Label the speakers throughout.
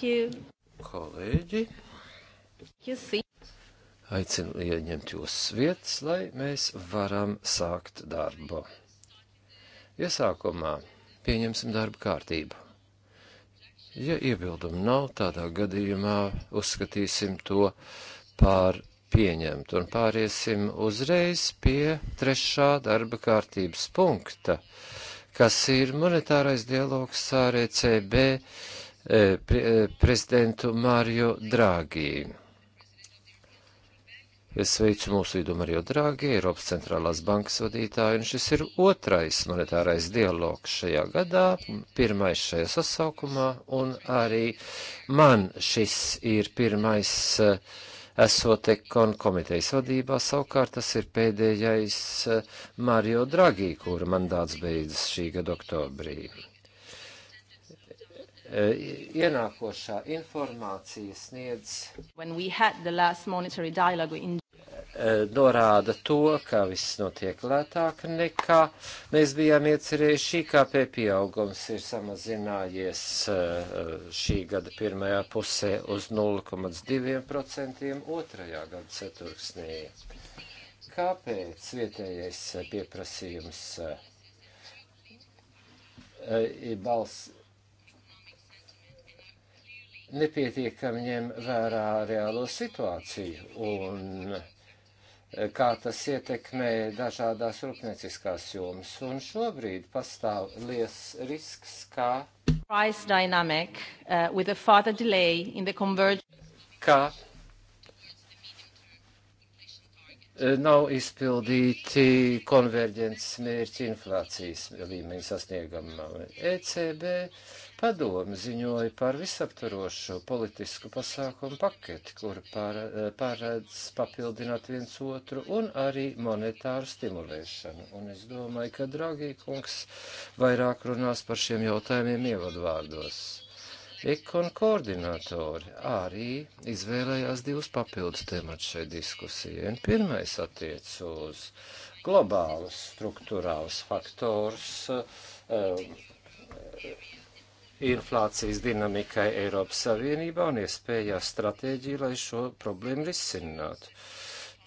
Speaker 1: You... Kolēģi, aicinu ieņemt jūs vietas, lai mēs varam sākt darbu. Iesākumā pieņemsim darba kārtību. Ja iebildumu nav, tādā gadījumā uzskatīsim to par pieņemtu un pāriesim uzreiz pie trešā darba kārtības punkta kas ir monetārais dialogs ar ECB E, pre, e, prezidentu Mārio Drāgī. Es sveicu mūsu vidū Mario Drāgi, Eiropas centrālās bankas vadītāju, un šis ir otrais monetārais dialogs šajā gadā, pirmais šajā sasaukumā, un arī man šis ir pirmais uh, esot ekon komitejas vadībā, savukārt tas ir pēdējais Mario Dragī, kura mandāts beidzas šī gada oktobrī. Eh, ienākošā informācija sniedz in... Eh, norāda to, ka viss notiek lētāk nekā mēs bijām iecerējuši. IKP pieaugums ir samazinājies eh, šī gada pirmajā pusē uz 0,2% otrajā gada ceturksnī. Kāpēc vietējais pieprasījums balss? nepietiekami ņem vērā reālo situāciju un eh, kā tas ietekmē dažādās rūpnieciskās jomas. Un šobrīd pastāv liels risks, kā price dynamic uh,
Speaker 2: with a further delay in the convergence.
Speaker 1: Kā eh, nav izpildīti konverģences mērķi inflācijas līmeņa sasniegamā. ECB Padomi ziņoja par visaptvarošu politisku pasākumu paketi, kur pārēdz eh, papildināt viens otru un arī monetāru stimulēšanu. Un es domāju, ka Dragī kungs vairāk runās par šiem jautājumiem ievadvārdos. Ekon koordinatori arī izvēlējās divus papildus tēmatus šai diskusijai. Un pirmais attiec uz globālus struktūrālus faktorus. Um, eh, inflācijas dinamikai Eiropas Savienībā un iespējā stratēģiju, lai šo problēmu risinātu.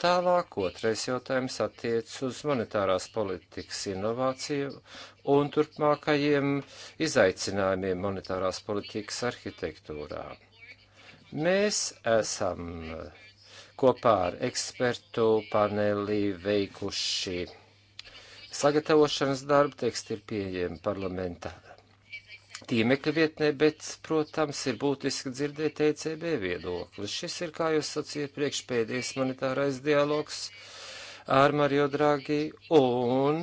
Speaker 1: Tālāk otrais jautājums attiec uz monetārās politikas inovāciju un turpmākajiem izaicinājumiem monetārās politikas arhitektūrā. Mēs esam kopā ar ekspertu panelī veikuši sagatavošanas darbu, teksti ir pieejami parlamenta tīmekļa vietnē, bet, protams, ir būtiski dzirdēt ECB viedokli. Šis ir, kā jūs sacījat, priekšpēdējais monetārais dialogs ar Mario Draghi, un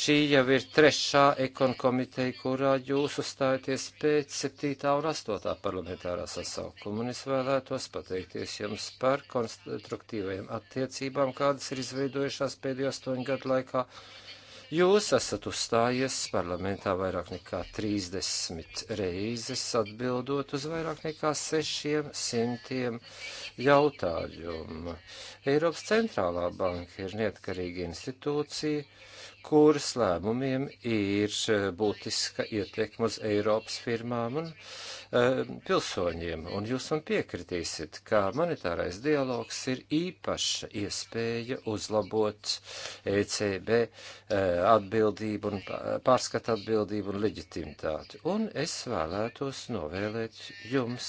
Speaker 1: šī jau ir trešā ekon komiteja, kurā jūs uzstājaties pēc 7. un 8. parlamentārā sasaukuma, un es vēlētos pateikties jums par konstruktīvajām attiecībām, kādas ir izveidojušās pēdējo 8 gadu laikā Jūs esat uzstājies parlamentā vairāk nekā 30 reizes atbildot uz vairāk nekā 600 jautājumu. Eiropas centrālā banka ir neatkarīga institūcija kuras lēmumiem ir eh, būtiska ietekme uz Eiropas firmām un uh, pilsoņiem. Un jūs man piekritīsiet, ka monetārais dialogs ir īpaša iespēja uzlabot ECB uh, eh, atbildību un pārskata atbildību un leģitimitāti. Un es vēlētos novēlēt jums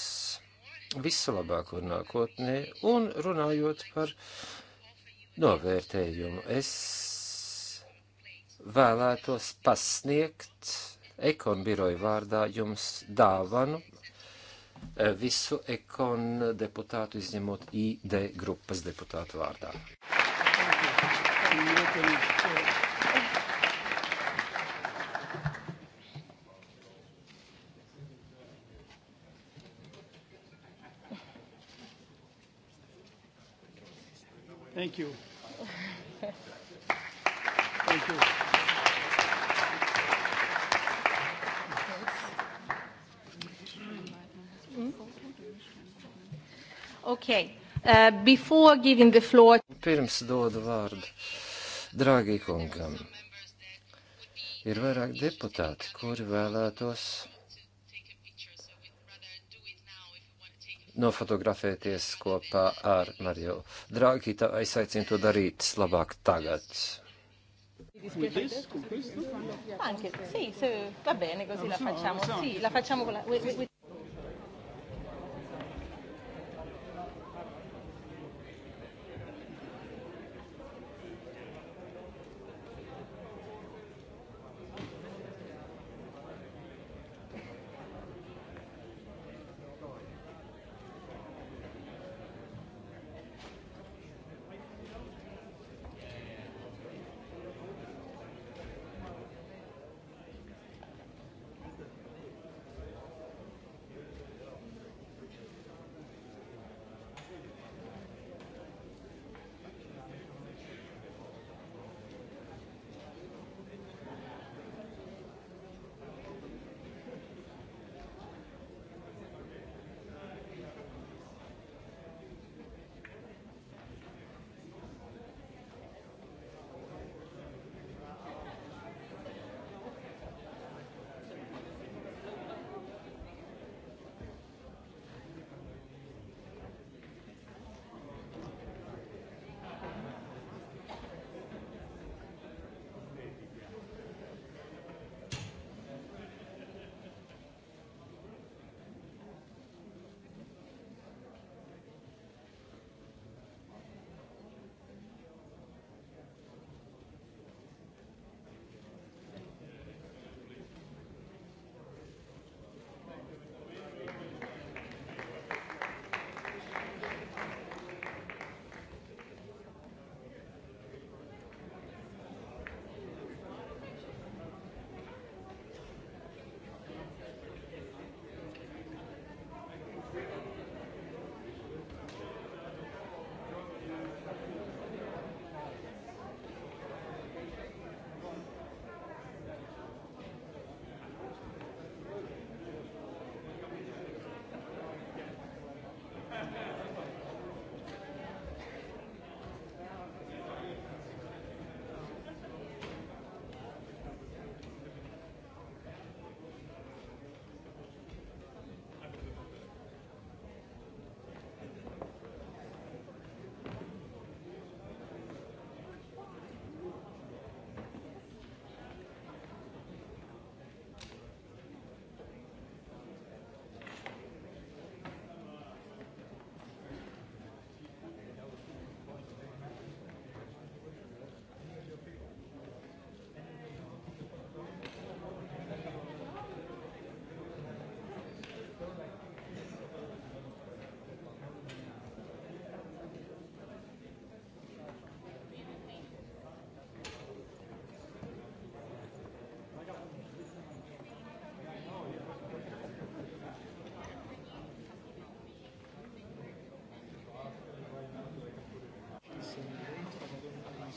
Speaker 1: visu labāko nākotnē un runājot par novērtējumu. Es vēlētos pasniegt ekonu biroju vārdā jums dāvanu e, visu ekonu deputātu izņemot ID grupas deputātu vārdā. Thank you. Thank you. Okay. Uh, before giving the floor... Pirms dodu vārdu drāgī kungam. Ir vairāk deputāti, kuri vēlētos nofotografēties kopā ar Mariju Drāgī, tā aicinu to darīt labāk tagad.
Speaker 2: Anche, sì, se, va bene, così la facciamo. Sì, la facciamo con la...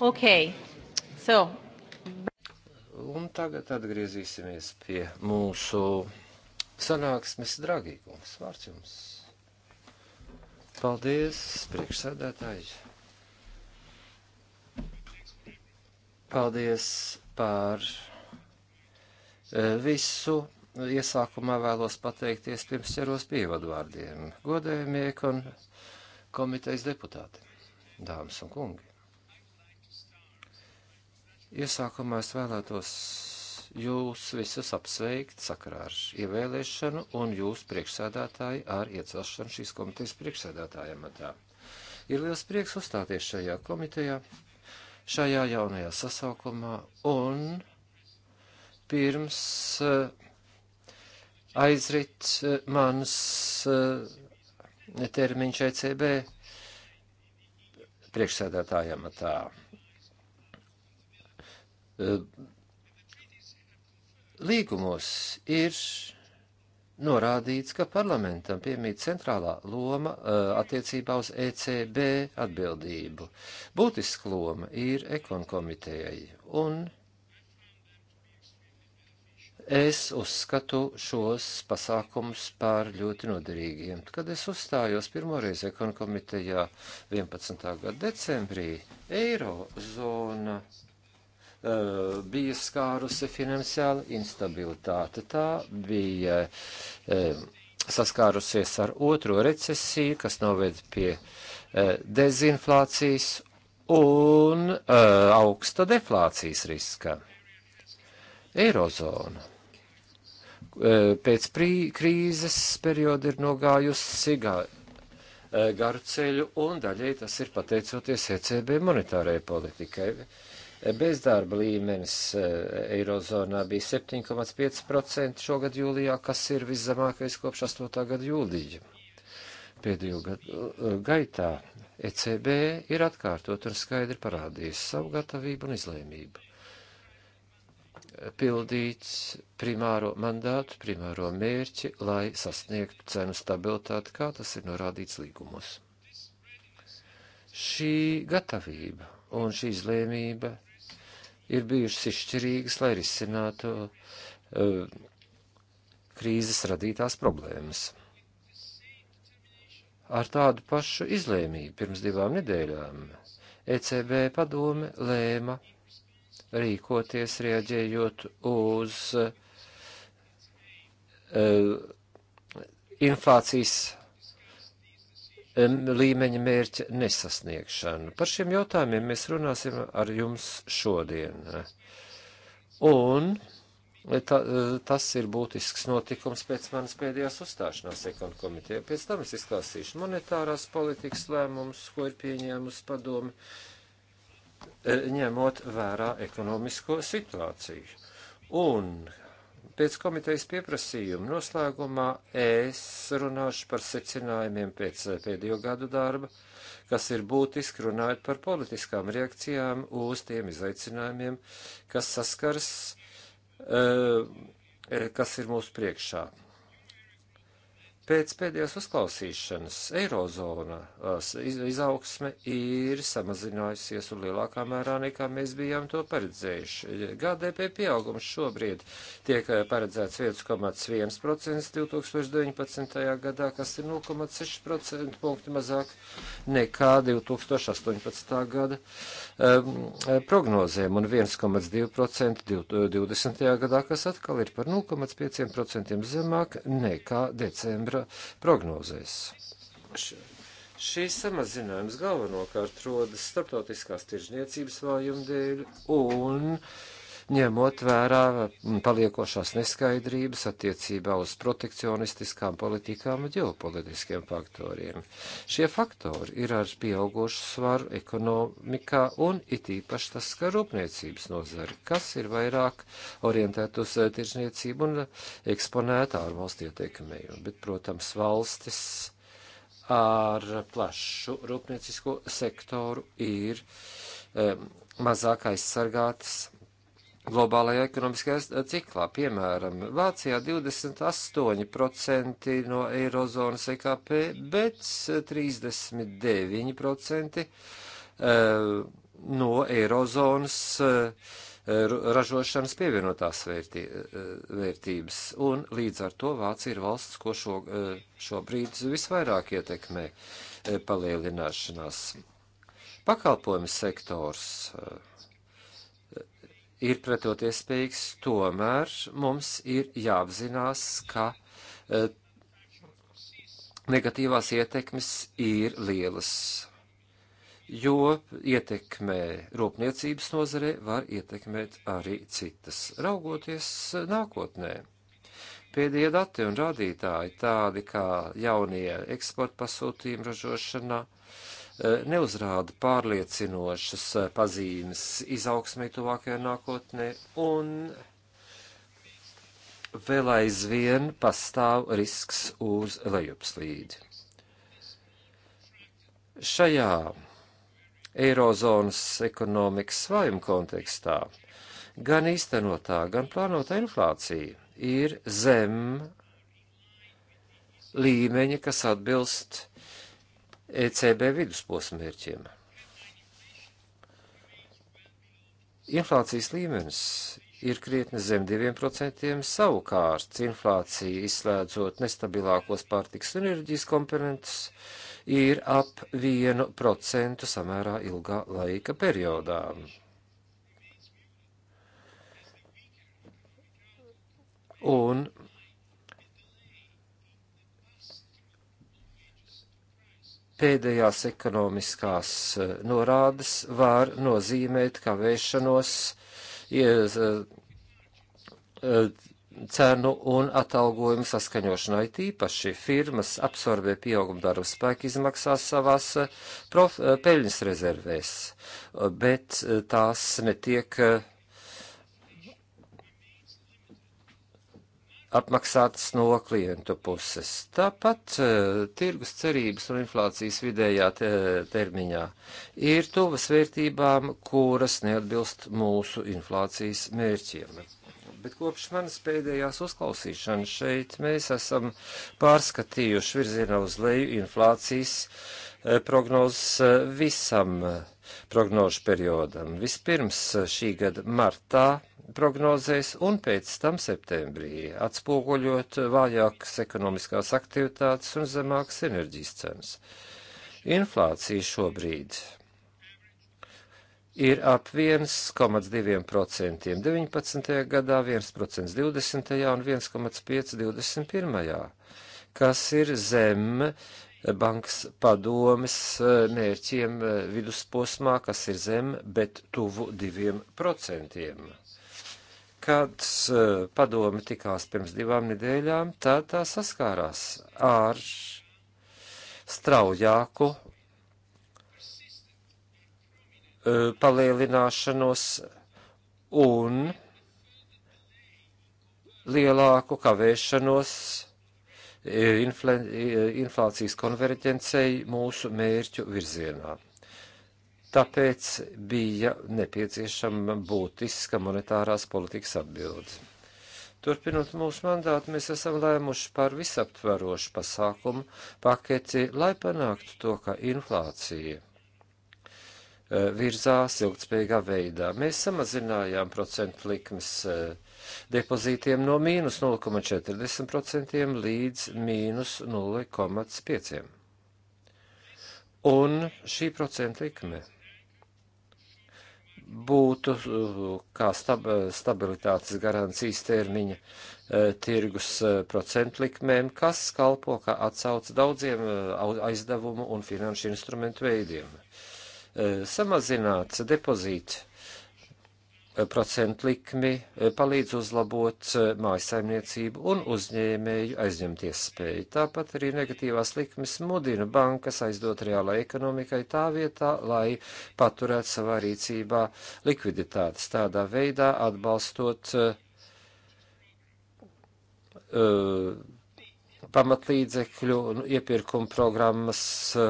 Speaker 2: Okay. So.
Speaker 1: Un tagad atgriezīsimies pie mūsu sanāksmes, dragīgums. Vārds jums. Paldies, priekšsēdētāji. Paldies par e, visu. Iesākumā vēlos pateikties pirms ķeros pievadu vārdiem. Godējumie kon komitejas deputāti, dāmas un kungi. Iesākumā es vēlētos jūs visus apsveikt sakarā ar ievēlēšanu un jūs priekšsēdētāji ar iecelšanu šīs komitejas priekšsēdētāja matā. Ir liels prieks uzstāties šajā komitejā, šajā jaunajā sasaukumā un pirms eh, aizrit eh, mans eh, termiņš ECB priekšsēdētājam tā. Eh, līgumos ir norādīts, ka parlamentam piemīt centrālā loma uh, attiecībā uz ECB atbildību. Būtiska loma ir ekonkomitejai, un es uzskatu šos pasākumus par ļoti noderīgiem. Kad es uzstājos pirmoreiz ekonkomitejā 11. gada decembrī, Eirozona. zona Eh, bija skārusi finansiāla instabilitāte. Tā bija eh, saskārusies ar otro recesiju, kas noved pie eh, dezinflācijas un augsta deflācijas riska. Eirozona pēc prī, krīzes perioda ir nogājusi sigā garu ceļu, un daļai tas ir pateicoties ECB monetārai politikai. Bezdarba līmenis eh, Eirozonā bija 7,5% šogad jūlijā, kas ir viszemākais kopš 8. gada jūlija. Pēdējo gadu eh, gaitā ECB ir atkārtot un skaidri parādījis savu gatavību un izlēmību pildīt primāro mandātu, primāro mērķi, lai sasniegtu cenu stabilitāti, kā tas ir norādīts līgumos. Šī gatavība un šī izlēmība ir bijušas izšķirīgas, lai risinātu uh, krīzes radītās problēmas. Ar tādu pašu izlēmību pirms divām nedēļām ECB padome lēma rīkoties, rieģējot uz uh, inflācijas līmeņa mērķa nesasniegšanu. Par šiem jautājumiem mēs runāsim ar jums šodien. Un ta, tas ir būtisks notikums pēc manas pēdējās uzstāšanās ekonomikas komitē. Pēc tam es izklāstīšu monetārās politikas lēmumus, ko ir pieņēmusi padomi, e, ņemot vērā ekonomisko situāciju. Un Pēc komitejas pieprasījuma noslēgumā es runāšu par secinājumiem pēc pēdējo gadu darba, kas ir būtiski runājot par politiskām reakcijām uz tiem izaicinājumiem, kas saskars, eh, kas ir mūsu priekšā. Pēc pēdējās uzklausīšanas eirozona iz, izaugsme ir samazinājusies un lielākā mērā nekā mēs bijām to paredzējuši. GDP pieaugums šobrīd tiek eh, paredzēts 1,1% 2019. gadā, kas ir 0,6% punkti mazāk nekā 2018. gada Um, prognozēm un 1,2% 20. gadā, kas atkal ir par 0,5% zemāk nekā decembra prognozēs. Šīs samazinājums galvenokārt rodas starptautiskās tirzniecības vājuma dēļ un uh, ņemot vērā paliekošās neskaidrības attiecībā uz protekcionistiskām politikām un ģeopolitiskiem faktoriem. Šie faktori ir ar pieaugušu svaru ekonomikā un it īpaši tas skar rūpniecības nozari, kas ir vairāk orientēta uz tirzniecību un eksponēta ārvalstu ieteikumiem. Bet, protams, valstis ar plašu rūpniecisko sektoru ir um, mazāk aizsargātas globālajā ekonomiskajā ciklā. Piemēram, Vācijā 28% no eirozonas EKP, bet 39% eh, no eirozonas eh, ražošanas pievienotās vērtī, eh, vērtības. Un līdz ar to Vācija ir valsts, ko šo, šobrīd visvairāk ietekmē palielināšanās. Pakalpojums sektors. Uh, ir pretoties spējīgs, tomēr mums ir jāapzinās, ka e, negatīvās ietekmes ir lielas, jo ietekmē rūpniecības nozare var ietekmēt arī citas, raugoties nākotnē. Pēdējie dati un rādītāji tādi kā jaunie eksporta pasūtījumi ražošanā, Eh, neuzrāda pārliecinošas eh, pazīmes izaugsmē tuvākajā nākotnē, un vēl aizvien pastāv risks uz lejupslīdi. Šajā Eirozonas ekonomikas svājuma kontekstā gan īstenotā, gan plānotā inflācija ir zem līmeņa, kas atbilst ECB vidusposmērķiem. Inflācijas līmenis ir krietni zem 2%, savukārt inflācija izslēdzot nestabilākos pārtiks un enerģijas komponentus ir ap 1% samērā ilgā laika periodā. Un pēdējās ekonomiskās eh, norādes var nozīmēt kavēšanos eh, eh, cenu un atalgojumu saskaņošanai. Tīpaši firmas absorbē pieauguma darba spēka izmaksās savās prof, peļņas rezervēs, bet tās netiek apmaksātas no klientu puses. Tāpat e, tirgus cerības un inflācijas vidējā te, termiņā ir tuvas vērtībām, kuras neatbilst mūsu inflācijas mērķiem. Bet kopš manas pēdējās uzklausīšanas šeit mēs esam pārskatījuši virzienā uz leju inflācijas e, prognozes e, visam prognožu periodam. Vispirms šī gada martā prognozēs un pēc tam septembrī, atspoguļot vājākas ekonomiskās aktivitātes un zemākas enerģijas cenas. Inflācija šobrīd ir ap 1,2% 19. gadā, 1% 20. un 1,5% 21. kas ir zem bankas padomes eh, mērķiem eh, vidusposmā, kas ir zem, bet tuvu 2%. Kad eh, padomi tikās pirms divām nedēļām, tad tā saskārās ar straujāku eh, palielināšanos un lielāku kavēšanos eh, inflācijas konverģencei mūsu mērķu virzienā. Tāpēc bija nepieciešama būtiska monetārās politikas atbildes. Turpinot mūsu mandātu, mēs esam lēmuši par visaptverošu pasākumu paketi, lai panāktu to, ka inflācija e, virzās ilgtspējīgā veidā. Mēs samazinājām procentu likmes e, depozītiem no mīnus 0,40% līdz mīnus 0,5%. Un šī procenta likme būtu uh, kā stab stabilitātes garantijas termiņa uh, tirgus uh, procentlikmēm, kas kalpo kā atsauc daudziem aizdevumu un finanšu instrumentu veidiem. Samazināt depozītu procentu likmi eh, palīdz uzlabot eh, mājasaimniecību un uzņēmēju aizņemties spēju. Tāpat arī negatīvās likmes mudina bankas aizdot reālai ekonomikai tā vietā, lai paturētu savā rīcībā likviditātes, tādā veidā atbalstot uh, pamatlīdzekļu un iepirkuma programmas uh,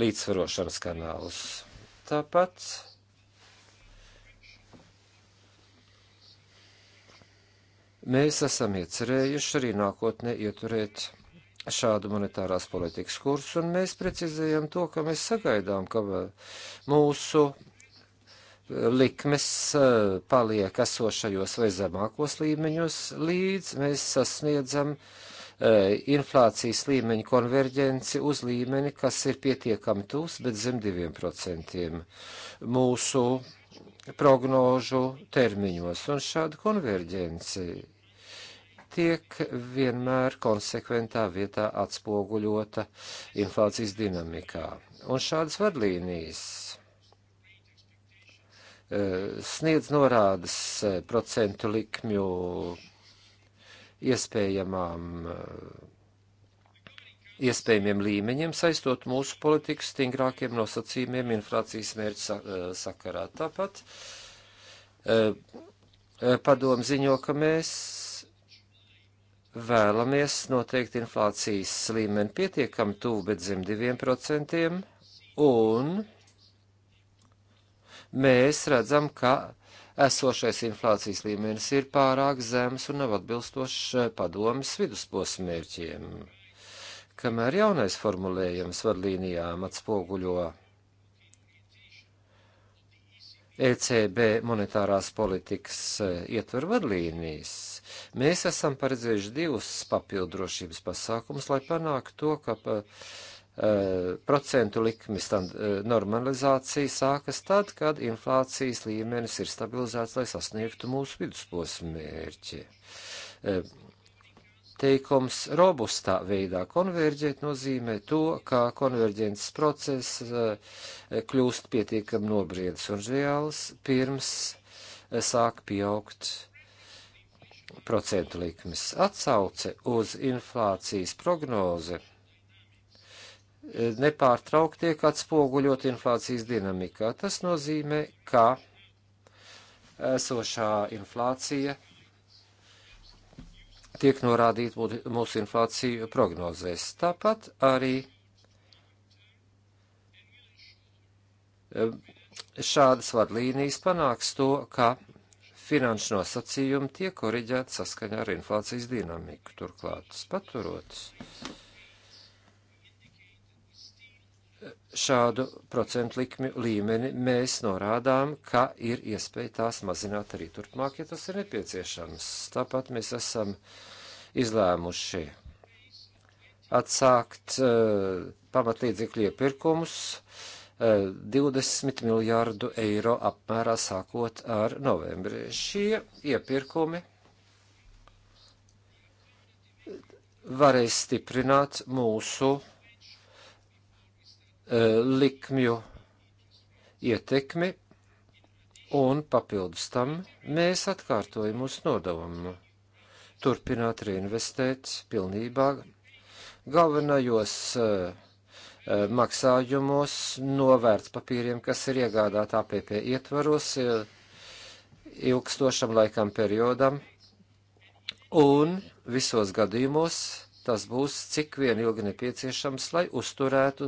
Speaker 1: līdzsvarošanas kanālus. Tāpat Mēs esam iecerējuši arī nākotnē ieturēt šādu monetārās politikas kursu, un mēs precizējam to, ka mēs sagaidām, ka mūsu likmes eh, paliek esošajos vai zemākos līmeņos, līdz mēs sasniedzam eh, inflācijas līmeņa konverģenci uz līmeni, kas ir pietiekami tūs, bet zem diviem procentiem mūsu prognožu termiņos. Un šāda konverģence tiek vienmēr konsekventā vietā atspoguļota inflācijas dinamikā. Un šādas vadlīnijas eh, sniedz norādes eh, procentu likmju iespējamām eh, iespējamiem līmeņiem, saistot mūsu politiku stingrākiem nosacījumiem inflācijas mērķu sakarā. Tāpat padomu ziņo, ka mēs vēlamies noteikt inflācijas līmeni pietiekami tuvu, bet zem diviem procentiem, un mēs redzam, ka esošais inflācijas līmenis ir pārāk zems un nav atbilstošs eh, padomas vidusposmērķiem, kamēr jaunais formulējums vadlīnijām atspoguļo ECB monetārās politikas eh, ietver vadlīnijas Mēs esam paredzējuši divus papildrošības pasākumus, lai panāktu to, ka pa, uh, procentu likmes stand, uh, normalizācija sākas tad, kad inflācijas līmenis ir stabilizēts, lai sasniegtu mūsu vidusposmu mērķi. Uh, teikums robustā veidā konverģēt nozīmē to, ka konverģences process kļūst pietiekami nobriedis un reāls pirms sāk pieaugt procentu likmes. Atsauce uz inflācijas prognoze nepārtraukt tiek atspoguļot inflācijas dinamikā. Tas nozīmē, ka esošā inflācija tiek norādīta mūsu inflāciju prognozēs. Tāpat arī um, šādas vadlīnijas panāks to, ka finanšu nosacījumi tiek koriģēti saskaņā ar inflācijas dinamiku. Turklāt, paturot šādu procentu likmi līmeni, mēs norādām, ka ir iespēja tās mazināt arī turpmāk, ja tas ir nepieciešams. Tāpat mēs esam izlēmuši atsākt uh, pamatlīdzekļu iepirkumus. Uh, 20 miljārdu eiro apmērā sākot ar novembri. Šie iepirkumi varēs stiprināt mūsu e, likmju ietekmi, un papildus tam mēs atkārtojam mūsu nodevumu turpināt reinvestēt pilnībā galvenajos uh, Eh, maksājumos no vērtspapīriem, kas ir iegādāti APP ietvaros eh, ilgstošam laikam periodam, un visos gadījumos tas būs cik vien ilgi nepieciešams, lai uzturētu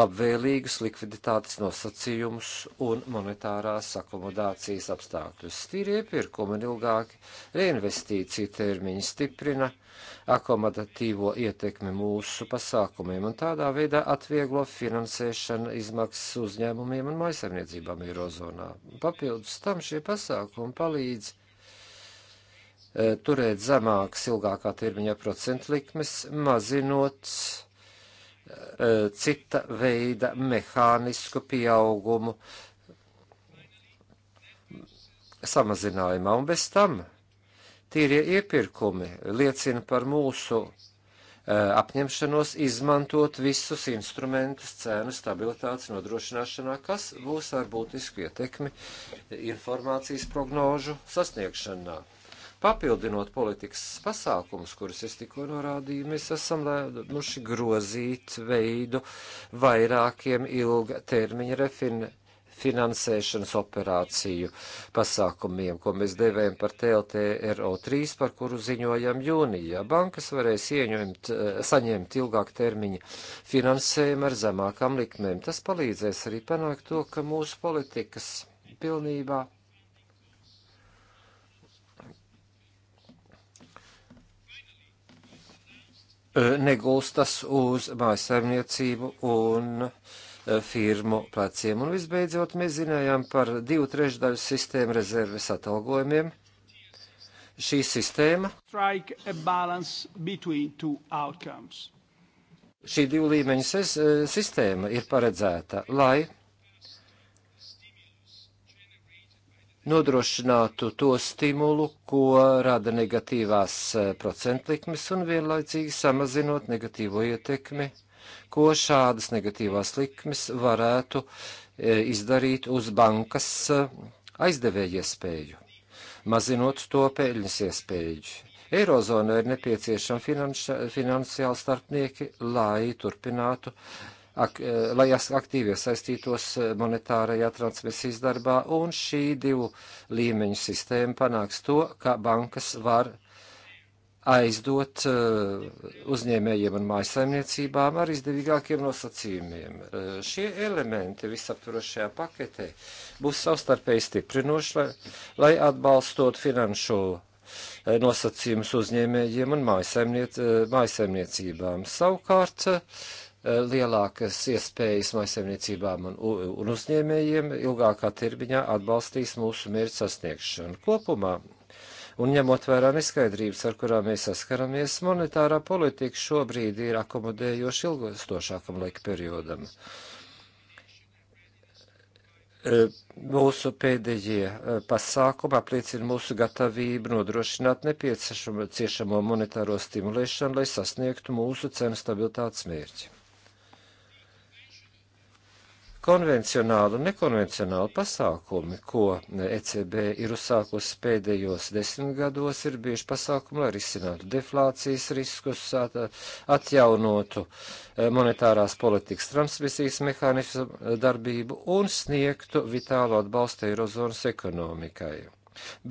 Speaker 1: labvēlīgus likviditātes nosacījumus un monetārās akomodācijas apstākļus. Tīri iepirkumi un ilgāki reinvestīcija termiņi stiprina akomodatīvo ietekmi mūsu pasākumiem un tādā veidā atvieglo finansēšana izmaksas uzņēmumiem un maisaimniecībām Eirozonā. Papildus tam šie pasākumi palīdz Eh, turēt zemākas ilgākā termiņa procentu likmes, mazinot eh, cita veida mehānisku pieaugumu samazinājumā. Un bez tam tīrie iepirkumi liecina par mūsu eh, apņemšanos izmantot visus instrumentus cēnu stabilitātes nodrošināšanā, kas būs ar būtisku ietekmi informācijas prognožu sasniegšanā. Papildinot politikas pasākumus, kurus es tikko norādīju, mēs esam lēmuši grozīt veidu vairākiem ilgtermiņa refinējumu finansēšanas operāciju pasākumiem, ko mēs devējam par TLTRO3, par kuru ziņojam jūnijā. Bankas varēs ieņemt, saņemt ilgāk termiņa finansējumu ar zemākām likmēm. Tas palīdzēs arī panākt to, ka mūsu politikas pilnībā Eh, negulstas uz mājasaimniecību un eh, firmu pleciem. Un visbeidzot, mēs zinājām par divu trešdaļu sistēmu rezerves atalgojumiem. Šī sistēma šī divu līmeņu eh, sistēma ir paredzēta, lai nodrošinātu to stimulu, ko rada negatīvās eh, procentlikmes un vienlaicīgi samazinot negatīvo ietekmi, ko šādas negatīvās likmes varētu eh, izdarīt uz bankas eh, aizdevēja iespēju, mazinot to peļņas iespēju. Eirozonai ir nepieciešami finansiāli starpnieki, lai turpinātu uh, ak, eh, lai aktīvi iesaistītos eh, monetārajā transmisijas darbā, un šī divu līmeņu sistēma panāks to, ka bankas var aizdot eh, uzņēmējiem un mājasaimniecībām ar izdevīgākiem nosacījumiem. Šie elementi visaptvarošajā paketē būs savstarpēji stiprinoši, lai, lai atbalstot finanšu nosacījumus uzņēmējiem un mājasaimniecībām. Savukārt, uh, Eh, lielākas iespējas maisaimniecībām un, un uzņēmējiem ilgākā termiņā atbalstīs mūsu mērķu sasniegšanu. Kopumā, un ņemot vērā neskaidrības, ar kurām mēs saskaramies, monetārā politika šobrīd ir akomodējoši ilgstošākam laika periodam. Eh, mūsu pēdējie eh, pasākumi apliecina mūsu gatavību nodrošināt nepieciešamo ciešamo monetāro stimulēšanu, lai sasniegtu mūsu cenu stabilitātes mērķi konvencionāli un nekonvencionāli pasākumi, ko ECB ir uzsākusi pēdējos desmit gados, ir bieži pasākumi, lai risinātu deflācijas riskus, atjaunotu eh, monetārās politikas transmisijas mehānismu darbību un sniegtu vitālu atbalstu Eirozonas ekonomikai.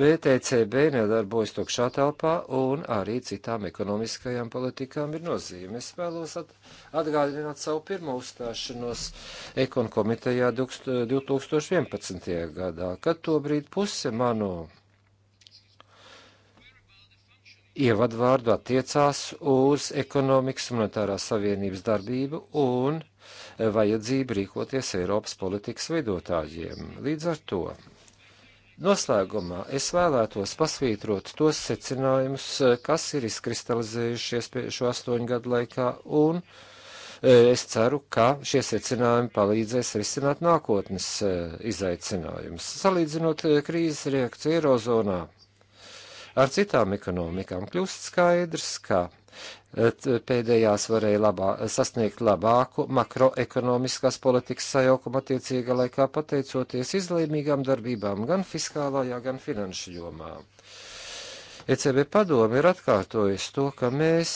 Speaker 1: Bet ECB nedarbojas tukšā telpā un arī citām ekonomiskajām politikām ir nozīme. Es vēlos atgādināt savu pirmo uzstāšanos Ekon komitejā 2011. gadā, kad tobrīd puse manu ievadvārdu attiecās uz ekonomikas monetārās savienības darbību un vajadzību rīkoties Eiropas politikas veidotājiem. Līdz ar to Noslēgumā es vēlētos pasvītrot tos secinājumus, eh, kas ir izkristalizējušies šo astoņu gadu laikā, un eh, es ceru, ka šie secinājumi palīdzēs risināt nākotnes eh, izaicinājumus. Salīdzinot krīzes reakciju Eirozonā ar citām ekonomikām, kļūst skaidrs, ka pēdējās varēja labā, sasniegt labāku makroekonomiskās politikas sajaukumu attiecīgā laikā pateicoties izlēmīgām darbībām gan fiskālajā, gan finanšu jomā. ECB padomi ir atkārtojis to, ka mēs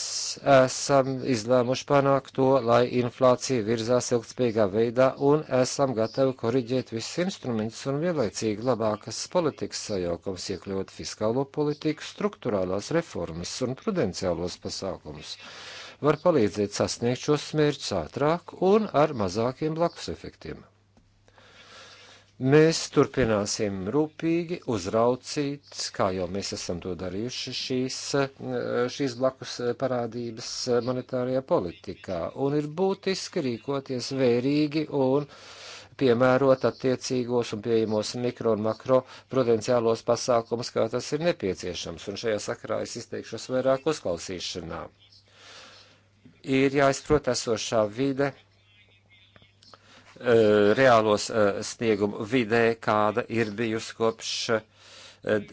Speaker 1: esam izlēmuši panākt to, lai inflācija virzās ilgspējīgā veidā un esam gatavi koriģēt visus instrumentus un vienlaicīgi labākas politikas sajaukums, iekļaut fiskālo politiku, struktūrālās reformas un prudenciālos pasākumus var palīdzēt sasniegt šos mērķus ātrāk un ar mazākiem blakus efektiem. Mēs turpināsim rūpīgi uzraucīt, kā jau mēs esam to darījuši, šīs, šīs blakus parādības monetārajā politikā, un ir būtiski rīkoties vērīgi un piemērot attiecīgos un pieejamos mikro un makro prudenciālos pasākumus, kā tas ir nepieciešams, un šajā sakarā es izteikšos vairāk uzklausīšanā. Ir jāizprot esošā vide Eh, reālos eh, sniegumu vidē, kāda ir bijusi kopš eh,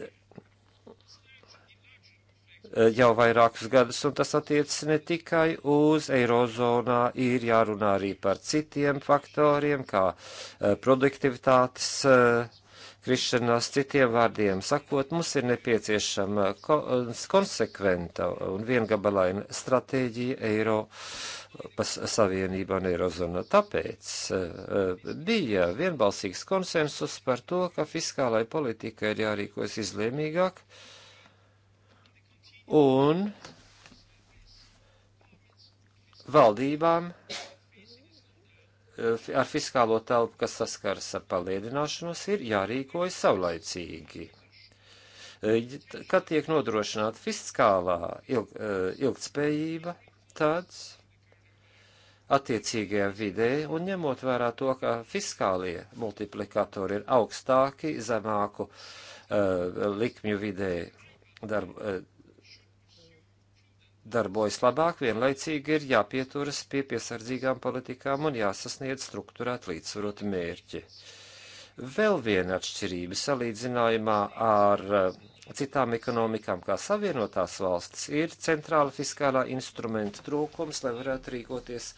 Speaker 1: jau vairākus gadus, un tas attiecas ne tikai uz eirozonā, ir jārunā arī par citiem faktoriem, kā produktivitātes krišanās. Citiem vārdiem sakot, mums ir nepieciešama konsekventa un viengabalaina stratēģija Eiropas Savienībā un Eirozonā. Tāpēc eh, bija vienbalsīgs konsensus par to, ka fiskālai politikai ir jārīkojas izlēmīgāk un valdībām Eh, ar fiskālo telpu, kas saskaras ar palielināšanos, ir jārīkojas savlaicīgi. Eh, kad tiek nodrošināta fiskālā ilg, eh, ilgtspējība, tad attiecīgajā vidē un ņemot vērā to, ka fiskālie multiplikatori ir augstāki zemāku uh, likmju vidē darba, uh, darbojas labāk, vienlaicīgi ir jāpieturas pie piesardzīgām politikām un jāsasniedz struktūrēt līdzsvarot mērķi. Vēl viena atšķirība salīdzinājumā ar uh, citām ekonomikām, kā savienotās valstis, ir centrāla fiskālā instrumenta trūkums, lai varētu rīkoties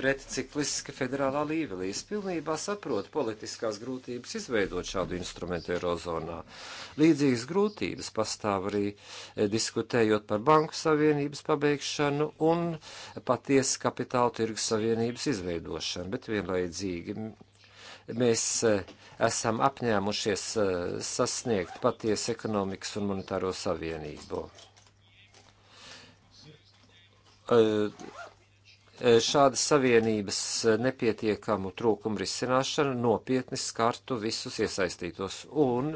Speaker 1: pret cikliski federālā līmenī. Es pilnībā saprotu politiskās grūtības izveidot šādu instrumentu Eirozonā. Līdzīgas grūtības pastāv arī eh, diskutējot par banku savienības pabeigšanu un patiesa kapitāla tirgus savienības izveidošanu, bet vienlaidzīgi Mēs eh, esam apņēmušies eh, sasniegt patiesu ekonomikas un monetāro savienību eh, Eh, šādas savienības eh, nepietiekamu trūkumu risināšana nopietni skartu visus iesaistītos. Un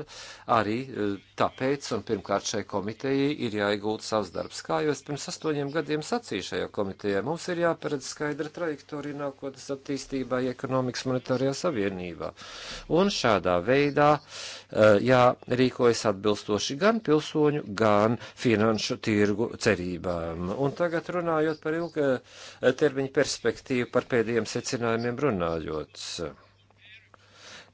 Speaker 1: arī eh, tāpēc, un pirmkārt šai komitejai ir jāiegūt savs darbs. Kā jau es pirms astoņiem gadiem sacīju šajā komitejā, mums ir jāparedz skaidra trajektorija nākotnes attīstībai ekonomikas monetārajā savienībā. Un šādā veidā Eh, jārīkojas atbilstoši gan pilsoņu, gan finanšu tirgu cerībām. Un tagad runājot par ilga eh, termiņa perspektīvu, par pēdējiem secinājumiem runājot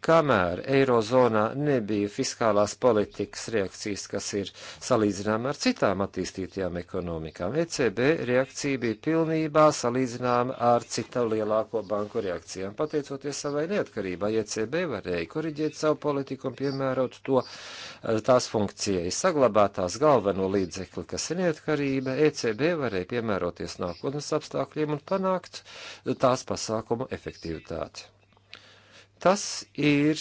Speaker 1: kamēr Eirozonā nebija fiskālās politikas reakcijas, kas ir salīdzināma ar citām attīstītajām ekonomikām. ECB reakcija bija pilnībā salīdzināma ar citu lielāko banku reakcijām. Pateicoties savai neatkarībai, ECB varēja koriģēt savu politiku un piemērot to eh, tās funkcijai. Saglabāt tās galveno līdzekli, kas ir neatkarība, ECB varēja piemēroties nākotnes apstākļiem un panākt tās pasākumu efektivitāti. Tas ir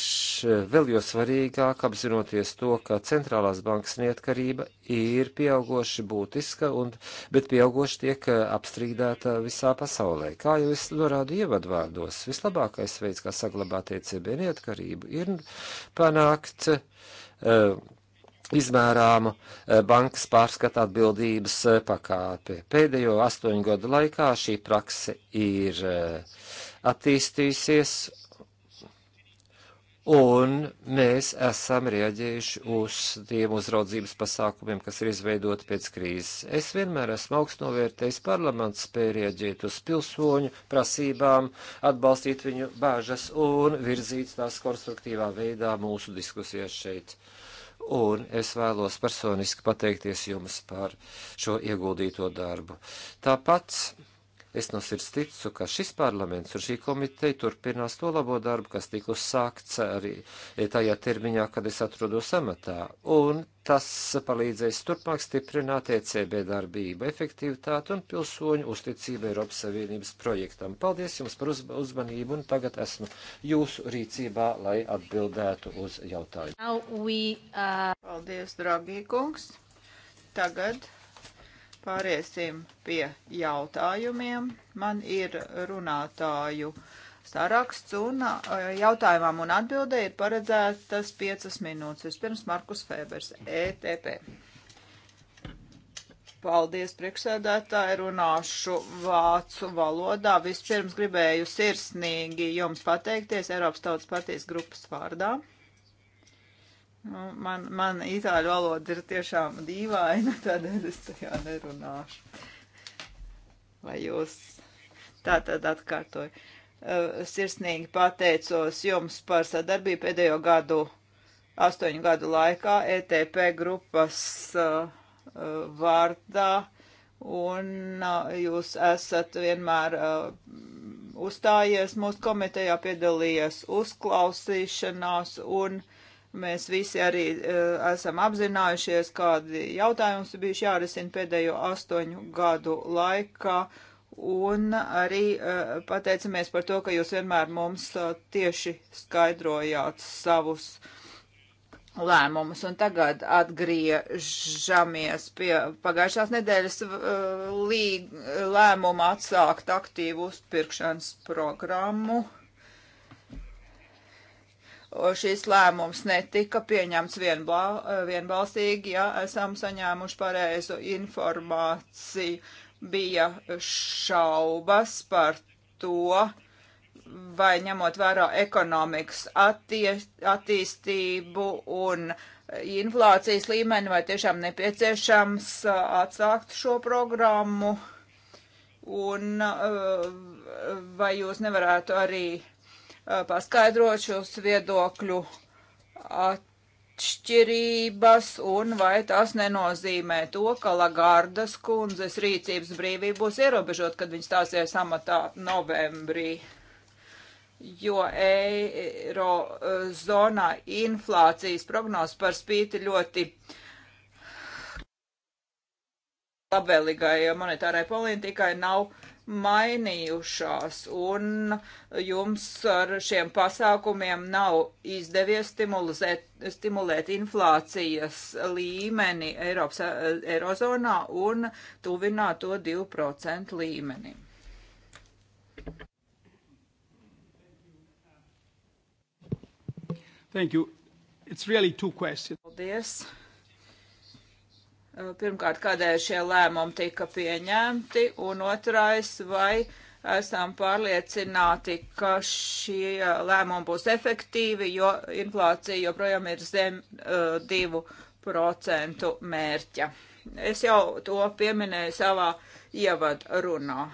Speaker 1: vēl jo svarīgāk apzinoties to, ka centrālās bankas neatkarība ir pieaugoši būtiska, un, bet pieaugoši tiek apstrīdēta visā pasaulē. Kā jau es norādu ievadvārdos, vislabākais veids, kā saglabāt ECB neatkarību, ir panākt uh, eh, izmērāma eh, bankas pārskata atbildības eh, pakāpe. Pēdējo astoņu gadu laikā šī prakse ir attīstījusies Un mēs esam rieģējuši uz tiem uzraudzības pasākumiem, kas ir izveidoti pēc krīzes. Es vienmēr esmu augstnovērtējis parlaments spēju rieģēt uz pilsoņu prasībām, atbalstīt viņu bāžas un virzīt tās konstruktīvā veidā mūsu diskusijas šeit un es vēlos personiski pateikties jums par šo ieguldīto darbu. Tāpat Es no sirds ticu, ka šis parlaments un šī komiteja turpinās to labo darbu, kas tika uzsākts arī tajā termiņā, kad es atrodos amatā, un tas palīdzēs turpmāk stiprināt ECB darbību, efektivitāti un pilsoņu uzticību Eiropas Savienības projektam. Paldies jums par uzmanību, un tagad esmu jūsu rīcībā, lai atbildētu uz jautājumu.
Speaker 2: We, uh... Paldies, dragī kungs! Tagad Pāriesim pie jautājumiem. Man ir runātāju saraksts un jautājumam un atbildē ir paredzētas piecas minūtes. Vispirms Markus Fēbers, ETP. Paldies, priekšsēdētāji, runāšu vācu valodā. Vispirms gribēju sirsnīgi jums pateikties Eiropas Tautas partijas grupas vārdā. Nu, man, man itāļu valoda ir tiešām dīvaina, tādēļ es tajā nerunāšu. Vai jūs tā tad atkārtoju? Eh, sirsnīgi pateicos jums par sadarbību pēdējo gadu, astoņu gadu laikā ETP grupas uh, vārdā, un uh, jūs esat vienmēr uh, uzstājies mūsu komitejā, piedalījies uzklausīšanās un uh, Mēs visi arī uh, esam apzinājušies, kādi jautājums bijuši jārisina pēdējo astoņu gadu laikā, un arī uh, pateicamies par to, ka jūs vienmēr mums uh, tieši skaidrojāt savus lēmumus. Un tagad atgriežamies pie pagājušās nedēļas uh, lī, lēmuma atsākt aktīvu uzpirkšanas programmu. Uh, šis lēmums netika pieņemts vienblā, e, vienbalsīgi, ja esam saņēmuši pareizu informāciju. Bija šaubas par to, vai ņemot vērā ekonomikas attie, attīstību un inflācijas līmeni, vai tiešām nepieciešams e, atsākt šo programmu, un e, vai jūs nevarētu arī uh, Uh, paskaidrot šos viedokļu atšķirības un vai tas nenozīmē to, ka Lagardas kundzes rīcības brīvība būs ierobežot, kad viņas stāsies amatā novembrī jo eiro zonā inflācijas prognozes par spīti ļoti labvēlīgai monetārai politikai nav mainījušās, un jums ar šiem pasākumiem nav izdevies stimulēt, stimulēt inflācijas līmeni Eiropas, Eirozonā un tuvināt to 2% līmeni. Thank you. It's really two questions. Paldies. Eh, pirmkārt, kādēļ šie lēmumi tika pieņemti, un otrais, vai esam pārliecināti, ka šie lēmumi būs efektīvi, jo inflācija joprojām ir zem uh, eh, 2% mērķa. Es jau to pieminēju savā ievadu runā.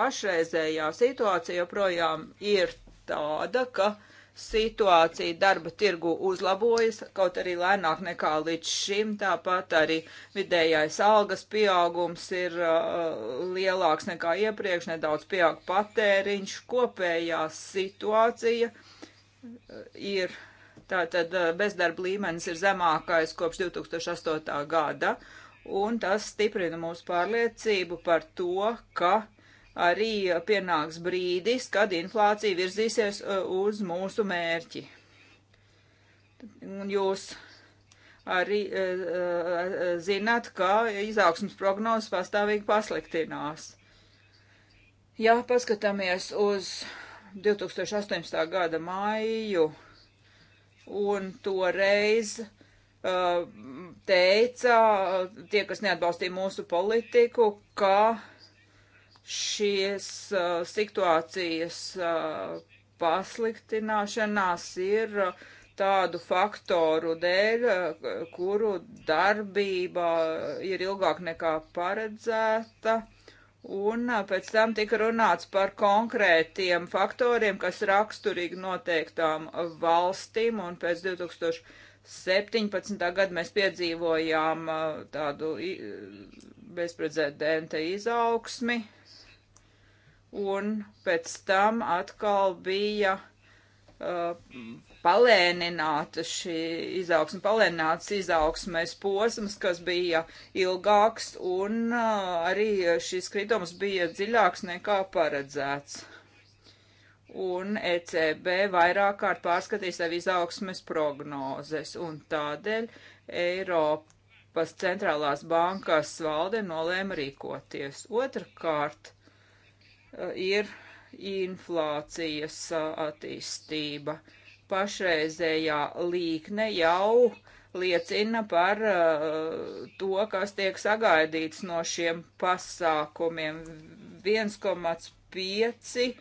Speaker 2: Pašreizējā situācija joprojām ir tāda, ka uh, situācija darba tirgu uzlabojas, kaut arī lēnāk nekā līdz šim. Tāpat arī vidējais algas pieaugums ir uh, lielāks nekā iepriekš, nedaudz pieaug patēriņš. Kopējā situācija uh, ir. Tātad uh, bezdarba līmenis ir zemākais kopš 2008. gada, un tas stiprina mūsu pārliecību par to, ka uh, arī pienāks brīdis, kad inflācija virzīsies uh, uz mūsu mērķi. Jūs arī uh, uh, zināt, ka izaugsmas prognozes pastāvīgi pasliktinās. Ja paskatāmies uz 2018. gada māju, un toreiz teica tie, kas neatbalstīja mūsu politiku, ka Šies uh, situācijas uh, pasliktināšanās ir uh, tādu faktoru dēļ, uh, kuru darbība ir ilgāk nekā paredzēta. Un uh, pēc tam tika runāts par konkrētiem faktoriem, kas raksturīgi noteiktām valstīm, un pēc 2017. gada mēs piedzīvojām uh, tādu bezprecedenta izaugsmi, un pēc tam atkal bija uh, palēnināta šī izaugsme, palēnināts izaugsmēs posms, kas bija ilgāks un uh, arī šis kritums bija dziļāks nekā paredzēts. Un ECB vairāk kārt pārskatīs sev izaugsmes prognozes, un tādēļ Eiropas centrālās bankas valde nolēma rīkoties. Otrakārt, ir inflācijas attīstība. Pašreizējā līkne jau liecina par uh, to, kas tiek sagaidīts no šiem pasākumiem. 1,5 uh,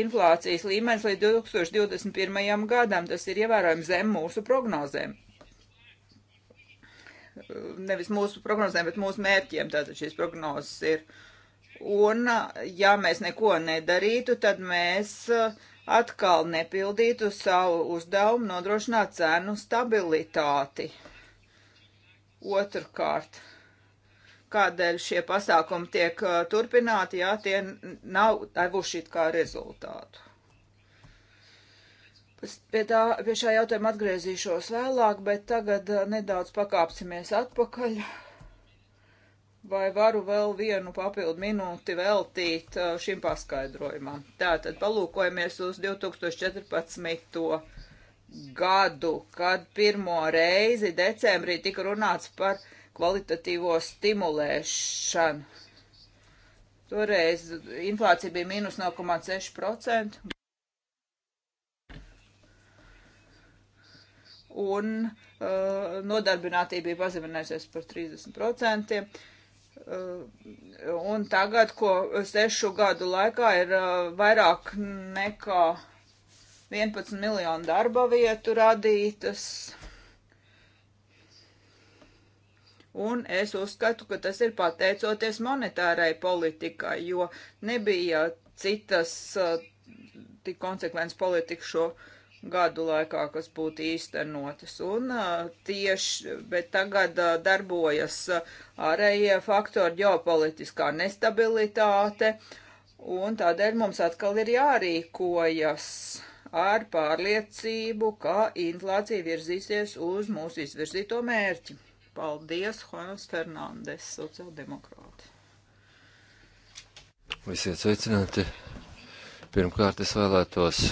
Speaker 2: inflācijas līmenis līdz 2021. gadam. Tas ir ievērojami zem mūsu prognozēm. Uh, nevis mūsu prognozēm, bet mūsu mērķiem. Tātad šīs prognozes ir uh, Un, ja mēs neko nedarītu, tad mēs uh, atkal nepildītu savu uzdevumu nodrošināt cenu stabilitāti. Otrkārt, kādēļ šie pasākumi tiek uh, turpināti, ja tie nav devuši it kā rezultātu? Es pie, tā, pie šā jautājuma atgriezīšos vēlāk, bet tagad uh, nedaudz pakāpsimies atpakaļ Vai varu vēl vienu papildu minūti veltīt uh, šim paskaidrojumam? Tātad palūkojamies uz 2014. gadu, kad pirmo reizi decembrī tika runāts par kvalitatīvo stimulēšanu. Toreiz inflācija bija mīnus 0,6%. Un uh, nodarbinātība bija pazeminājusies par 30%. Eh, un tagad, ko sešu gadu laikā ir eh, vairāk nekā 11 miljonu darba vietu radītas. Un es uzskatu, ka tas ir pateicoties monetārai politikai, jo nebija citas eh, tik konsekvents politika šo uh, gadu laikā, kas būtu īstenotas. Un tieši, bet tagad darbojas ārējie faktori ģeopolitiskā nestabilitāte, un tādēļ mums atkal ir jārīkojas ar pārliecību, ka inflācija virzīsies uz mūsu izvirzīto mērķi. Paldies, Juanas Fernandes, sociāldemokrāti.
Speaker 1: Visiet sveicināti. Pirmkārt, es vēlētos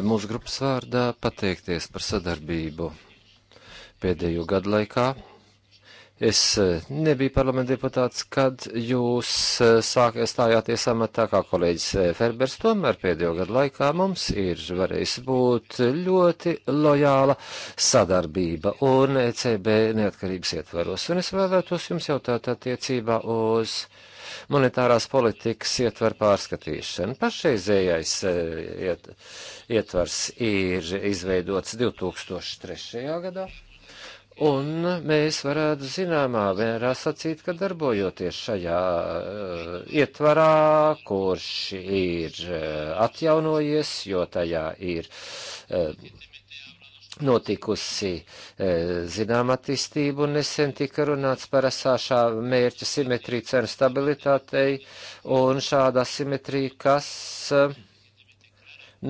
Speaker 1: mūsu grupas vārdā pateikties par sadarbību pēdējo gadu laikā. Es eh, nebiju parlamenta deputāts, kad jūs eh, sāk, stājāties amatā kā kolēģis eh, Ferbers, tomēr pēdējo gadu laikā mums ir varējis būt ļoti lojāla sadarbība un ECB neatkarības ietvaros. Un es vēlētos jums jautāt attiecībā uz. Uh, monetārās politikas ietver pārskatīšanu. Pašreizējais eh, iet, ietvers ir izveidots 2003. gadā. Un mēs varētu zināmā mērā sacīt, ka darbojoties šajā uh, ietvarā, kurš ir uh, atjaunojies, jo tajā ir uh, notikusi e, zinām attīstību un nesen tika runāts par esāšā mērķa simetriju cenu stabilitātei un šāda simetrija, kas e,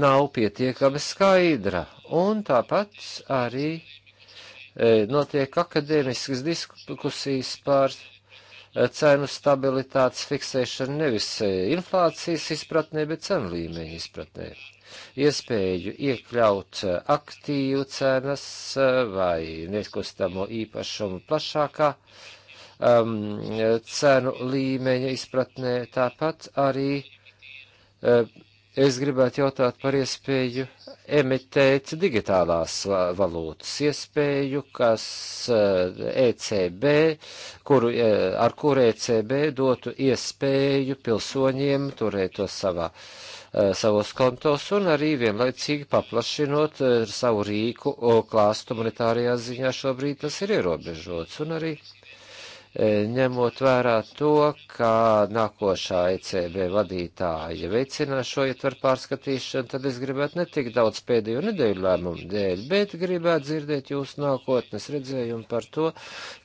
Speaker 1: nav pietiekami skaidra. Un tāpat arī e, notiek akadēmiskas diskusijas par cenu stabilitātes fiksēšanu nevis inflācijas izpratnē, bet cenu līmeņa izpratnē iespēju iekļaut eh, aktīvu cenas eh, vai nekustamo īpašumu plašākā um, cenu līmeņa izpratnē. Tāpat arī uh, es gribētu jautāt par iespēju emitēt digitālās valūtas iespēju, kas uh, ECB, kuru, uh, ar kuru ECB dotu iespēju pilsoņiem turēt to savā uh, Eh, savos kontos un arī vienlaicīgi paplašinot eh, savu rīku klāstu monetārajā ziņā šobrīd tas ir ierobežots un arī eh, ņemot vērā to, ka nākošā ECB vadītāja veicinās šo ietvaru pārskatīšanu, tad es gribētu ne tik daudz pēdējo nedēļu lēmumu dēļ, bet gribētu dzirdēt jūsu nākotnes redzējumu par to,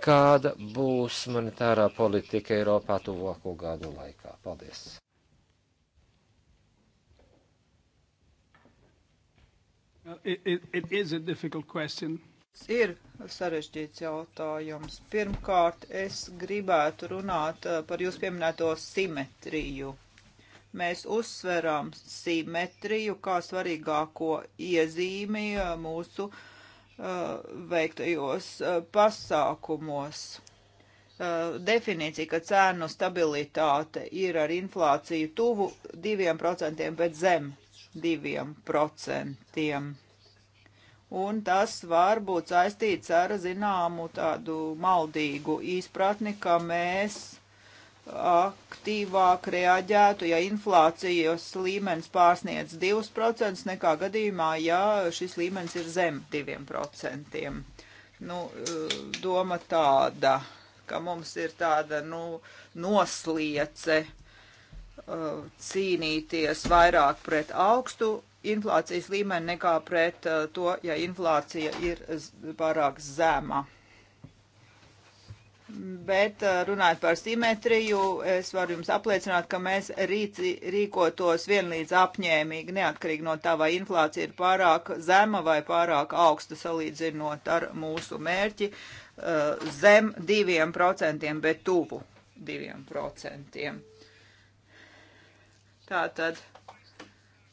Speaker 1: kāda būs monetārā politika Eiropā tuvāko gadu laikā. Paldies!
Speaker 3: It, it, it is a difficult question.
Speaker 2: Ir sarežģīts jautājums. Pirmkārt, es gribētu runāt uh, par jūs pieminēto simetriju. Mēs uzsveram simetriju kā svarīgāko iezīmi uh, mūsu uh, veiktajos uh, pasākumos. Uh, definīcija, ka cēnu stabilitāte ir ar inflāciju tuvu 2%, bet zem 2%. Un tas var būt saistīts ar zināmu tādu maldīgu izpratni, ka mēs aktīvāk reaģētu, ja inflācijas līmenis pārsniec 2% nekā gadījumā, ja šis līmenis ir zem 2%. Nu, doma tāda, ka mums ir tāda, nu, nosliece uh, Uh, cīnīties vairāk pret augstu inflācijas līmeni nekā pret uh, to, ja inflācija ir pārāk zema. Bet uh, runājot par simetriju, es varu jums apliecināt, ka mēs rīci, rīkotos vienlīdz apņēmīgi, neatkarīgi no tā, vai inflācija ir pārāk zema vai pārāk augsta salīdzinot ar mūsu mērķi zem diviem procentiem, bet tuvu diviem procentiem. Tātad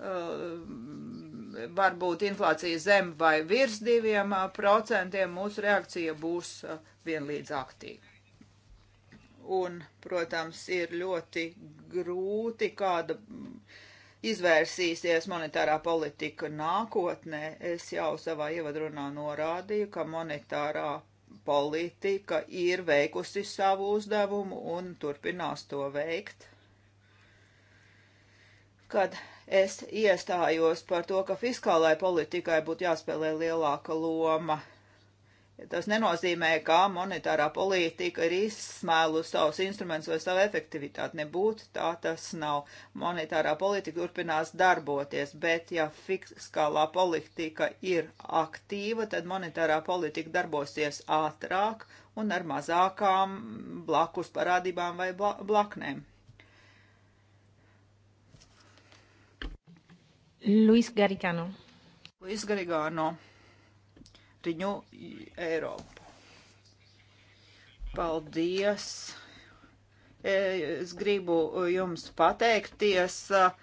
Speaker 2: um, var būt inflācija zem vai virs diviem uh, procentiem, mūsu reakcija būs uh, vienlīdz aktīva. Un, protams, ir ļoti grūti, kāda izvērsīsies monetārā politika nākotnē. Es jau savā ievadrunā norādīju, ka monetārā politika ir veikusi savu uzdevumu un turpinās to veikt kad es iestājos par to, ka fiskālai politikai būtu jāspēlē lielāka loma. Tas nenozīmē, ka monetārā politika ir izsmēlus savus instrumentus vai savu efektivitāti. Nebūtu tā, tas nav. Monetārā politika turpinās darboties, bet ja fiskālā politika ir aktīva, tad monetārā politika darbosies ātrāk un ar mazākām blakus parādībām vai blaknēm. Luis Garicano. Luis Garigano. Riņu Eiropu. Paldies! Es gribu jums pateikties uh,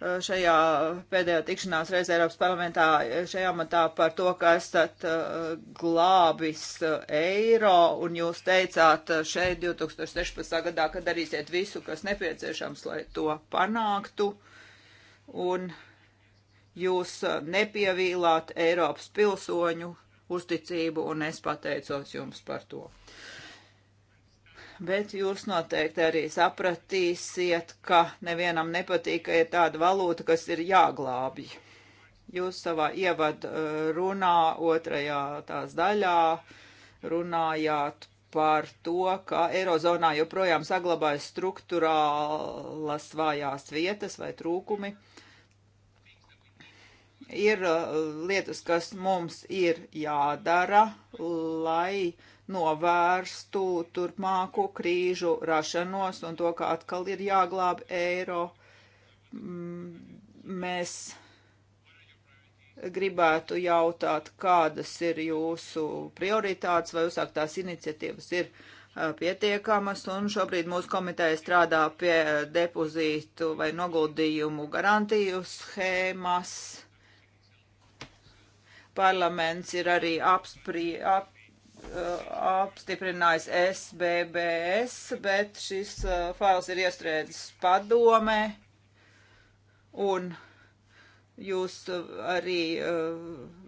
Speaker 2: šajā pēdējā tikšanās reizē Eiropas parlamentā šajā matā par to, ka esat uh, glābis uh, eiro un jūs teicāt šeit 2016. gadā, ka darīsiet visu, kas nepieciešams, lai to panāktu. Un uh, jūs uh, nepievīlāt Eiropas pilsoņu uzticību, un es pateicos jums par to. Bet jūs noteikti arī sapratīsiet, ka nevienam nepatīk, ka ir tāda valūta, kas ir jāglābj. Jūs savā ievad uh, runā otrajā tās daļā runājāt par to, ka Eirozonā joprojām saglabājas struktūrālas vājās vietas vai trūkumi. Uh, ir uh, lietas, kas mums ir jādara, lai novērstu turpmāku krīžu rašanos un to, ka atkal ir jāglāb eiro. Mm, mēs gribētu jautāt, kādas ir jūsu prioritātes vai uzsāktās iniciatīvas ir uh, pietiekamas, un šobrīd mūsu komiteja strādā pie depozītu vai noguldījumu garantiju schēmas Parlaments ir arī apspri, ap, apstiprinājis SBBS, bet šis fails ir iestrēdzis padomē. Un jūs arī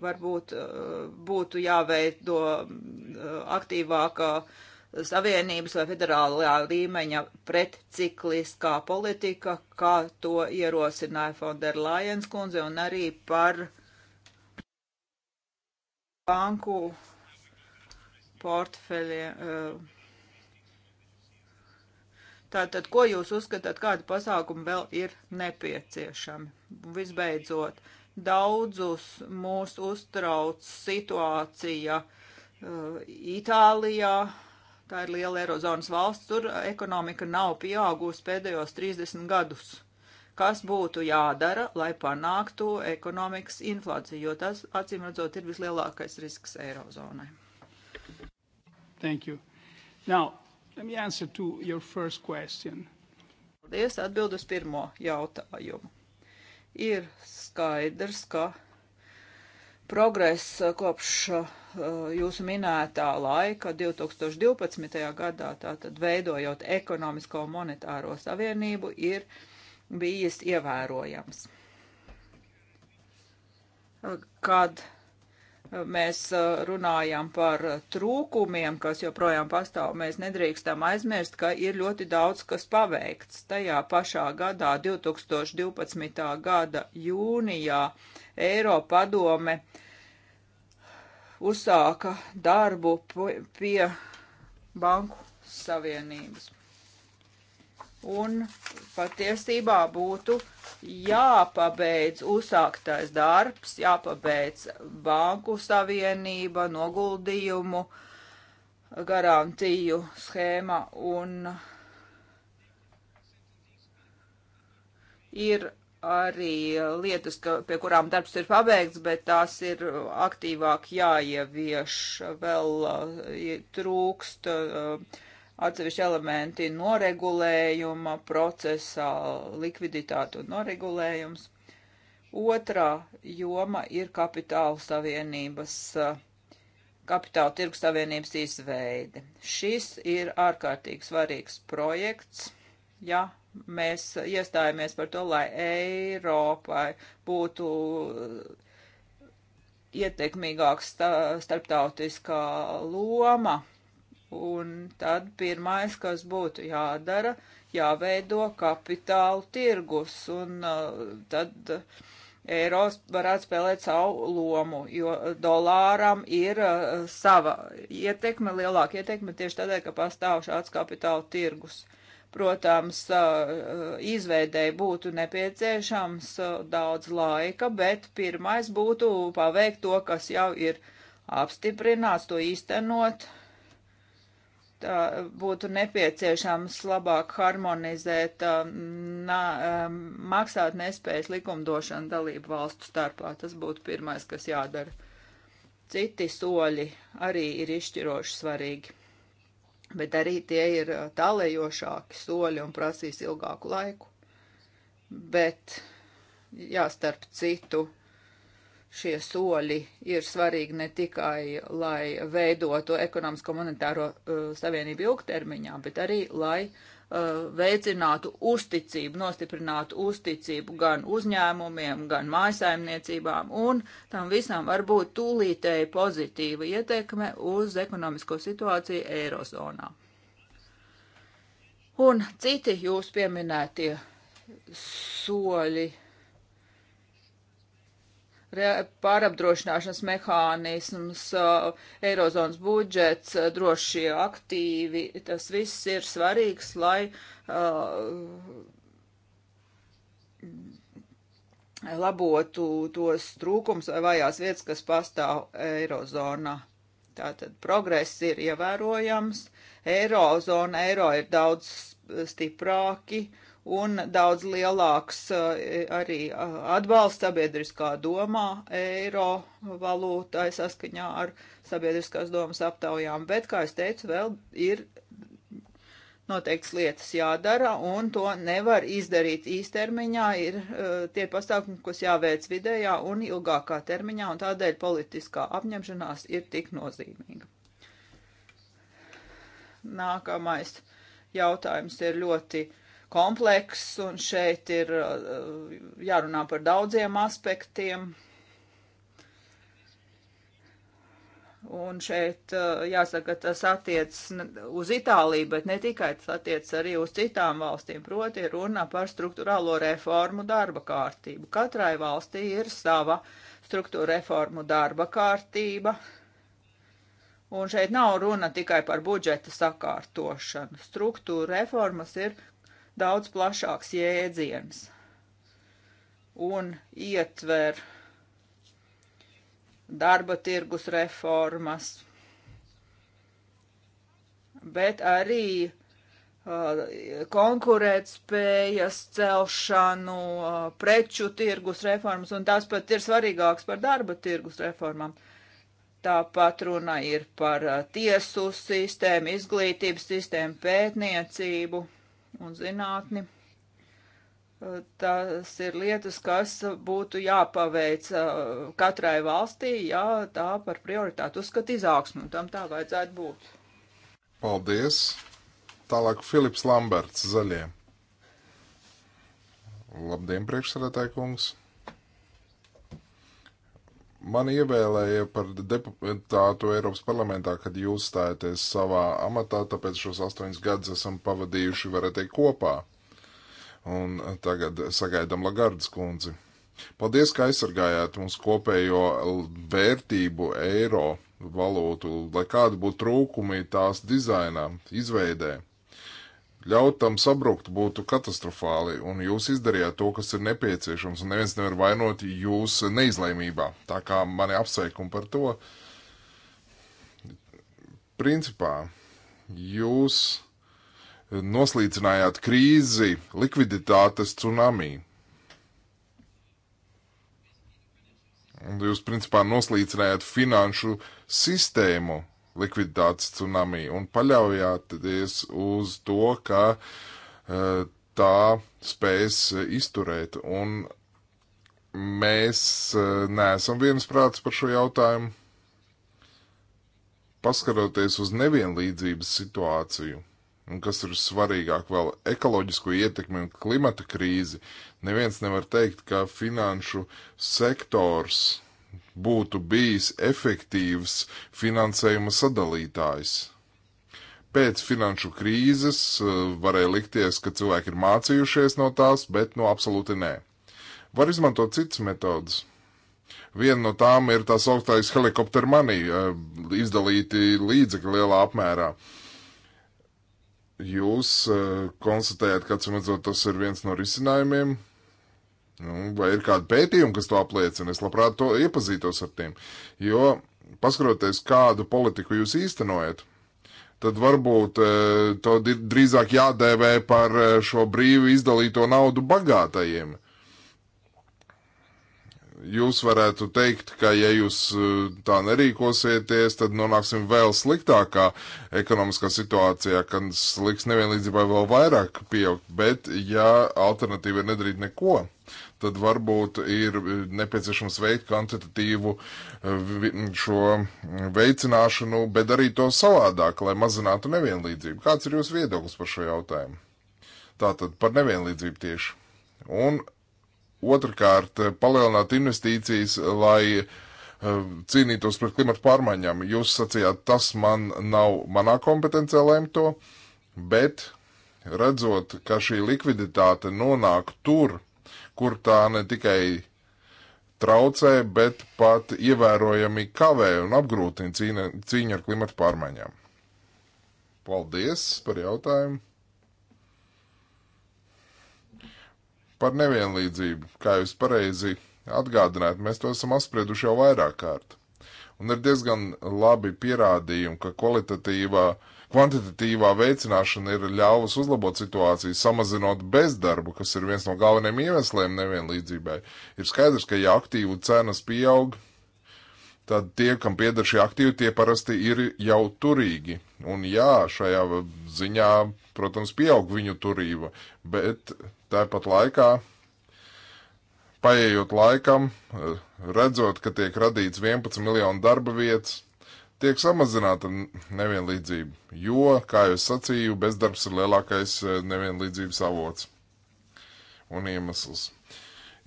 Speaker 2: varbūt būtu jāveido aktīvākā savienības vai federālā līmeņa pretcikliskā politika, kā to ierosināja Fonderlajens kundze, un arī par banku portfeļiem. Eh, tātad, ko jūs uzskatāt, kādi pasākumi vēl ir nepieciešami? Visbeidzot, daudzus mūs uztrauc situācija uh, Itālijā. Tā ir liela Eirozonas valsts, tur ekonomika nav pieaugusi pēdējos 30 gadus kas būtu jādara, lai panāktu ekonomikas inflāciju, jo tas, acīm redzot, ir vislielākais risks Eirozonai. Thank you. Now, let me answer to your first question. Paldies, atbild uz pirmo jautājumu. Ir skaidrs, ka progress kopš uh, jūsu minētā laika 2012. gadā, tātad veidojot ekonomisko monetāro savienību, ir bijis ievērojams. Kad mēs uh, runājam par trūkumiem, kas joprojām pastāv, mēs nedrīkstam aizmirst, ka ir ļoti daudz, kas paveikts. Tajā pašā gadā, 2012. gada jūnijā, Eiropa padome uzsāka darbu pie Banku Savienības un patiesībā būtu jāpabeidz uzsāktais darbs, jāpabeidz banku savienība, noguldījumu, garantiju schēma un ir arī lietas, ka, pie kurām darbs ir pabeigts, bet tās ir aktīvāk jāievieš, vēl eh, trūkst. Uh, atsevišķi elementi noregulējuma procesā, likviditāte un noregulējums. Otrā joma ir kapitāla savienības, kapitāla tirgus savienības izveide. Šis ir ārkārtīgi svarīgs projekts, ja mēs iestājāmies par to, lai Eiropai būtu ietekmīgāks starptautiskā loma Un tad pirmais, kas būtu jādara, jāveido kapitāla tirgus, un uh, tad uh, eiros varētu spēlēt savu lomu, jo dolāram ir uh, sava ietekme, lielāka ietekme tieši tādēļ, ka pastāv šāds kapitāla tirgus. Protams, uh, uh, izveidēji būtu nepieciešams daudz laika, bet pirmais būtu paveikt to, kas jau ir apstiprināts, to īstenot, tā, būtu nepieciešams labāk harmonizēt um, nā, um, maksāt nespējas likumdošanu dalību valstu starpā. Tas būtu pirmais, kas jādara. Citi soļi arī ir izšķiroši svarīgi, bet arī tie ir uh, tālējošāki soļi un prasīs ilgāku laiku. Bet jāstarp citu šie soļi ir svarīgi ne tikai, lai veidotu ekonomisko monetāro uh, savienību ilgtermiņā, bet arī, lai uh, veicinātu uzticību, nostiprinātu uzticību gan uzņēmumiem, gan mājasaimniecībām, un tam visam var būt tūlītēji pozitīva ietekme uz ekonomisko situāciju Eirozonā. Un citi jūs pieminētie soļi pārapdrošināšanas mehānisms, uh, eirozonas budžets, uh, drošie aktīvi, tas viss ir svarīgs, lai uh, labotu tos trūkums vai vajās vietas, kas pastāv eirozonā. Tātad progress ir ievērojams, eirozona, eiro ir daudz stiprāki, uh, un daudz lielāks eh, arī eh, atbalsts sabiedriskā domā eiro valūtai saskaņā ar sabiedriskās domas aptaujām. Bet, kā es teicu, vēl ir noteikts lietas jādara, un to nevar izdarīt īstermiņā. Ir eh, tie pasākumi, kas jāveic vidējā un ilgākā termiņā, un tādēļ politiskā apņemšanās ir tik nozīmīga. Nākamais jautājums ir ļoti uh, komplekss, un šeit ir uh, jārunā par daudziem aspektiem. Un šeit uh, jāsaka, tas attiec uz Itāliju, bet ne tikai tas attiec arī uz citām valstīm. Proti, runa par struktūrālo reformu darba kārtību. Katrai valstī ir sava struktūra reformu darba kārtība. Un šeit nav runa tikai par budžeta sakārtošanu. Struktūra reformas ir daudz plašāks jēdziens un ietver darba tirgus reformas, bet arī uh, konkurētspējas celšanu, uh, preču tirgus reformas, un tās pat ir svarīgākas par darba tirgus reformām. Tāpat runa ir par uh, tiesu sistēmu, izglītības sistēmu, pētniecību un zinātni. Uh, tas ir lietas, kas būtu jāpaveic uh, katrai valstī, ja tā par prioritātu uzskata izaugsmu, un tam tā vajadzētu būt.
Speaker 3: Paldies! Tālāk Filips Lamberts zaļie. Labdien, priekšsēdētāji kungs! Man ievēlēja par deputātu Eiropas parlamentā, kad jūs stājaties savā amatā, tāpēc šos astoņus gadus esam pavadījuši, varētu teikt, kopā. Un tagad sagaidām Lagardas kundzi. Paldies, ka aizsargājāt mums kopējo vērtību eiro valūtu, lai kādi būtu trūkumi tās dizainā, izveidē. Ļaut tam sabrukt būtu katastrofāli, un jūs izdarījāt to, kas ir nepieciešams, un neviens nevar vainot jūs neizlēmībā. Tā kā mani apsveikumi par to. Principā jūs noslīcinājāt krīzi likviditātes tsunami. Un jūs, principā, noslīcinājāt finanšu sistēmu likviditātes tsunami un paļaujāties uz to, ka uh, tā spēs izturēt. Un mēs uh, neesam viensprāts par šo jautājumu. Paskaroties uz nevienlīdzības situāciju, un kas ir svarīgāk vēl ekoloģisko ietekmi un klimata krīzi, neviens nevar teikt, ka finanšu sektors būtu bijis efektīvs finansējuma sadalītājs. Pēc finanšu krīzes eh, varēja likties, ka cilvēki ir mācījušies no tās, bet no nu, absolūti nē. Var izmantot citas metodas. Viena no tām ir tā sauktais helikopter manī, eh, izdalīti līdzekļi lielā apmērā jūs uh, konstatējat, ka atcīmredzot tas ir viens no risinājumiem, Nu, vai ir kādi pētījumi, kas to apliecina? Es labprāt to iepazītos ar tiem. Jo, paskatoties, kādu politiku jūs īstenojat, tad varbūt e, to drīzāk jādēvē par e, šo brīvi izdalīto naudu bagātajiem. Jūs varētu teikt, ka ja jūs e, tā nerīkosieties, tad nonāksim vēl sliktākā ekonomiskā situācijā, kad sliks nevienlīdzībai vēl vairāk pieaugt, bet ja alternatīva ir nedarīt neko, tad varbūt ir e, nepieciešams veikt kvantitatīvu e, šo veicināšanu, bet arī to savādāk, lai mazinātu nevienlīdzību. Kāds ir jūsu viedoklis par šo jautājumu? Tātad par nevienlīdzību tieši. Un otrkārt, palielināt investīcijas, lai e, cīnītos pret klimatu pārmaiņām. Jūs sacījāt, tas man nav manā kompetencijā lēmt to, bet redzot, ka šī likviditāte nonāk tur, kur tā ne tikai traucē, bet pat ievērojami kavē un apgrūtina cīņa, cīņa ar klimatu pārmaiņām. Paldies par jautājumu! Par nevienlīdzību, kā jūs pareizi atgādināt, mēs to esam apsprieduši jau vairāk kārt. Un ir diezgan labi pierādījumi, ka kvalitatīvā uh, Kvantitatīvā veicināšana ir ļāvusi uzlabot situāciju, samazinot bezdarbu, kas ir viens no galvenajiem iemesliem nevienlīdzībai. Ir skaidrs, ka ja aktīvu cenas pieaug, tad tie, kam pieder šie aktīvi, tie parasti ir jau turīgi. Un jā, šajā ziņā, protams, pieaug viņu turība, bet tāpat laikā, paietot laikam, redzot, ka tiek radīts 11 miljonu darba vietas, tiek samazināta nevienlīdzība, jo, kā jau sacīju, bezdarbs ir lielākais eh, nevienlīdzības avots un iemesls.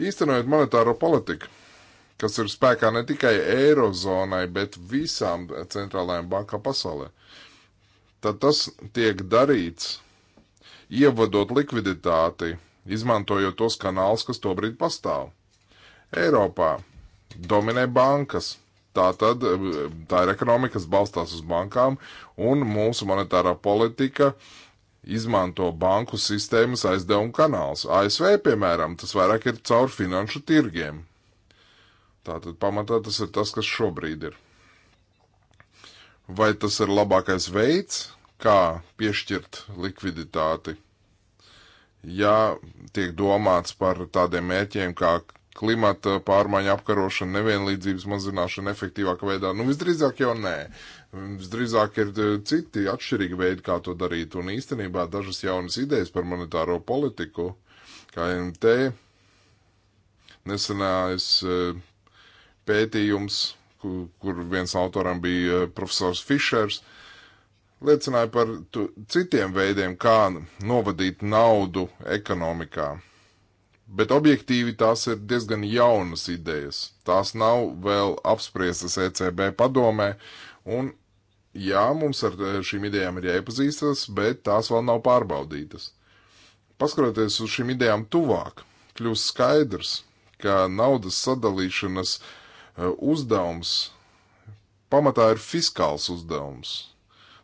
Speaker 3: Īstenojot monetāro politiku, kas ir spēkā ne tikai Eirozonai, bet visām centrālajām bankām pasaulē, tad tas tiek darīts, ievadot likviditāti, izmantojot tos kanālus, kas tobrīd pastāv. Eiropā dominē bankas, Tā tad tā ir ekonomika, kas balstās uz bankām, un mūsu monetārā politika izmanto banku sistēmas aizdevumu kanāls. ASV, piemēram, tas vairāk ir caur finanšu tirgiem. Tātad pamatā tas ir tas, kas šobrīd ir. Vai tas ir labākais veids, kā piešķirt likviditāti? Ja tiek domāts par tādiem mērķiem kā klimata pārmaiņu apkarošana, nevienlīdzības mazināšana efektīvākā veidā? Nu, visdrīzāk jau nē. Visdrīzāk ir e, citi atšķirīgi veidi, kā to darīt. Un īstenībā dažas jaunas idejas par monetāro politiku, kā MT, nesenājas e, pētījums, kur, kur viens autoram bija e, profesors Fišers, liecināja par tu, citiem veidiem, kā novadīt naudu ekonomikā bet objektīvi tās ir diezgan jaunas idejas. Tās nav vēl apspriestas ECB padomē, un jā, mums ar šīm idejām ir jāiepazīstas, bet tās vēl nav pārbaudītas. Paskatoties uz šīm idejām tuvāk, kļūst skaidrs, ka naudas sadalīšanas e, uzdevums pamatā ir fiskāls uzdevums.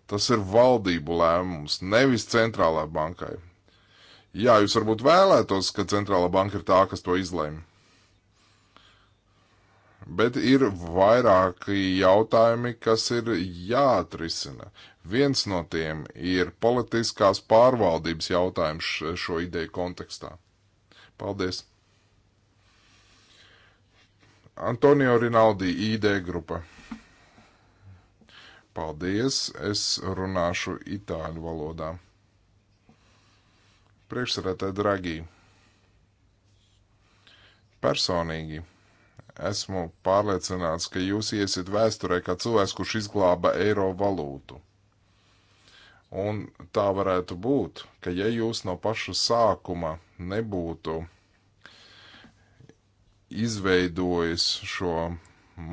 Speaker 3: Tas ir valdību lēmums, nevis centrālā bankai. Jā, jūs varbūt vēlētos, ka centrālā banka ir tā, kas to izlēma. Bet ir vairāki jautājumi, kas ir jāatrisina. Viens no tiem ir politiskās pārvaldības jautājums šo ideju kontekstā. Paldies! Antonio Rinaldi, ID grupa. Paldies, es runāšu itāļu valodā. Priekšsarētāji Dragī, personīgi esmu pārliecināts, ka jūs iesiet vēsturē kā cilvēks, kurš izglāba eiro valūtu. Un tā varētu būt, ka ja jūs no paša sākuma nebūtu izveidojis šo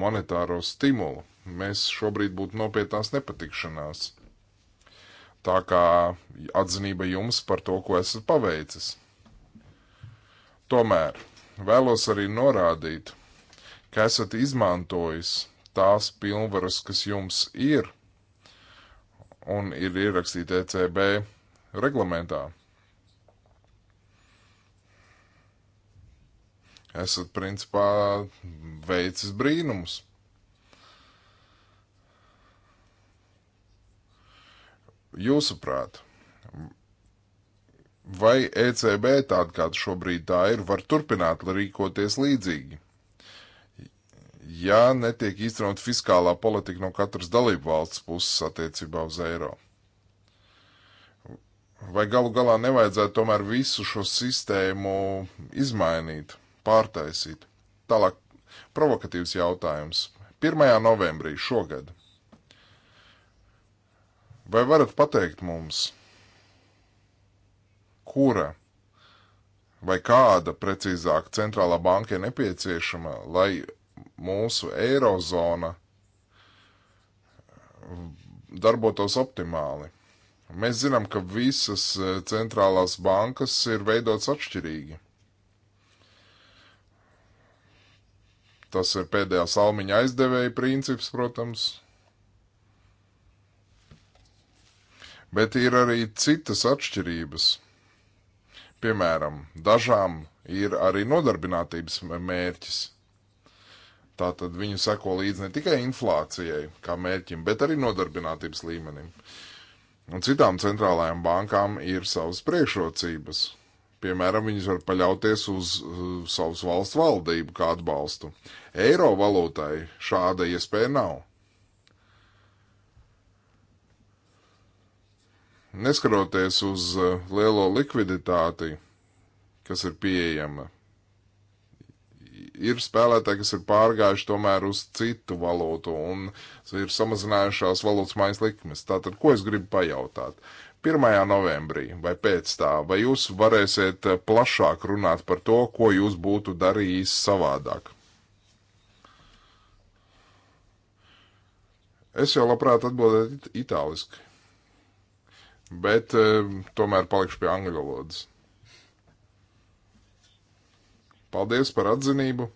Speaker 3: monetāro stimulu, mēs šobrīd būtu nopietnās nepatikšanās. Tā kā atzinība jums par to, ko esat paveicis. Tomēr vēlos arī norādīt, ka esat izmantojis tās pilnvaras, kas jums ir un ir ierakstīta ECB reglamentā. Esat principā veicis brīnumus. Jūsuprāt, vai ECB tāda, kāda šobrīd tā ir, var turpināt rīkoties līdzīgi? Ja netiek īstenot fiskālā politika no katras dalību valsts puses attiecībā uz eiro. Vai galu galā nevajadzētu tomēr visu šo sistēmu izmainīt, pārtaisīt? Tālāk provokatīvs jautājums. 1. novembrī šogad Vai varat pateikt mums, kura vai kāda precīzāk centrālā banka ir nepieciešama, lai mūsu eirozona darbotos optimāli? Mēs zinām, ka visas e, centrālās bankas ir veidotas atšķirīgi. Tas ir pēdējā salmiņa aizdevēja princips, protams, Bet ir arī citas atšķirības. Piemēram, dažām ir arī nodarbinātības mērķis. Tātad viņi seko līdz ne tikai inflācijai kā mērķim, bet arī nodarbinātības līmenim. Un citām centrālajām bankām ir savas priekšrocības. Piemēram, viņas var paļauties uz uh, savas valsts valdību kā atbalstu. Eiro valūtai šāda iespēja nav. neskaroties uz eh, lielo likviditāti, kas ir pieejama, ir spēlētāji, kas ir pārgājuši tomēr uz citu valūtu un ir samazinājušās valūtas mājas likmes. Tātad, ko es gribu pajautāt? 1. novembrī vai pēc tā, vai jūs varēsiet eh, plašāk runāt par to, ko jūs būtu darījis savādāk? Es jau labprāt atbildētu it itāliski bet eh, tomēr palikšu pie angļu valodas. Paldies par atzinību.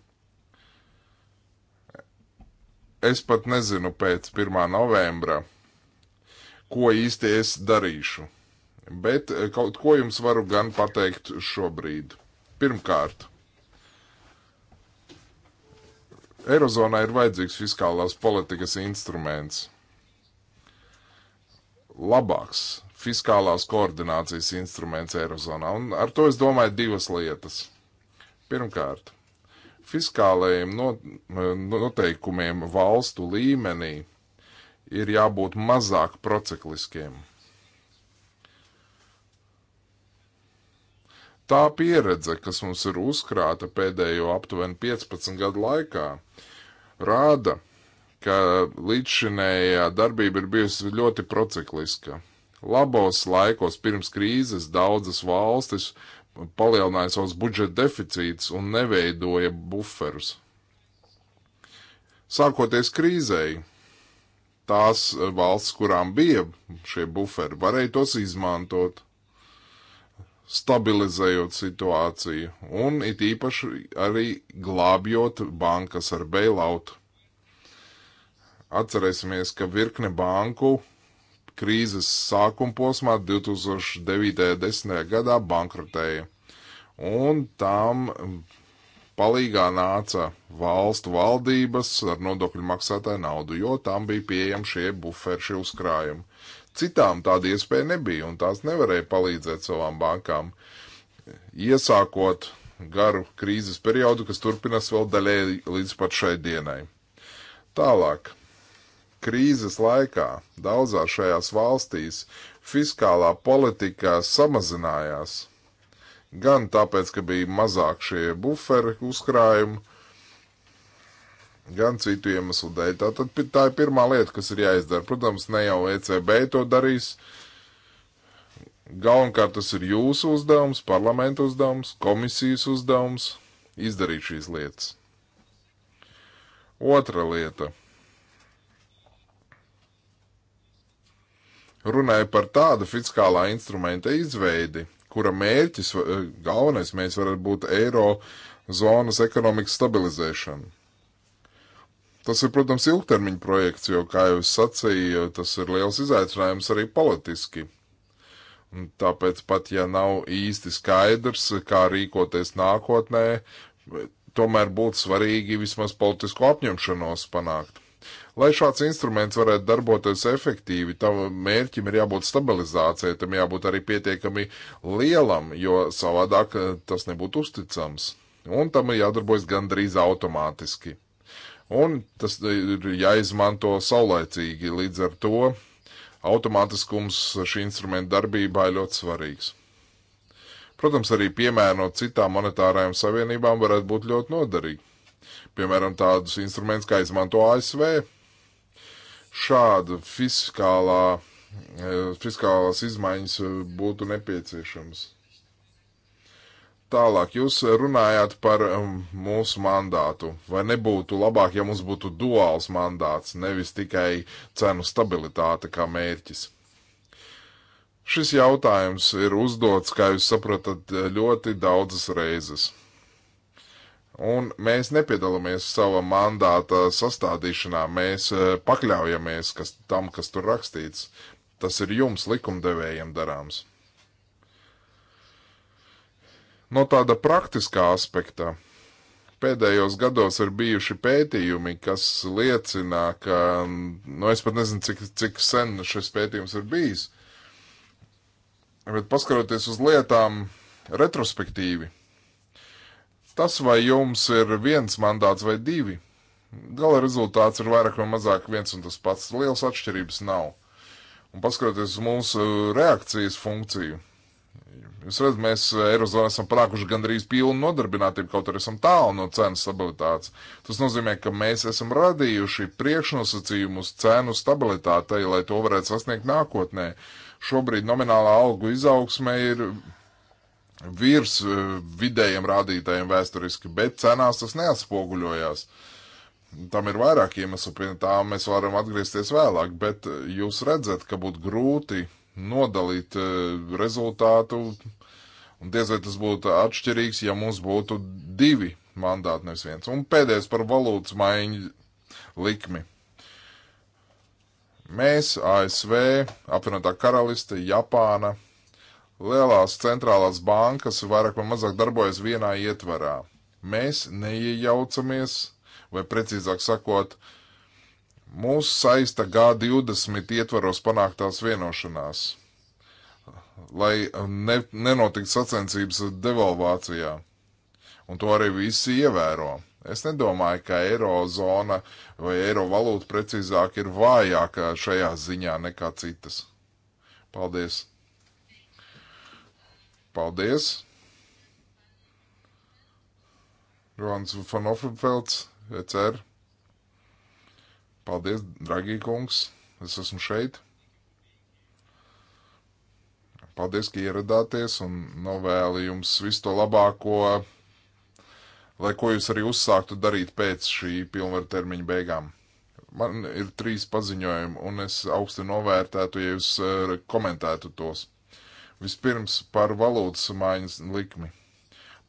Speaker 3: Es pat nezinu pēc 1. novembra, ko īsti es darīšu, bet eh, kaut ko jums varu gan pateikt šobrīd. Pirmkārt, Eirozonai ir vajadzīgs fiskālās politikas instruments. Labāks fiskālās koordinācijas instruments Eirozonā. Un ar to es domāju divas lietas. Pirmkārt, fiskālajiem noteikumiem valstu līmenī ir jābūt mazāk procikliskiem. Tā pieredze, kas mums ir uzkrāta pēdējo aptuveni 15 gadu laikā, rāda, ka līdzšinējā darbība ir bijusi ļoti procikliska. Labos laikos pirms krīzes daudzas valstis palielināja savus budžeta deficītus un neveidoja buferus. Sākoties krīzei, tās valsts, kurām bija šie buferi, varēja tos izmantot, stabilizējot situāciju un it īpaši arī glābjot bankas ar bailout. Atcerēsimies, ka virkne banku krīzes sākuma posmā 2009.10. gadā bankrotēja. Un tam palīgā nāca valstu valdības ar nodokļu maksātāju naudu, jo tam bija pieejami šie buferi, šie uzkrājumi. Citām tāda iespēja nebija, un tās nevarēja palīdzēt savām bankām. Iesākot garu krīzes periodu, kas turpinās vēl daļēji līdz pat šai dienai. Tālāk krīzes laikā daudzās šajās valstīs fiskālā politika samazinājās. Gan tāpēc, ka bija mazāk šie buferi uzkrājumi, gan citu iemeslu dēļ. Tātad tā ir pirmā lieta, kas ir jāizdara. Protams, ne jau ECB to darīs. Galvenokārt tas ir jūsu uzdevums, parlamenta uzdevums, komisijas uzdevums izdarīt šīs lietas. Otra lieta runāja par tādu fiskālā instrumenta izveidi, kura mērķis, eh, galvenais mērķis varētu būt eiro zonas ekonomikas stabilizēšana. Tas ir, protams, ilgtermiņa projekts, jo, kā jau es sacīju, tas ir liels izaicinājums arī politiski. Un tāpēc pat, ja nav īsti skaidrs, kā rīkoties nākotnē, tomēr būtu svarīgi vismaz politisko apņemšanos panākt. Lai šāds instruments varētu darboties efektīvi, tam mērķim ir jābūt stabilizācijai, tam jābūt arī pietiekami lielam, jo savādāk eh, tas nebūtu uzticams. Un tam ir jādarbojas gandrīz automātiski. Un tas eh, ir jāizmanto saulēcīgi, līdz ar to automātiskums šī instrumenta darbībā ir ļoti svarīgs. Protams, arī piemērot citām monetārajām savienībām varētu būt ļoti noderīgi. Piemēram, tādus instrumentus, kā izmanto ASV, šāda fiskālā, eh, fiskālās izmaiņas eh, būtu nepieciešamas. Tālāk, jūs runājāt par eh, mūsu mandātu. Vai nebūtu labāk, ja mums būtu duāls mandāts, nevis tikai cenu stabilitāte kā mērķis? Šis jautājums ir uzdots, kā jūs saprotat, ļoti daudzas reizes un mēs nepiedalāmies sava mandāta sastādīšanā. Mēs eh, pakļaujamies kas, tam, kas tur rakstīts. Tas ir jums, likumdevējiem, darāms. No tāda praktiskā aspekta pēdējos gados ir bijuši pētījumi, kas liecina, ka, nu es pat nezinu, cik, cik sen šis pētījums ir bijis, bet paskaroties uz lietām retrospektīvi tas, vai jums ir viens mandāts vai divi. Gala rezultāts ir vairāk vai mazāk viens un tas pats. Lielas atšķirības nav. Un paskatoties uz mūsu reakcijas funkciju, jūs redzat, mēs Eirozonā esam panākuši gandrīz pilnu nodarbinātību, kaut arī esam tālu no cenu stabilitātes. Tas nozīmē, ka mēs esam radījuši priekšnosacījumus cenu stabilitātei, lai to varētu sasniegt nākotnē. Šobrīd nominālā algu izaugsme ir virs eh, vidējiem rādītājiem vēsturiski, bet cenās tas neatspoguļojās. Tam ir vairāk iemeslu, pie tā mēs varam atgriezties vēlāk, bet eh, jūs redzat, ka būtu grūti nodalīt eh, rezultātu, un diez vai tas būtu atšķirīgs, ja mums būtu divi mandāti, nevis viens. Un pēdējais par valūtas maiņu likmi. Mēs, ASV, apvienotā karaliste, Japāna, lielās centrālās bankas vairāk vai mazāk darbojas vienā ietvarā. Mēs neiejaucamies, vai precīzāk sakot, mūs saista G20 ietvaros panāktās vienošanās, lai ne, nenotiktu sacensības devalvācijā. Un to arī visi ievēro. Es nedomāju, ka eirozona vai eiro valūta precīzāk ir vājāka šajā ziņā nekā citas. Paldies! Paldies! Rolands van Ofenfelds, ECR. Paldies, dragī kungs, es esmu šeit. Paldies, ka ieradāties un novēlu jums visu to labāko, lai ko jūs arī uzsāktu darīt pēc šī pilnvaru termiņa beigām man ir trīs paziņojumi, un es augstu novērtētu, ja jūs eh, komentētu tos. Vispirms par valūtas mājas likmi.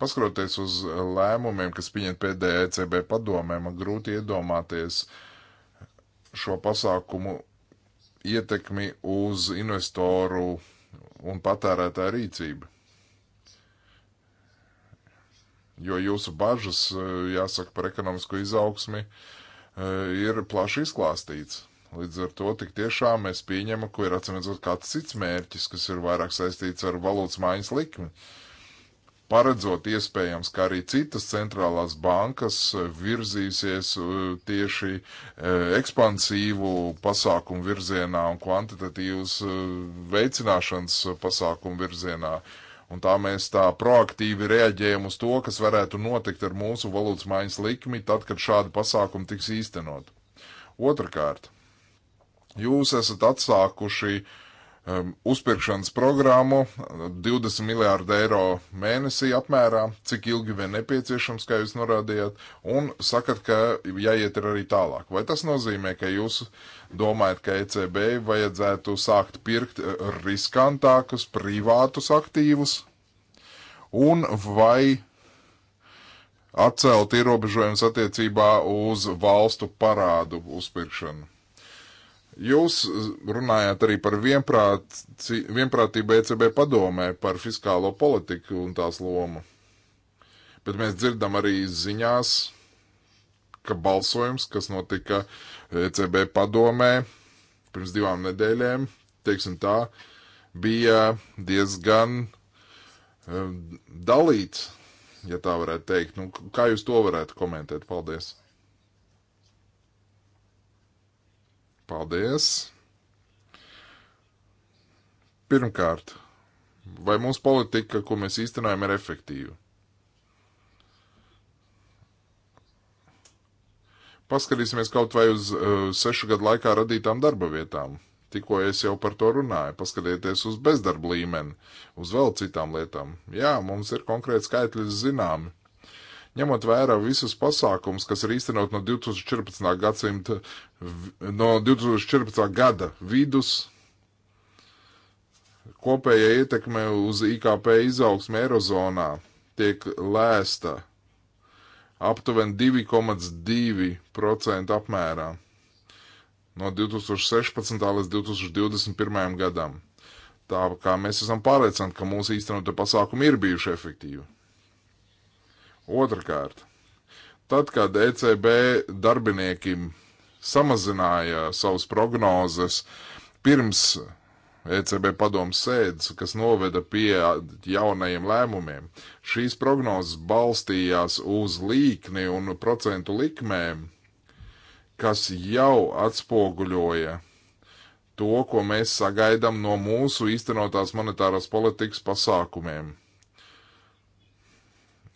Speaker 3: Paskroties uz lēmumiem, kas pieņem pēdējā ECB padomē, man grūti iedomāties šo pasākumu ietekmi uz investoru un patērētāju rīcību. Jo jūsu bažas, jāsaka, par ekonomisko izaugsmi eh, ir plaši izklāstīts. Līdz ar to tik tiešām mēs pieņemam, ka ir atcīmredzot kāds cits mērķis, kas ir vairāk saistīts ar valūtas mājas likmi. Paredzot iespējams, ka arī citas centrālās bankas virzīsies uh, tieši uh, ekspansīvu pasākumu virzienā un kvantitatīvas uh, veicināšanas pasākumu virzienā. Un tā mēs tā proaktīvi reaģējam uz to, kas varētu notikt ar mūsu valūtas maiņas likmi, tad, kad šādi pasākumi tiks īstenot. Otrakārt, Jūs esat atsākuši um, uzpirkšanas programmu 20 uh, miljārdu eiro mēnesī apmērā, cik ilgi vien nepieciešams, kā jūs norādījāt, un sakat, ka jāiet ir arī tālāk. Vai tas nozīmē, ka jūs domājat, ka ECB vajadzētu sākt pirkt uh, riskantākus privātus aktīvus? Un vai atcelt ierobežojums attiecībā uz valstu parādu uzpirkšanu? Jūs eh, runājāt arī par vienprāt, vienprātību ECB padomē par fiskālo politiku un tās lomu. Bet mēs dzirdam arī ziņās, ka balsojums, kas notika ECB padomē pirms divām nedēļām, teiksim tā, bija diezgan eh, dalīts, ja tā varētu teikt. Nu, kā jūs to varētu komentēt? Paldies! Paldies! Pirmkārt, vai mūsu politika, ko mēs īstenojam, ir efektīva? Paskatīsimies kaut vai uz uh, sešu gadu laikā radītām darba vietām. Tikko es jau par to runāju. Paskatieties uz bezdarba līmeni, uz vēl citām lietām. Jā, mums ir konkrēti skaitļi zināmi. Ņemot vērā visus pasākums, kas ir īstenot no 2014. gadsimta, no 2014. gada vidus, kopējā ietekme uz IKP izaugsmē Eirozonā tiek lēsta aptuveni 2,2% apmērā no 2016. līdz 2021. gadam. Tā kā mēs esam pārliecināti, ka mūsu īstenotie pasākumi ir bijuši efektīvi. Otrakārt, tad, kad ECB darbinieki samazināja savas prognozes pirms ECB padomas sēdes, kas noveda pie jaunajiem lēmumiem, šīs prognozes balstījās uz līkni un procentu likmēm, kas jau atspoguļoja to, ko mēs sagaidām no mūsu īstenotās monetārās politikas pasākumiem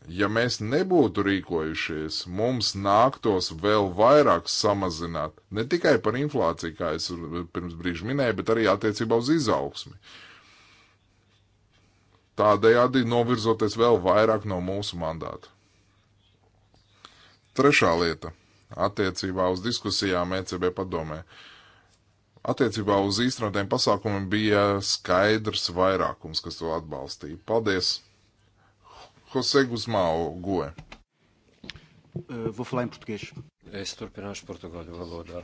Speaker 3: ja mēs nebūtu rīkojušies, mums nāktos vēl vairāk samazināt ne tikai par inflāciju, kā es pirms brīža minēju, bet arī attiecībā uz izaugsmi. Tādējādi novirzoties vēl vairāk no mūsu mandāta. Trešā lieta attiecībā uz diskusijām ECB padomē. Attiecībā uz īstenotiem pasākumiem bija skaidrs vairākums, kas to atbalstīja. Paldies! José Guzmão, Goe.
Speaker 1: Uh, vou falar em português. Es turpināšu portugāļu valodā.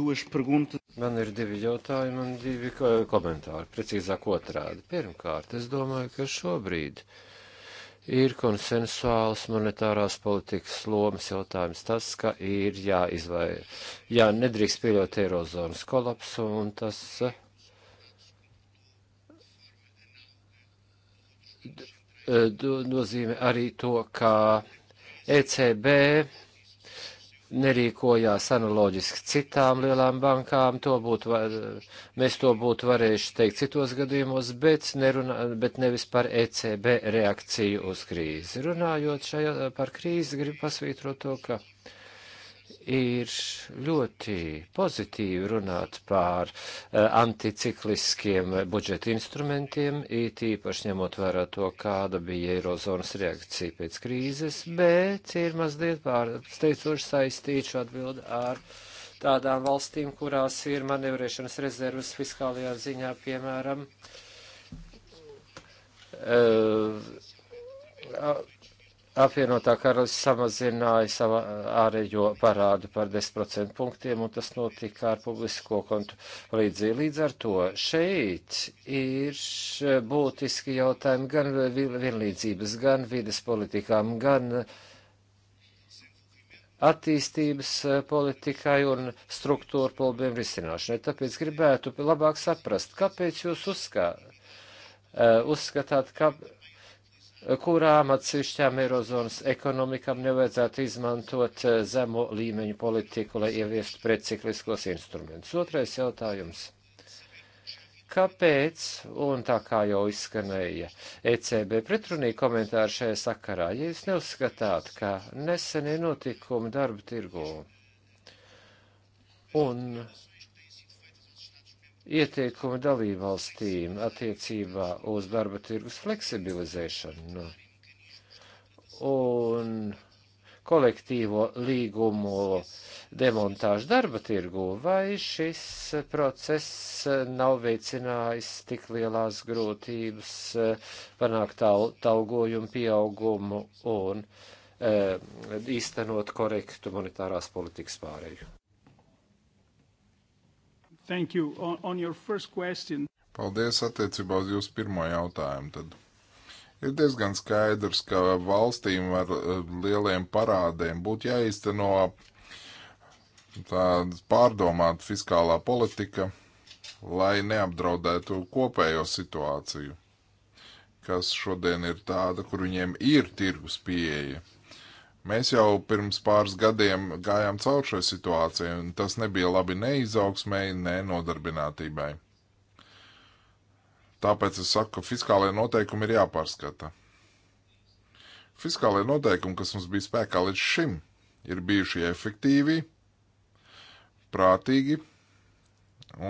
Speaker 1: Duas perguntas. Man ir divi jautājumi, man divi komentāri, precīzāk otrādi. Pirmkārt, es domāju, ka šobrīd ir konsensuāls monetārās politikas lomas jautājums tas, ka ir jāizvai, jā, nedrīkst pieļaut eirozonas kolapsu, un tas uh, Eh, nozīmē arī to, ka ECB nerīkojās analoģiski citām lielām bankām, to būtu, var, mēs to būtu varējuši teikt citos gadījumos, bet, nerunā, bet nevis par ECB reakciju uz krīzi. Runājot šajā, par krīzi, gribu pasvītrot to, ka ir ļoti pozitīvi runāt pār eh, anticikliskiem budžeta instrumentiem, it īpaši ņemot vērā to, kāda bija Eirozonas reakcija pēc krīzes, bet ir mazliet pārsteidzoši saistīšu atbildi ar tādām valstīm, kurās ir manevrēšanas rezervas fiskālajā ziņā, piemēram. Uh, apvienotā karalists samazināja savu ārējo parādu par 10% punktiem, un tas notika ar publisko kontu līdzību. Līdz ar to šeit ir būtiski jautājumi gan vienlīdzības, gan vides politikām, gan attīstības politikai un struktūra problēmu risināšanai. Tāpēc gribētu labāk saprast, kāpēc jūs uzskā, uzskatāt, kāpēc kurām atsevišķām Eirozonas ekonomikām nevajadzētu izmantot eh, zemo līmeņu politiku, lai ieviestu precikliskos instrumentus. Otrais jautājums. Kāpēc, un tā kā jau izskanēja ECB pretrunīgi komentāri šajā sakarā, ja jūs neuzskatāt, ka nesenie notikumi darba tirgū un ieteikumi dalībvalstīm attiecībā uz darba tirgus fleksibilizēšanu un kolektīvo līgumu demontāžu darba tirgu, vai šis process nav veicinājis tik lielās grūtības panākt algojumu pieaugumu un eh, īstenot korektu monetārās politikas pārēju.
Speaker 2: Thank you. On, on your first question.
Speaker 3: Paldies attiecībā uz jūsu pirmo jautājumu. Tad ir diezgan skaidrs, ka valstīm ar lieliem parādiem būtu jāizteno tāda pārdomāta fiskālā politika, lai neapdraudētu kopējo situāciju, kas šodien ir tāda, kur viņiem ir tirgus pieeja. Mēs jau pirms pāris gadiem gājām cauri šai situācijai, un tas nebija labi ne izaugsmēji, ne nodarbinātībai. Tāpēc es saku, ka fiskālajie noteikumi ir jāpārskata. Fiskālajie noteikumi, kas mums bija spēkā līdz šim, ir bijuši efektīvi, prātīgi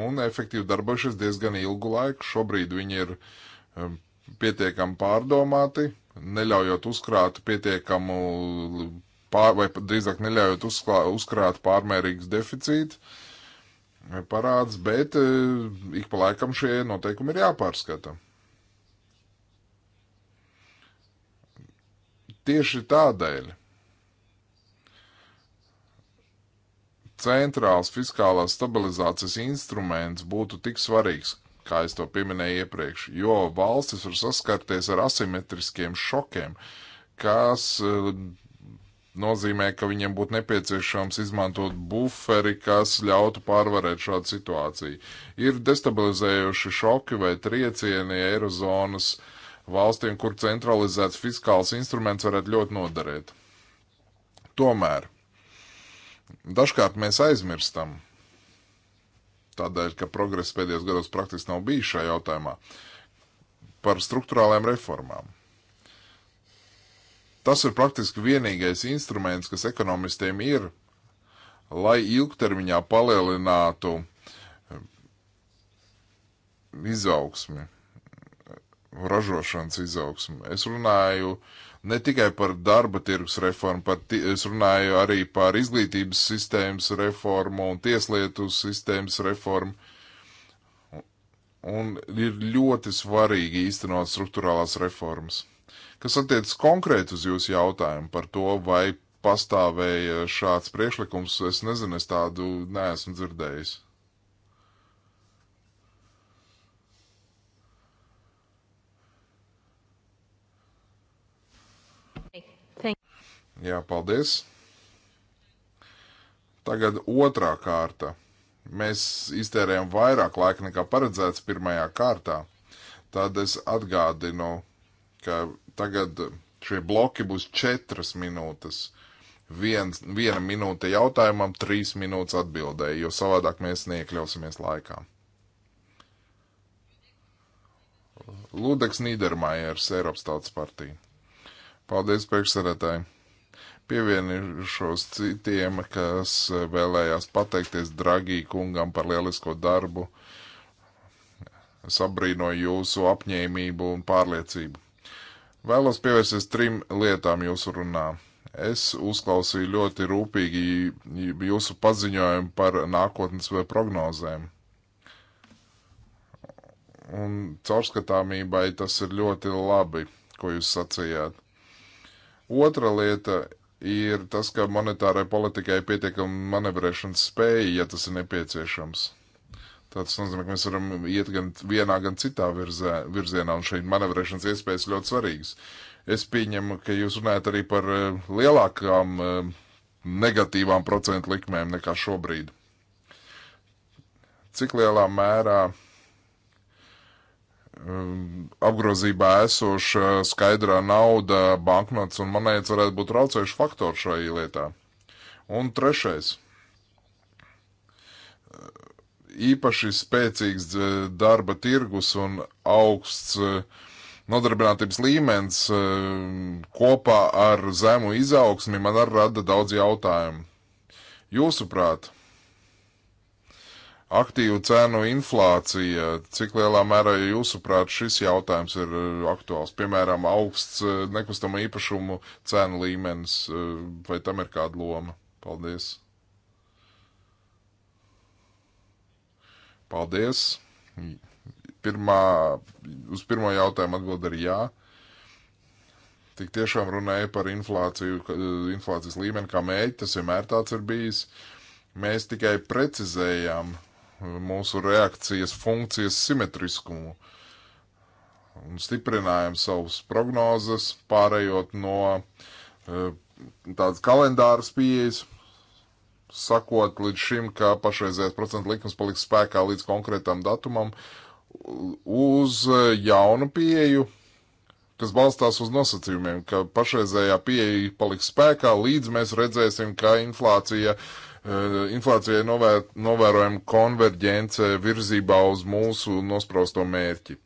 Speaker 3: un efektīvi darbojušies diezgan ilgu laiku. Šobrīd viņi ir eh, pietiekami pārdomāti, neļaujot uzkrāt pietiekamu, pār, vai drīzāk neļaujot uzklā, uzkrāt pārmērīgus deficītus parāds, bet eh, ik pa laikam šie noteikumi ir jāpārskata. Tieši tādēļ centrāls fiskālās stabilizācijas instruments būtu tik svarīgs, kā es to pieminēju iepriekš, jo valstis var saskarties ar asimetriskiem šokiem, kas eh, nozīmē, ka viņiem būtu nepieciešams izmantot buferi, kas ļautu pārvarēt šādu situāciju. Ir destabilizējuši šoki vai triecieni Eirozonas valstīm, kur centralizēts fiskāls instruments varētu ļoti noderēt. Tomēr dažkārt mēs aizmirstam, tādēļ, ka progress pēdējos gados praktiski nav bijis šajā jautājumā, par struktūrālajām reformām. Tas ir praktiski vienīgais instruments, kas ekonomistiem ir, lai ilgtermiņā palielinātu eh, izaugsmi, ražošanas izaugsmi. Es runāju ne tikai par darba tirgus reformu, par es runāju arī par izglītības sistēmas reformu un tieslietu sistēmas reformu. Un ir ļoti svarīgi īstenot struktūrālās reformas. Kas attiecas konkrēti uz jūsu jautājumu par to, vai pastāvēja šāds priekšlikums, es nezinu, es tādu neesmu dzirdējis. Jā, paldies. Tagad otrā kārta. Mēs iztērējam vairāk laika nekā paredzēts pirmajā kārtā. Tad es atgādinu, ka tagad šie bloki būs četras minūtes. Viens, viena minūte jautājumam, trīs minūtes atbildēji, jo savādāk mēs neiekļausimies laikā. Ludeks Nīdermājers, Eiropas Tautas partija. Paldies, priekšsarētāji! pievienošos citiem, kas vēlējās pateikties Dragī kungam par lielisko darbu. Es abrīnoju jūsu apņēmību un pārliecību. Vēlos pievērsties trim lietām jūsu runā. Es uzklausīju ļoti rūpīgi jūsu paziņojumu par nākotnes vai prognozēm. Un caurskatāmībai tas ir ļoti labi, ko jūs sacījāt. Otra lieta ir tas, ka monetārai politikai ir pietiekama manevrēšanas spēja, ja tas ir nepieciešams. Tas nozīmē, ka mēs varam iet gan vienā, gan citā virzē, virzienā, un šeit manevrēšanas iespējas ļoti svarīgas. Es pieņemu, ka jūs runājat arī par eh, lielākām eh, negatīvām procentu likmēm nekā šobrīd. Cik lielā mērā apgrozībā esoša skaidrā nauda, banknotes un monētas varētu būt traucējuši faktori šai lietā. Un trešais īpaši spēcīgs eh, darba tirgus un augsts eh, nodarbinātības līmenis eh, kopā ar zemu izaugsmi man arī rada daudz jautājumu. Jūsuprāt, aktīvu cēnu inflācija, cik lielā mērā jūsuprāt šis jautājums ir e, aktuāls? Piemēram, augsts e, nekustamo īpašumu cēnu līmenis, e, vai tam ir kāda loma? Paldies! Paldies! Pirmā, uz pirmo jautājumu atbild ir jā. Tik tiešām runēja par inflāciju, inflācijas līmeni kā mēģi, tas vienmēr tāds ir bijis. Mēs tikai precizējām mūsu reakcijas funkcijas simetriskumu un stiprinājām savus prognozes, pārējot no eh, tādas kalendāras pieejas, sakot līdz šim, ka pašreizējais procentu likums paliks spēkā līdz konkrētam datumam, uz eh, jaunu pieeju, kas balstās uz nosacījumiem, ka pašreizējā pieeja paliks spēkā līdz mēs redzēsim, ka inflācija uh, Eh, inflācijai novēr, novērojama konverģence virzībā uz mūsu nosprausto mērķi.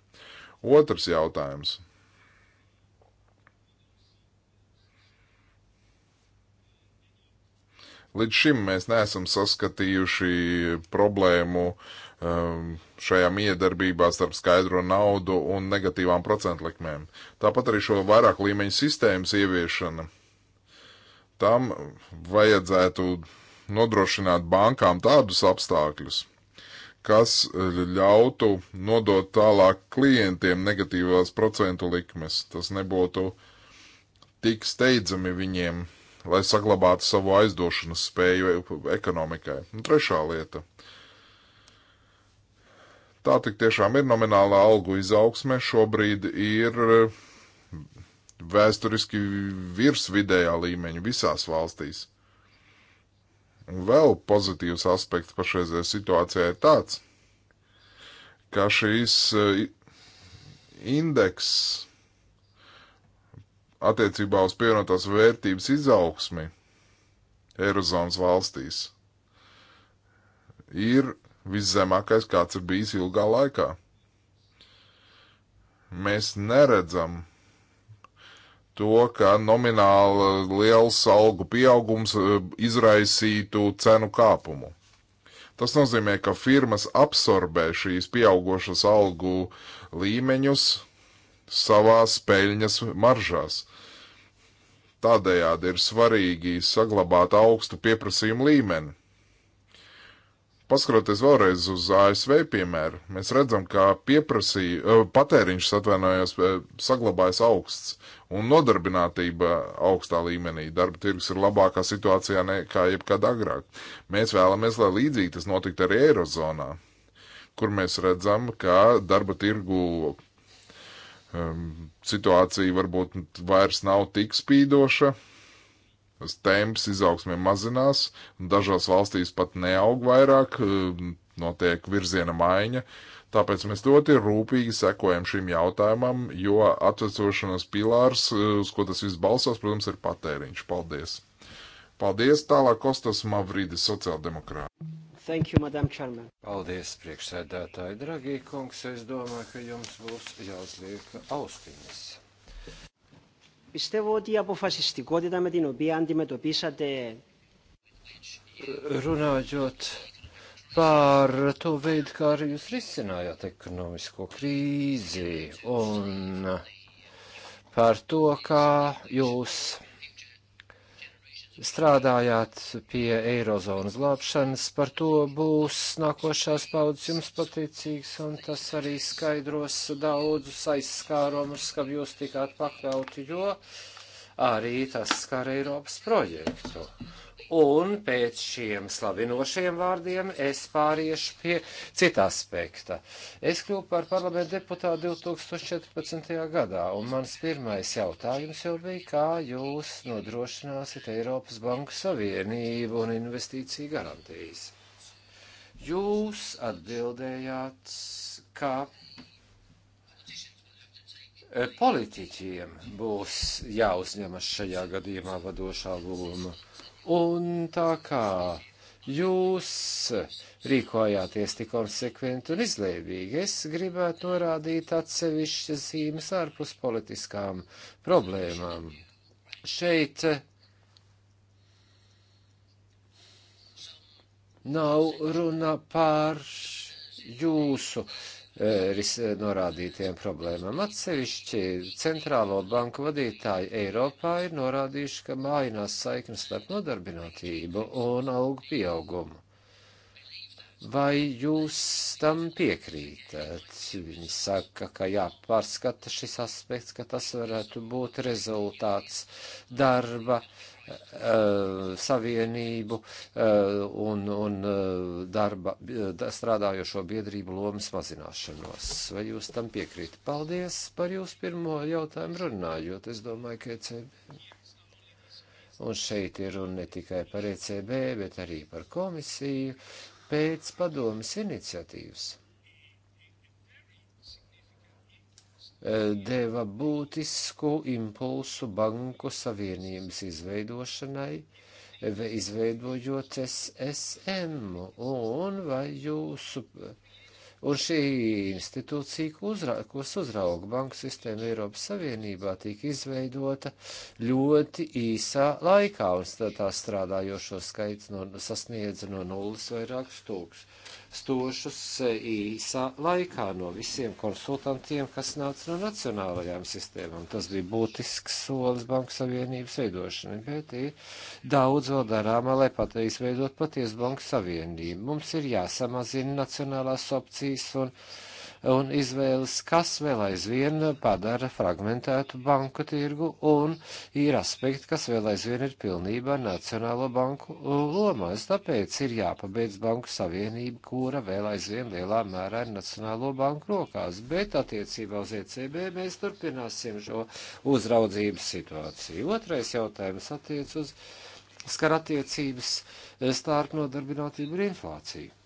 Speaker 3: Otrs jautājums. Līdz šim mēs neesam saskatījuši problēmu ehm, šajā miedarbībā starp skaidro naudu un negatīvām procentlikmēm. Tāpat arī šo vairāk līmeņu sistēmas ieviešana. Tam vajadzētu nodrošināt bankām tādus apstākļus, kas e, ļautu nodot tālāk klientiem negatīvās procentu likmes. Tas nebūtu tik steidzami viņiem, lai saglabātu savu aizdošanas spēju e, ekonomikai. Un trešā lieta. Tā tik tiešām ir nominālā algu izaugsme. Šobrīd ir e, vēsturiski virs vidējā līmeņa visās valstīs. Un vēl pozitīvs aspekts pašreizējā situācijā ir tāds, ka šīs eh, indeks attiecībā uz pievienotās vērtības izaugsmi Eirozonas valstīs ir viszemākais, kāds ir bijis ilgā laikā. Mēs neredzam to, ka nomināli liels algu pieaugums eh, izraisītu cenu kāpumu. Tas nozīmē, ka firmas absorbē šīs pieaugušas algu līmeņus savā peļņas maržās. Tādējādi ir svarīgi saglabāt augstu pieprasījumu līmeni paskatoties vēlreiz uz ASV piemēru, mēs redzam, ka pieprasīja, patēriņš atvainojās, saglabājas augsts un nodarbinātība augstā līmenī. Darba tirgus ir labākā situācijā nekā jebkad agrāk. Mēs vēlamies, lai līdzīgi tas notiktu arī Eirozonā, kur mēs redzam, ka darba tirgu um, situācija varbūt vairs nav tik spīdoša temps izaugsmē mazinās, un dažās valstīs pat neaug vairāk, um, notiek virziena maiņa. Tāpēc mēs ļoti rūpīgi sekojam šim jautājumam, jo atvecošanās pilārs, uh, uz ko tas viss balsās, protams, ir patēriņš. Paldies! Paldies! Tālāk Kostas Mavridis, sociāldemokrāti.
Speaker 1: Thank you, Madam Chairman. Paldies, priekšsēdētāji, dragī kungs. Es domāju, ka jums būs jāuzliek austiņas. Πιστεύω ότι η αποφασιστικότητα με την οποία αντιμετωπίσατε... Runājot par to veidu, kā arī jūs risinājāt ekonomisko krīzi un par to, kā jūs strādājāt pie eirozonas glābšanas, par to būs nākošās paudzes jums pateicīgs, un tas arī skaidros daudzus aizskārumus, kam jūs tikāt pakļauti, jo arī tas skar Eiropas projektu. Un pēc šiem slavinošajiem vārdiem es pāriešu pie cita aspekta. Es kļuvu par parlamentu deputātu 2014. gadā, un mans pirmais jautājums jau bija, kā jūs nodrošināsiet Eiropas Banku Savienību un investīciju garantijas. Jūs atbildējāt, ka politiķiem būs jāuzņemas šajā gadījumā vadošā loma. Un tā kā jūs rīkojāties tik konsekventi un izlēmīgi, es gribētu norādīt atsevišķas zīmes ārpus politiskām problēmām. Šeit nav runa par jūsu uh, Eh, ris, eh, norādītiem problēmām. Atsevišķi centrālo banku vadītāji Eiropā ir norādījuši, ka mājinās saiknes starp nodarbinātību un algu pieaugumu. Vai jūs tam piekrītat? Viņi saka, ka jāpārskata šis aspekts, ka tas varētu būt rezultāts darba uh, Eh, savienību eh, un, un eh, darba, strādājošo biedrību lomas mazināšanos. Vai jūs tam piekrīt? Paldies par jūsu pirmo jautājumu runājot. Es domāju, ka ECB. Un šeit ir runa ne tikai par ECB, bet arī par komisiju pēc padomas iniciatīvas. E, deva būtisku impulsu banku savienības izveidošanai, izveidojot SSM, un vai jūsu, un šī institūcija, uzra, kas uzrauga banku sistēmu Eiropas Savienībā, tika izveidota ļoti īsā laikā, un tā strādājošo skaits no, sasniedza no nulles vairākus tūkstošus stošus e, īsā laikā no visiem konsultantiem, kas nāca no nacionālajām sistēmām. Tas bija būtisks solis Banku Savienības veidošanai, bet ir daudz vēl darāmā, lai patreiz veidot patiesu Banku Savienību. Mums ir jāsamazina nacionālās opcijas un un izvēles, kas vēl aizvien padara fragmentētu banku tirgu, un ir aspekti, kas vēl aizvien ir pilnībā Nacionālo banku lomās. Tāpēc ir jāpabeidz banku savienība, kura vēl aizvien lielā mērā ir Nacionālo banku rokās. Bet attiecībā uz ECB mēs turpināsim šo uzraudzības situāciju. Otrais jautājums attiec uz skar attiecības starp nodarbinātību un inflāciju.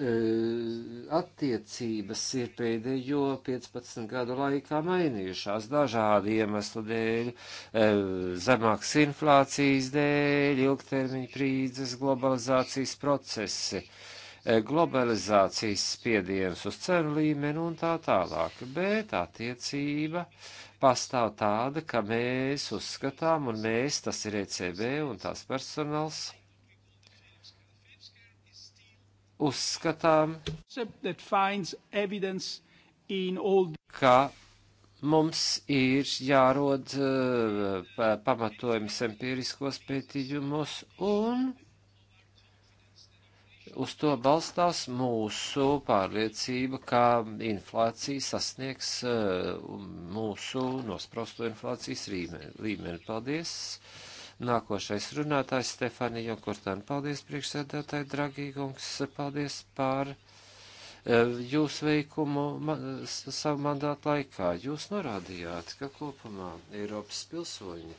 Speaker 1: Eh, attiecības ir pēdējo 15 gadu laikā mainījušās dažādu iemeslu dēļ, eh, zemākas inflācijas dēļ, ilgtermiņa krīzes, globalizācijas procesi, eh, globalizācijas spiediens uz cenu līmeni un tā tālāk. Bet attiecība pastāv tāda, ka mēs uzskatām, un mēs, tas ir ECB un tās personāls, uzskatām, ka mums ir jārod eh, pamatojums empiriskos pētījumos un uz to balstās mūsu pārliecība, ka inflācija sasniegs eh, mūsu nosprosto inflācijas līmeni. Paldies! Nākošais runātājs Stefanija Jokurtāna. Paldies, priekšsēdētāji, dragīgums, paldies pār e, jūsu veikumu man, savu mandātu laikā. Jūs norādījāt, ka kopumā Eiropas pilsoņi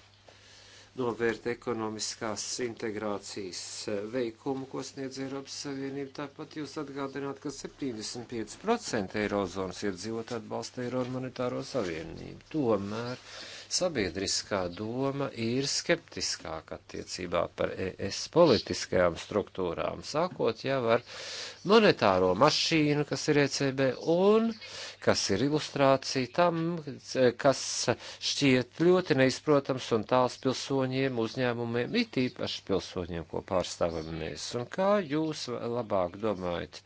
Speaker 1: novērtē ekonomiskās integrācijas e, veikumu, ko sniedz Eiropas Savienība. Tāpat jūs atgādināt, ka 75% Eirozonas iedzīvot atbalsta Eiro un Monetāro Savienību. Tomēr Sabiedriskā doma ir skeptiskāka attiecībā par ES politiskajām struktūrām, sākot jau ar monetāro mašīnu, kas ir ECB, un kas ir ilustrācija tam, kas šķiet ļoti neizprotams un tāls pilsoņiem, uzņēmumiem, it īpaši pilsoņiem, ko pārstāvam mēs. Un kā jūs labāk domājat?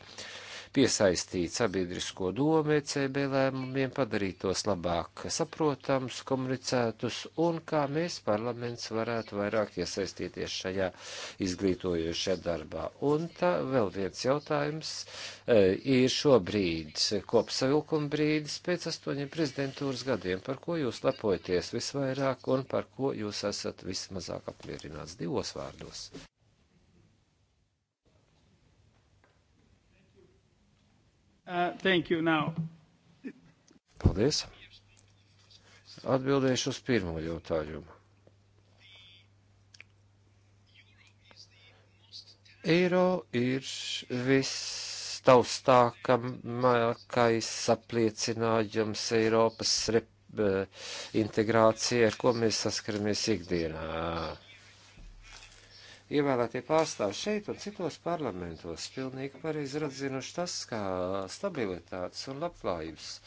Speaker 1: piesaistīt sabiedrisko domu ECB lēmumiem, padarīt tos labāk saprotams, komunicētus un kā mēs parlaments varētu vairāk iesaistīties šajā izglītojošajā darbā. Un tā vēl viens jautājums e, ir šobrīd kopsavilkuma brīdis pēc astoņiem prezidentūras gadiem, par ko jūs lepojaties visvairāk un par ko jūs esat vismazāk apmierināts divos vārdos.
Speaker 2: Uh, thank you now.
Speaker 1: Paldies. Atbildēšu uz pirmo jautājumu. Eiro ir vistaustākais apliecinājums Eiropas rep, eh, integrācija, ar ko mēs saskaramies ikdienā ievēlētie pārstāvji šeit un citos parlamentos pilnīgi pareizi ir atzinuši tas, kā stabilitātes un labklājības e,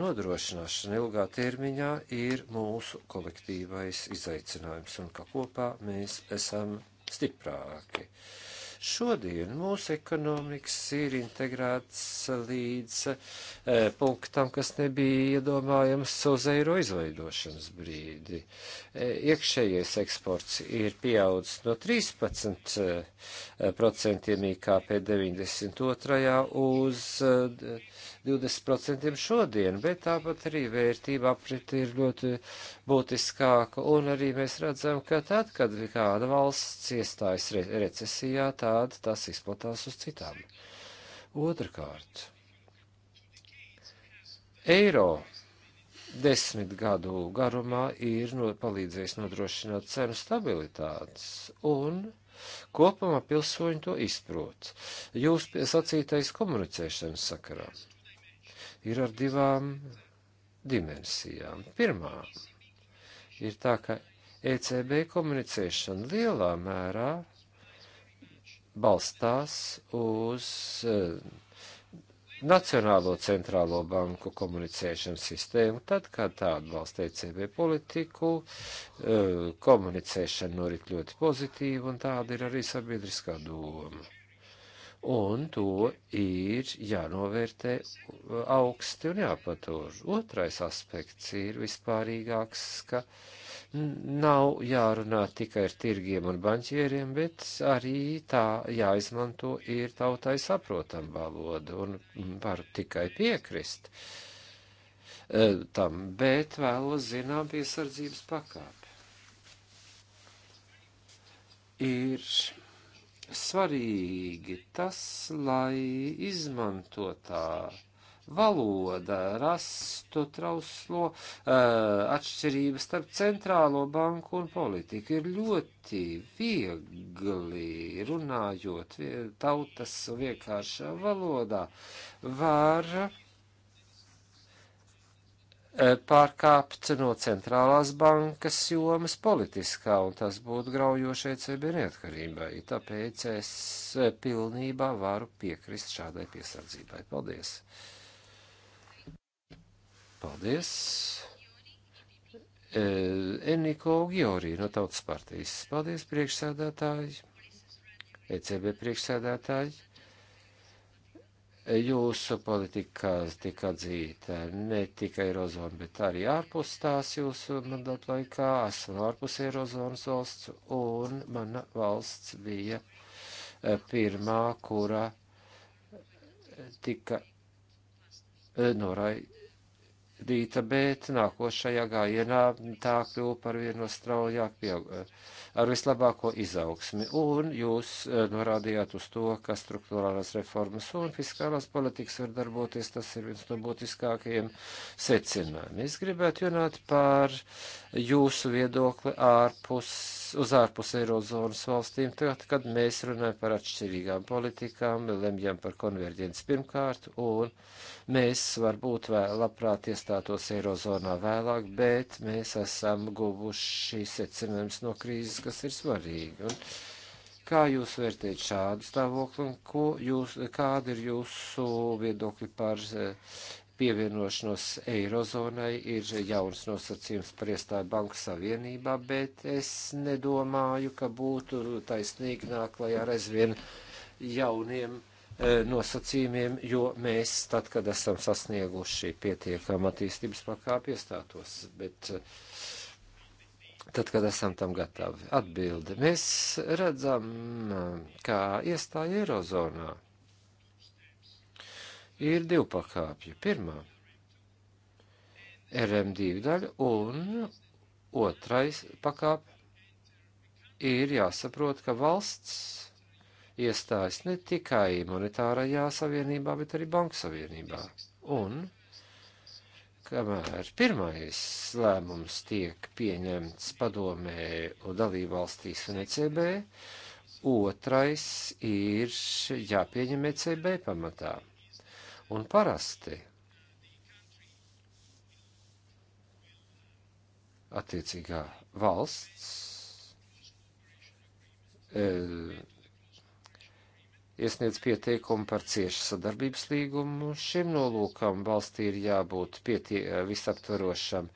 Speaker 1: nodrošināšana ilgā termiņā ir mūsu kolektīvais izaicinājums un ka kopā mēs esam stiprāki. Uh, Šodien mūsu ekonomikas ir integrēts līdz e, punktam, kas nebija iedomājams uz eiro izveidošanas brīdi. E, iekšējais eksports ir pieaudzis no 13% IKP 92. uz. E, 20% šodien, bet tāpat arī vērtība aprit ir ļoti būtiskāka, un arī mēs redzam, ka tad, kad kāda valsts iestājas re recesijā, tāda tas izplatās uz citām. Otrakārt, eiro desmit gadu garumā ir no, palīdzējis nodrošināt cenu stabilitātes un kopumā pilsoņi to izprot. Jūs sacītais komunicēšanas sakarā ir ar divām dimensijām. Pirmā ir tā, ka ECB komunicēšana lielā mērā balstās uz eh, Nacionālo centrālo banku komunicēšanas sistēmu, tad, kad tā atbalsta ECB politiku, eh, komunicēšana norit ļoti pozitīvi, un tāda ir arī sabiedriskā doma un to ir jānovērtē augsti un jāpatur. Otrais aspekts ir vispārīgāks, ka nav jārunā tikai ar tirgiem un banķieriem, bet arī tā jāizmanto ir tautai saprotam valoda, un var tikai piekrist e, tam, bet vēlos zinām piesardzības pakāpi. Ir svarīgi tas, lai izmantotā valoda rastu trauslo uh, atšķirības starp centrālo banku un politiku. Ir ļoti viegli runājot tautas vienkāršā valodā. Var uh, Eh, pārkāpt no centrālās bankas jomas politiskā, un tas būtu graujoši ECB neatkarībai. Tāpēc es eh, pilnībā varu piekrist šādai piesardzībai. Paldies! Paldies! Eh, Eniko Giorī no Tautas partijas. Paldies, priekšsēdētāji! ECB priekšsēdētāji! Jūsu politika tika atzīta ne tikai Eirozona, bet arī ārpus tās jūsu mandāta laikā. Esmu ārpus Eirozonas valsts, un mana valsts bija e, pirmā, kura e, tika e, norai, rīta, bet nākošajā gājienā tā kļūpa par vienu no straujāk pieaug, ar vislabāko izaugsmi. Un jūs eh, norādījāt uz to, ka struktūrālās reformas un fiskālās politikas var darboties, tas ir viens no būtiskākajiem secinājumiem. Es gribētu runāt par uh, jūsu viedokli ārpus, uz ārpus Eirozonas valstīm, tad, kad mēs runājam par atšķirīgām politikām, lemjam par konverģents pirmkārt, un mēs varbūt vēl labprāt iestātos Eirozonā vēlāk, bet mēs esam guvuši secinājums no krīzes, kas ir svarīgi. Un, Kā jūs vērtējat šādu stāvokli un ko jūs, kāda ir jūsu viedokļi par pievienošanos Eirozonai ir jauns nosacījums par iestāju Banku Savienībā, bet es nedomāju, ka būtu taisnīgi nāklajā ar aizvien jauniem e, nosacījumiem, jo mēs, tad, kad esam sasnieguši pietiekam attīstības pakāpi, iestātos. Bet, e, Tad, kad esam tam gatavi, atbildi. Mēs redzam, e, kā iestāja Eirozonā ir divu pakāpju. Pirmā RM2 daļa un otrais pakāpju ir jāsaprot, ka valsts iestājas ne tikai monetārajā savienībā, bet arī banku savienībā. Un kamēr pirmais lēmums tiek pieņemts padomē un dalībvalstīs un ECB, otrais ir jāpieņem ECB pamatā. Un parasti attiecīgā valsts e, iesniedz pieteikumu par ciešu sadarbības līgumu. Šim nolūkam valstī ir jābūt pietie, visaptvarošam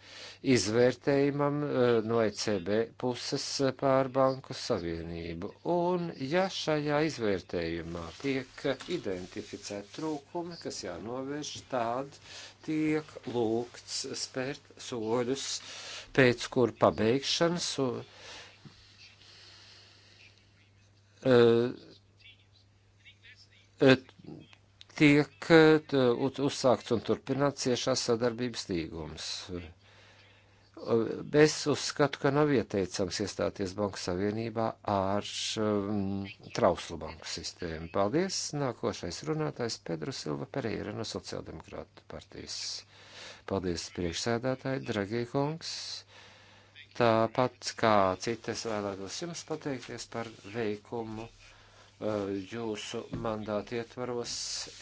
Speaker 1: izvērtējumam eh, no ECB puses eh, pār Banku Savienību. Un ja šajā izvērtējumā tiek identificēti trūkumi, kas jānovērš tādi, tiek lūgts spērt soļus pēc kur pabeigšanas. Un, uh, eh, tiek uh, uzsākts un turpināts ciešās sadarbības līgums. Uh, es uzskatu, ka nav ieteicams iestāties Banku Savienībā ar um, trauslu banku sistēmu. Paldies! Nākošais runātājs Pedro Silva Pereira no Sociāldemokrāta partijas. Paldies, priekšsēdētāji, dragie kungs! Tāpat kā citas vēlētos jums pateikties par veikumu Eh, jūsu mandāti ietvaros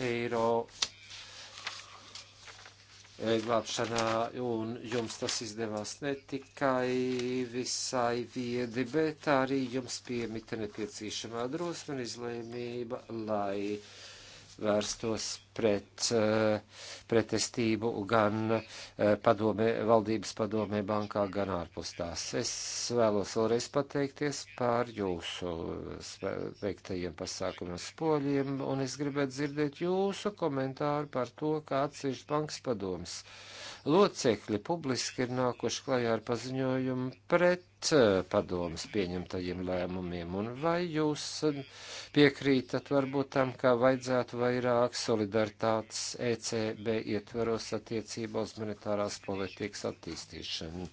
Speaker 1: eiro eh, glābšanā, un jums tas izdevās ne tikai visai viedi, bet arī jums piemita nepieciešamā drosme un izlēmība, lai uh, vērstos pret eh, pretestību gan eh, padome, valdības padomē bankā, gan ārpus tās. Es vēlos vēlreiz pateikties par jūsu veiktajiem pasākumiem spoļiem, un es gribētu dzirdēt jūsu komentāru par to, kā atsevišķi bankas padomas locekļi publiski ir nākuši klajā ar paziņojumu pret eh, padomas pieņemtajiem lēmumiem, un vai jūs eh, piekrītat varbūt tam, ka vajadzētu vairāk solidaritātes ECB ietveros attiecībā uz monetārās politikas attīstīšanu?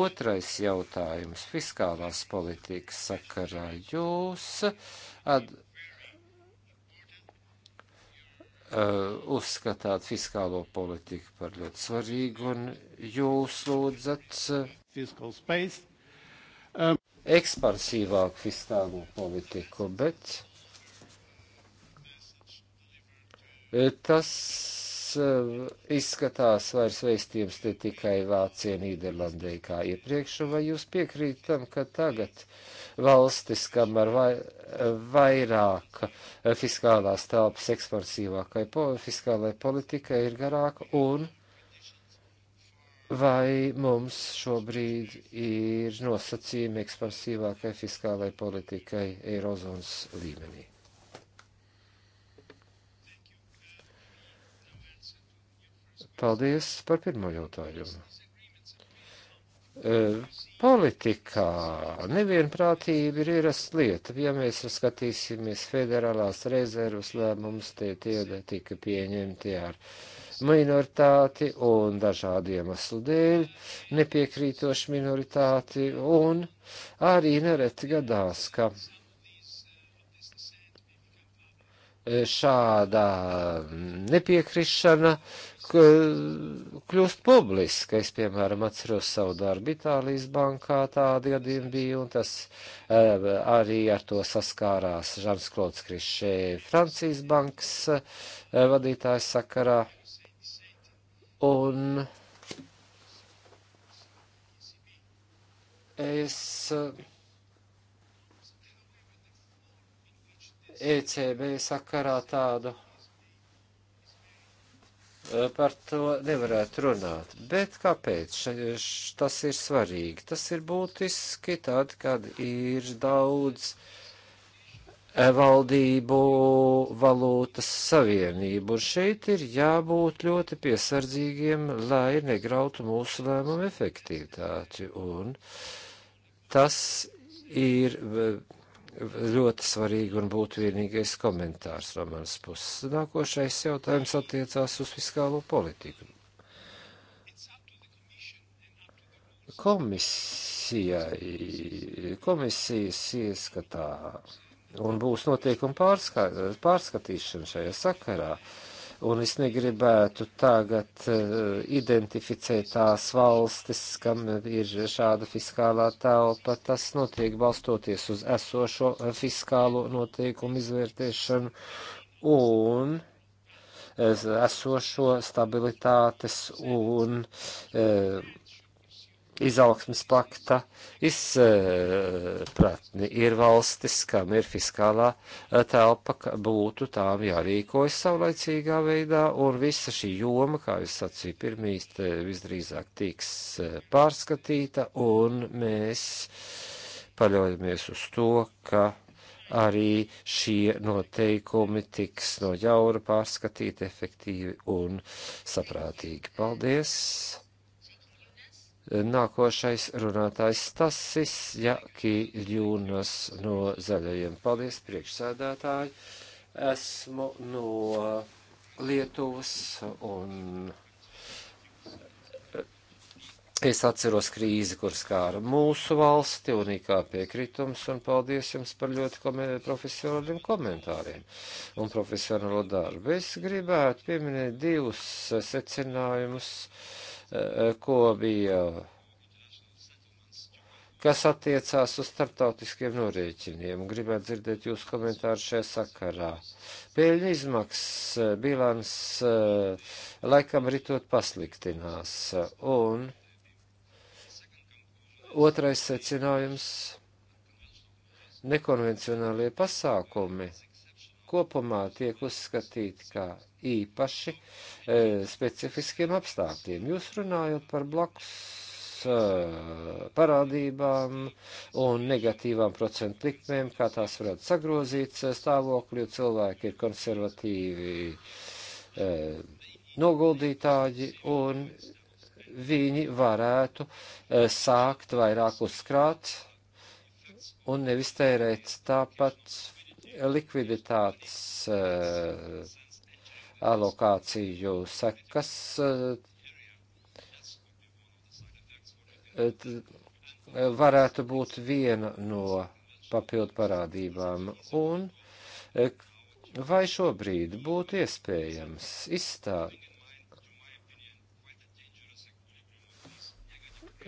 Speaker 1: Otrais jautājums - fiskālās politikas sakarā. Jūs at Uh, uzskatāt fiskālo politiku par ļoti svarīgu, un jūs lūdzat uh, um. ekspansīvāku fiskālo politiku, bet uh, tas izskatās vairs veistījums ne tikai Vācija, Nīderlandē kā iepriekš, vai jūs piekrītam, ka tagad uh, valstis, kam ar vai, vairāk fiskālās telpas ekspansīvākai po, fiskālai politikai ir garāka un vai mums šobrīd ir nosacījumi ekspansīvākai fiskālai politikai Eirozonas līmenī. Paldies par pirmo jautājumu. Eh, politikā nevienprātība ir ierasta lieta. Ja mēs skatīsimies federālās rezervas lēmumus, tie tie tika pieņemti ar minoritāti un dažādu iemeslu dēļ, nepiekrītoši minoritāti, un arī nereti gadās, ka eh, šāda nepiekrišana uh, kļūst publiska. Es, piemēram, atceros savu darbu Itālijas bankā, tādi gadījumi bija, un tas uh, arī ar to saskārās Žans Klods Krišē, Francijas bankas uh, vadītājs sakarā. Un es. Uh, e, ECB sakarā tādu Eh, par to nevarētu runāt. Bet kāpēc tas ir svarīgi? Tas ir būtiski tad, kad ir daudz eh, valdību valūtas savienību, un šeit ir jābūt ļoti piesardzīgiem, lai negrautu mūsu lēmumu efektivitāti, un tas ir eh, ļoti svarīgi un būtu vienīgais komentārs no manas puses. Nākošais jautājums attiecās uz fiskālo politiku. Komisijai, komisijas ieskatā un būs notiekuma pārska pārskatīšana šajā sakarā. Uh, un es negribētu tagad eh, identificēt tās valstis, kam ir šāda fiskālā telpa. Tas notiek balstoties uz esošo eh, fiskālo noteikumu izvērtēšanu un eh, esošo stabilitātes un. E, izaugsmes pakta izpratni ir valstis, kam ir fiskālā eh, telpa, būtu tām jārīkojas saulaicīgā veidā, un visa šī joma, kā es sacīju, pirmīs visdrīzāk tiks eh, pārskatīta, un mēs paļaujamies uz to, ka arī šie noteikumi tiks no jaura pārskatīti efektīvi un saprātīgi. Paldies! Nākošais runātājs Stasis Jaki Ļūnas no Zaļajiem. Paldies, priekšsēdētāji. Esmu no Lietuvas un es atceros krīzi, kur skāra mūsu valsti un IKP kritums, un paldies jums par ļoti komen profesionāliem komentāriem un profesionālo darbu. Es gribētu pieminēt divus secinājumus. Uh, Eh, ko bija kas attiecās uz starptautiskiem norēķiniem. Gribētu dzirdēt jūsu komentāru šajā sakarā. Pēļņu izmaksas eh, bilans eh, laikam ritot pasliktinās. Un otrais secinājums - nekonvencionālie pasākumi kopumā tiek uzskatīti kā īpaši e, specifiskiem apstākļiem. Jūs runājat par blakus e, parādībām un negatīvām procentu likmēm, kā tās varētu sagrozīt stāvokli, jo cilvēki ir konservatīvi e, noguldītāji un viņi varētu e, sākt vairāk uzkrāt un nevis tērēt tāpat likviditātes uh, alokāciju sekas. Uh, varētu būt viena no papildu parādībām, un eh, vai šobrīd būtu iespējams izstāt,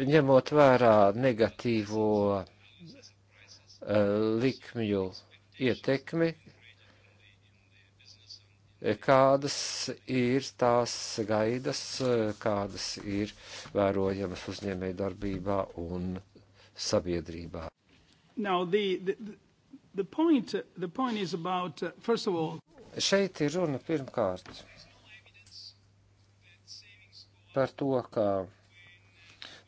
Speaker 1: ņemot vērā negatīvo uh, likmju ietekmi, kādas ir tās gaidas, kādas ir vērojamas uzņēmē darbībā un sabiedrībā.
Speaker 2: Now, the, the, the point, the point is about, uh, first of all,
Speaker 1: Šeit ir runa pirmkārt par to, ka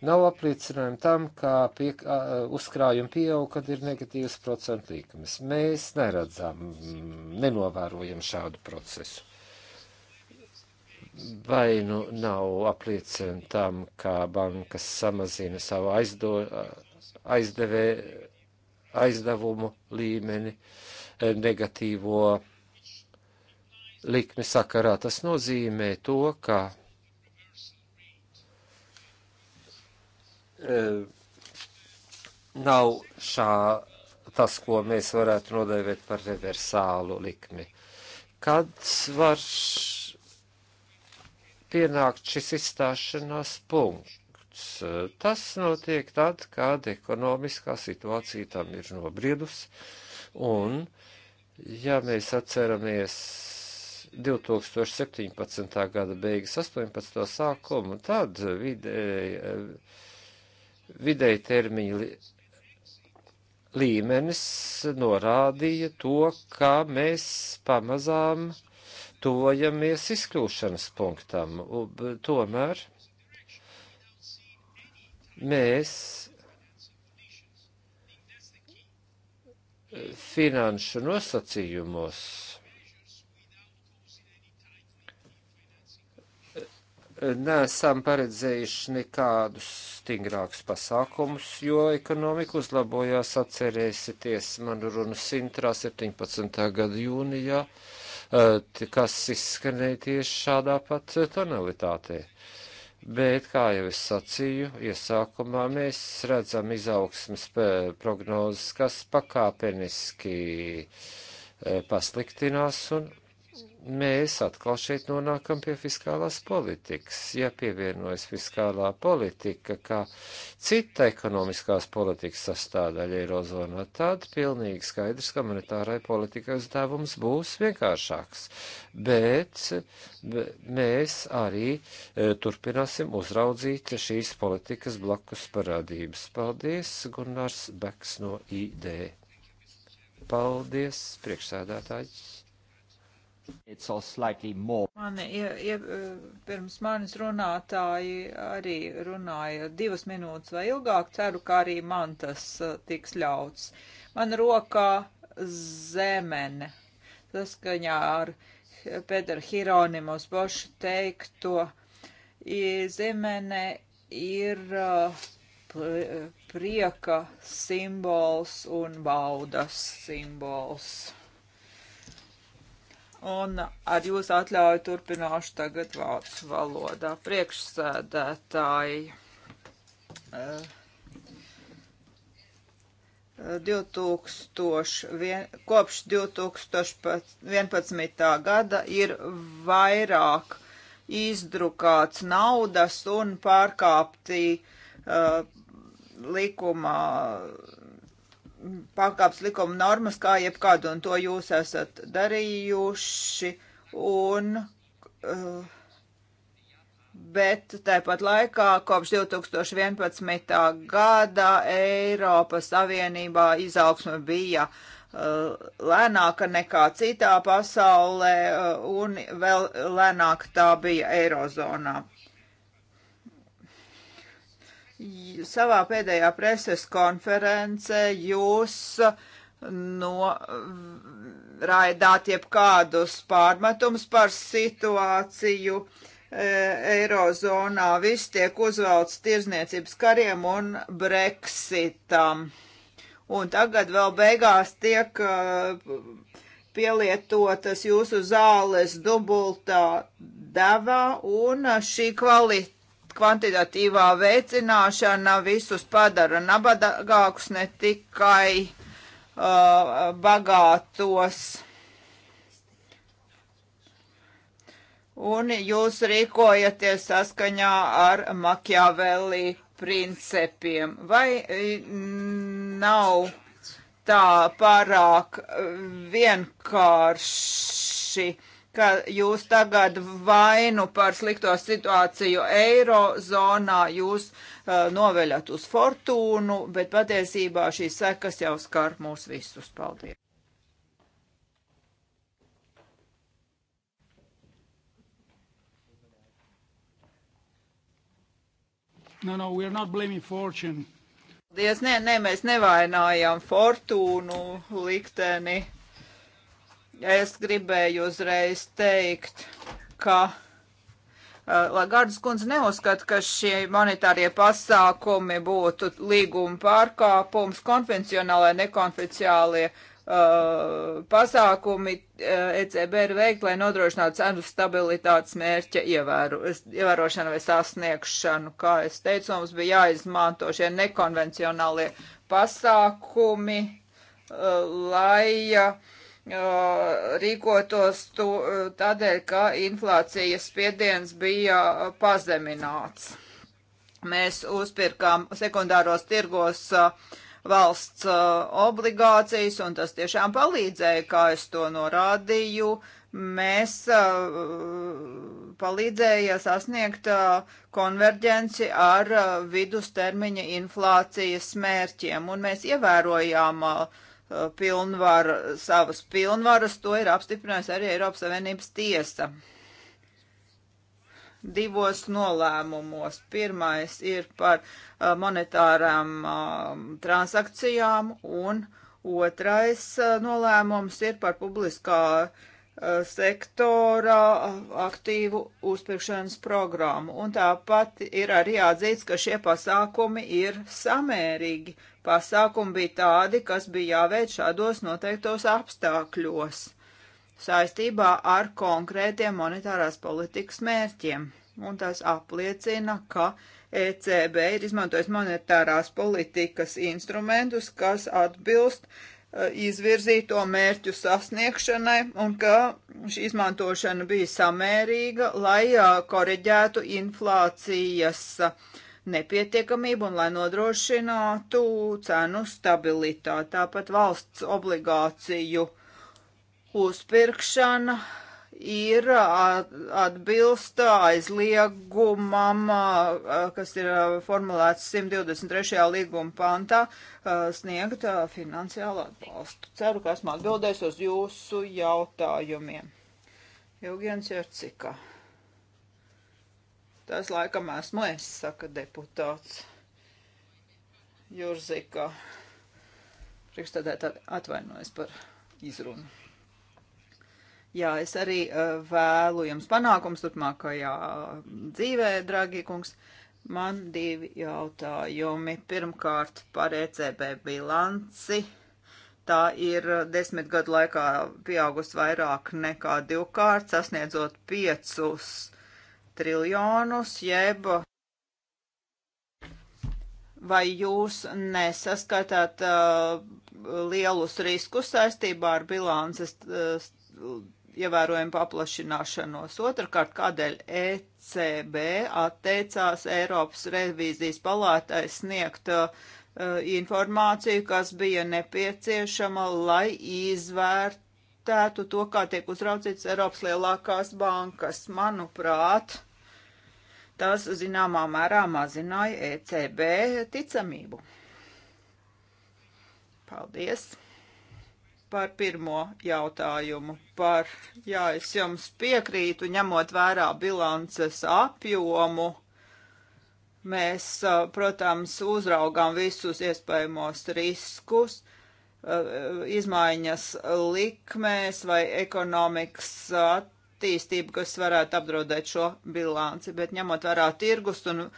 Speaker 1: Nav apliecinājumi tam, kā pie, uh, uzkrājumi pieaug, kad ir negatīvas procentu likmes. Mēs neredzam, mm, nenovērojam šādu procesu. Vai nu nav apliecinājumi tam, kā bankas samazina savu aizdo, aizdevē, aizdevumu līmeni, e, negatīvo likmi sakarā. Tas nozīmē to, ka E, nav šā tas, ko mēs varētu nodēvēt par reversālu likmi. Kad var pienākt šis izstāšanās punkts? Tas notiek tad, kad ekonomiskā situācija tam ir nobriedus, un, ja mēs atceramies 2017. gada beigas 18. sākumu, tad vidēji vidēji termiņa līmenis norādīja to, kā mēs pamazām tojamies izkļūšanas punktam. Tomēr mēs finanšu nosacījumos neesam paredzējuši nekādus stingrākus pasākumus, jo ekonomika uzlabojās, atcerēsieties manu runu Sintrā 17. gada jūnijā, eh, kas izskanēja tieši šādā pat tonalitātē. Bet, kā jau es sacīju, iesākumā mēs redzam izaugsmas eh, prognozes, kas pakāpeniski eh, pasliktinās un mēs atkal šeit nonākam pie fiskālās politikas. Ja pievienojas fiskālā politika kā cita ekonomiskās politikas sastāvdaļa Eirozonā, tad pilnīgi skaidrs, ka monetārai politikai uzdevums būs vienkāršāks. Bet mēs arī e, turpināsim uzraudzīt šīs politikas blakus parādības. Paldies, Gunārs Beks no ID. Paldies, priekšsēdētāji! Mani,
Speaker 2: ja, ja, pirms manis runātāji arī runāja divas minūtes vai ilgāk, ceru, ka arī man tas uh, tiks ļauts. Man rokā zemene, saskaņā ar Pēteru Hieronimus Bošu teikto, zemene ir uh, prieka simbols un baudas simbols. Un ar jūsu atļauju turpināšu tagad vācu valodā. Priekšsēdētāji. 2000, eh, eh, kopš 2011. gada ir vairāk izdrukāts naudas un pārkāptī uh, eh, likumā pakāps likuma normas kā jebkādu, un to jūs esat darījuši, un, eh, bet tāpat laikā kopš 2011. gada Eiropas Savienībā izaugsme bija eh, lēnāka nekā citā pasaulē, eh, un vēl lēnāk tā bija Eirozonā savā pēdējā preses konferencē jūs no raidāt jebkādus pārmetumus par situāciju e, Eirozonā. Viss tiek uzvelts tirzniecības kariem un Brexitam. Un tagad vēl beigās tiek uh, pielietotas jūsu zāles dubultā devā un šī kvalitāte kvantitatīvā veicināšana visus padara nabadagākus, ne tikai uh, bagātos. Un jūs rīkojaties saskaņā ar Makjavelli principiem. Vai mm, nav tā pārāk vienkārši? ka jūs tagad vainu par slikto situāciju eirozonā jūs uh, noveļat uz fortūnu, bet patiesībā šīs sekas jau skar mūs visus. Paldies! No, no, we are not blaming fortune. Paldies, nē, nē, mēs nevainājām fortūnu likteni. Es gribēju uzreiz teikt, ka Lagardas kundze neuzskata, ka šie monetārie pasākumi būtu līguma pārkāpums, konvencionālai, nekonvencionālie uh, pasākumi uh, ECB ir veikt, lai nodrošinātu cenu stabilitātes mērķa ievēru, ievērošanu vai sasniegšanu. Kā es teicu, mums bija jāizmanto šie nekonvencionālie pasākumi, uh, lai uh, rīkotos tu, tādēļ, ka inflācijas spiediens bija pazemināts. Mēs uzpirkām sekundāros tirgos valsts obligācijas, un tas tiešām palīdzēja, kā es to norādīju. Mēs palīdzēja sasniegt konverģenci ar vidustermiņa inflācijas mērķiem, un mēs ievērojām uh, pilnvaru, savas pilnvaras, to ir apstiprinājusi arī Eiropas Savienības tiesa divos nolēmumos. Pirmais ir par uh, monetārām um, transakcijām, un otrais uh, nolēmums ir par publiskā Eh, sektorā aktīvu uzpirkšanas programmu. Un tāpat ir arī atzīts, ka šie pasākumi ir samērīgi. Pasākumi bija tādi, kas bija jāveic šādos noteiktos apstākļos saistībā ar konkrētiem monetārās politikas mērķiem. Un tas apliecina, ka ECB ir izmantojis monetārās politikas instrumentus, kas atbilst uh, Eh, izvirzīto mērķu sasniegšanai un ka šī izmantošana bija samērīga, lai eh, koreģētu inflācijas nepietiekamību un lai nodrošinātu cenu stabilitāti. Tāpat valsts obligāciju uzpirkšana ir atbilst aizliegumam, kas ir formulēts 123. līguma pantā, sniegt finansiālu atbalstu. Ceru, ka esmu atbildējis uz jūsu jautājumiem. Jūgens Jercika. Tas laikam esmu es, saka deputāts Jurzika. Priekšstādē atvainojas par izrunu. Jā, es arī eh, vēlu jums panākums turpmākajā eh, dzīvē, dragi kungs. Man divi jautājumi. Pirmkārt par ECB bilanci. Tā ir eh, desmit gadu laikā pieaugusi vairāk nekā divkārt, sasniedzot piecus triljonus, jeb vai jūs nesaskatāt uh, lielus riskus saistībā ar bilances uh, ievērojami paplašināšanos. Otrakārt, kādēļ ECB atteicās Eiropas revīzijas palātai sniegt uh, informāciju, kas bija nepieciešama, lai izvērtētu to, kā tiek uzraucīts Eiropas lielākās bankas. Manuprāt, tas zināmā mērā mazināja ECB ticamību. Paldies! par pirmo jautājumu. Par, jā, es jums piekrītu, ņemot vērā bilances apjomu. Mēs, protams, uzraugām visus iespējamos riskus, izmaiņas likmēs vai ekonomikas attīstību, kas varētu apdraudēt šo bilanci, bet ņemot vērā tirgus un uh,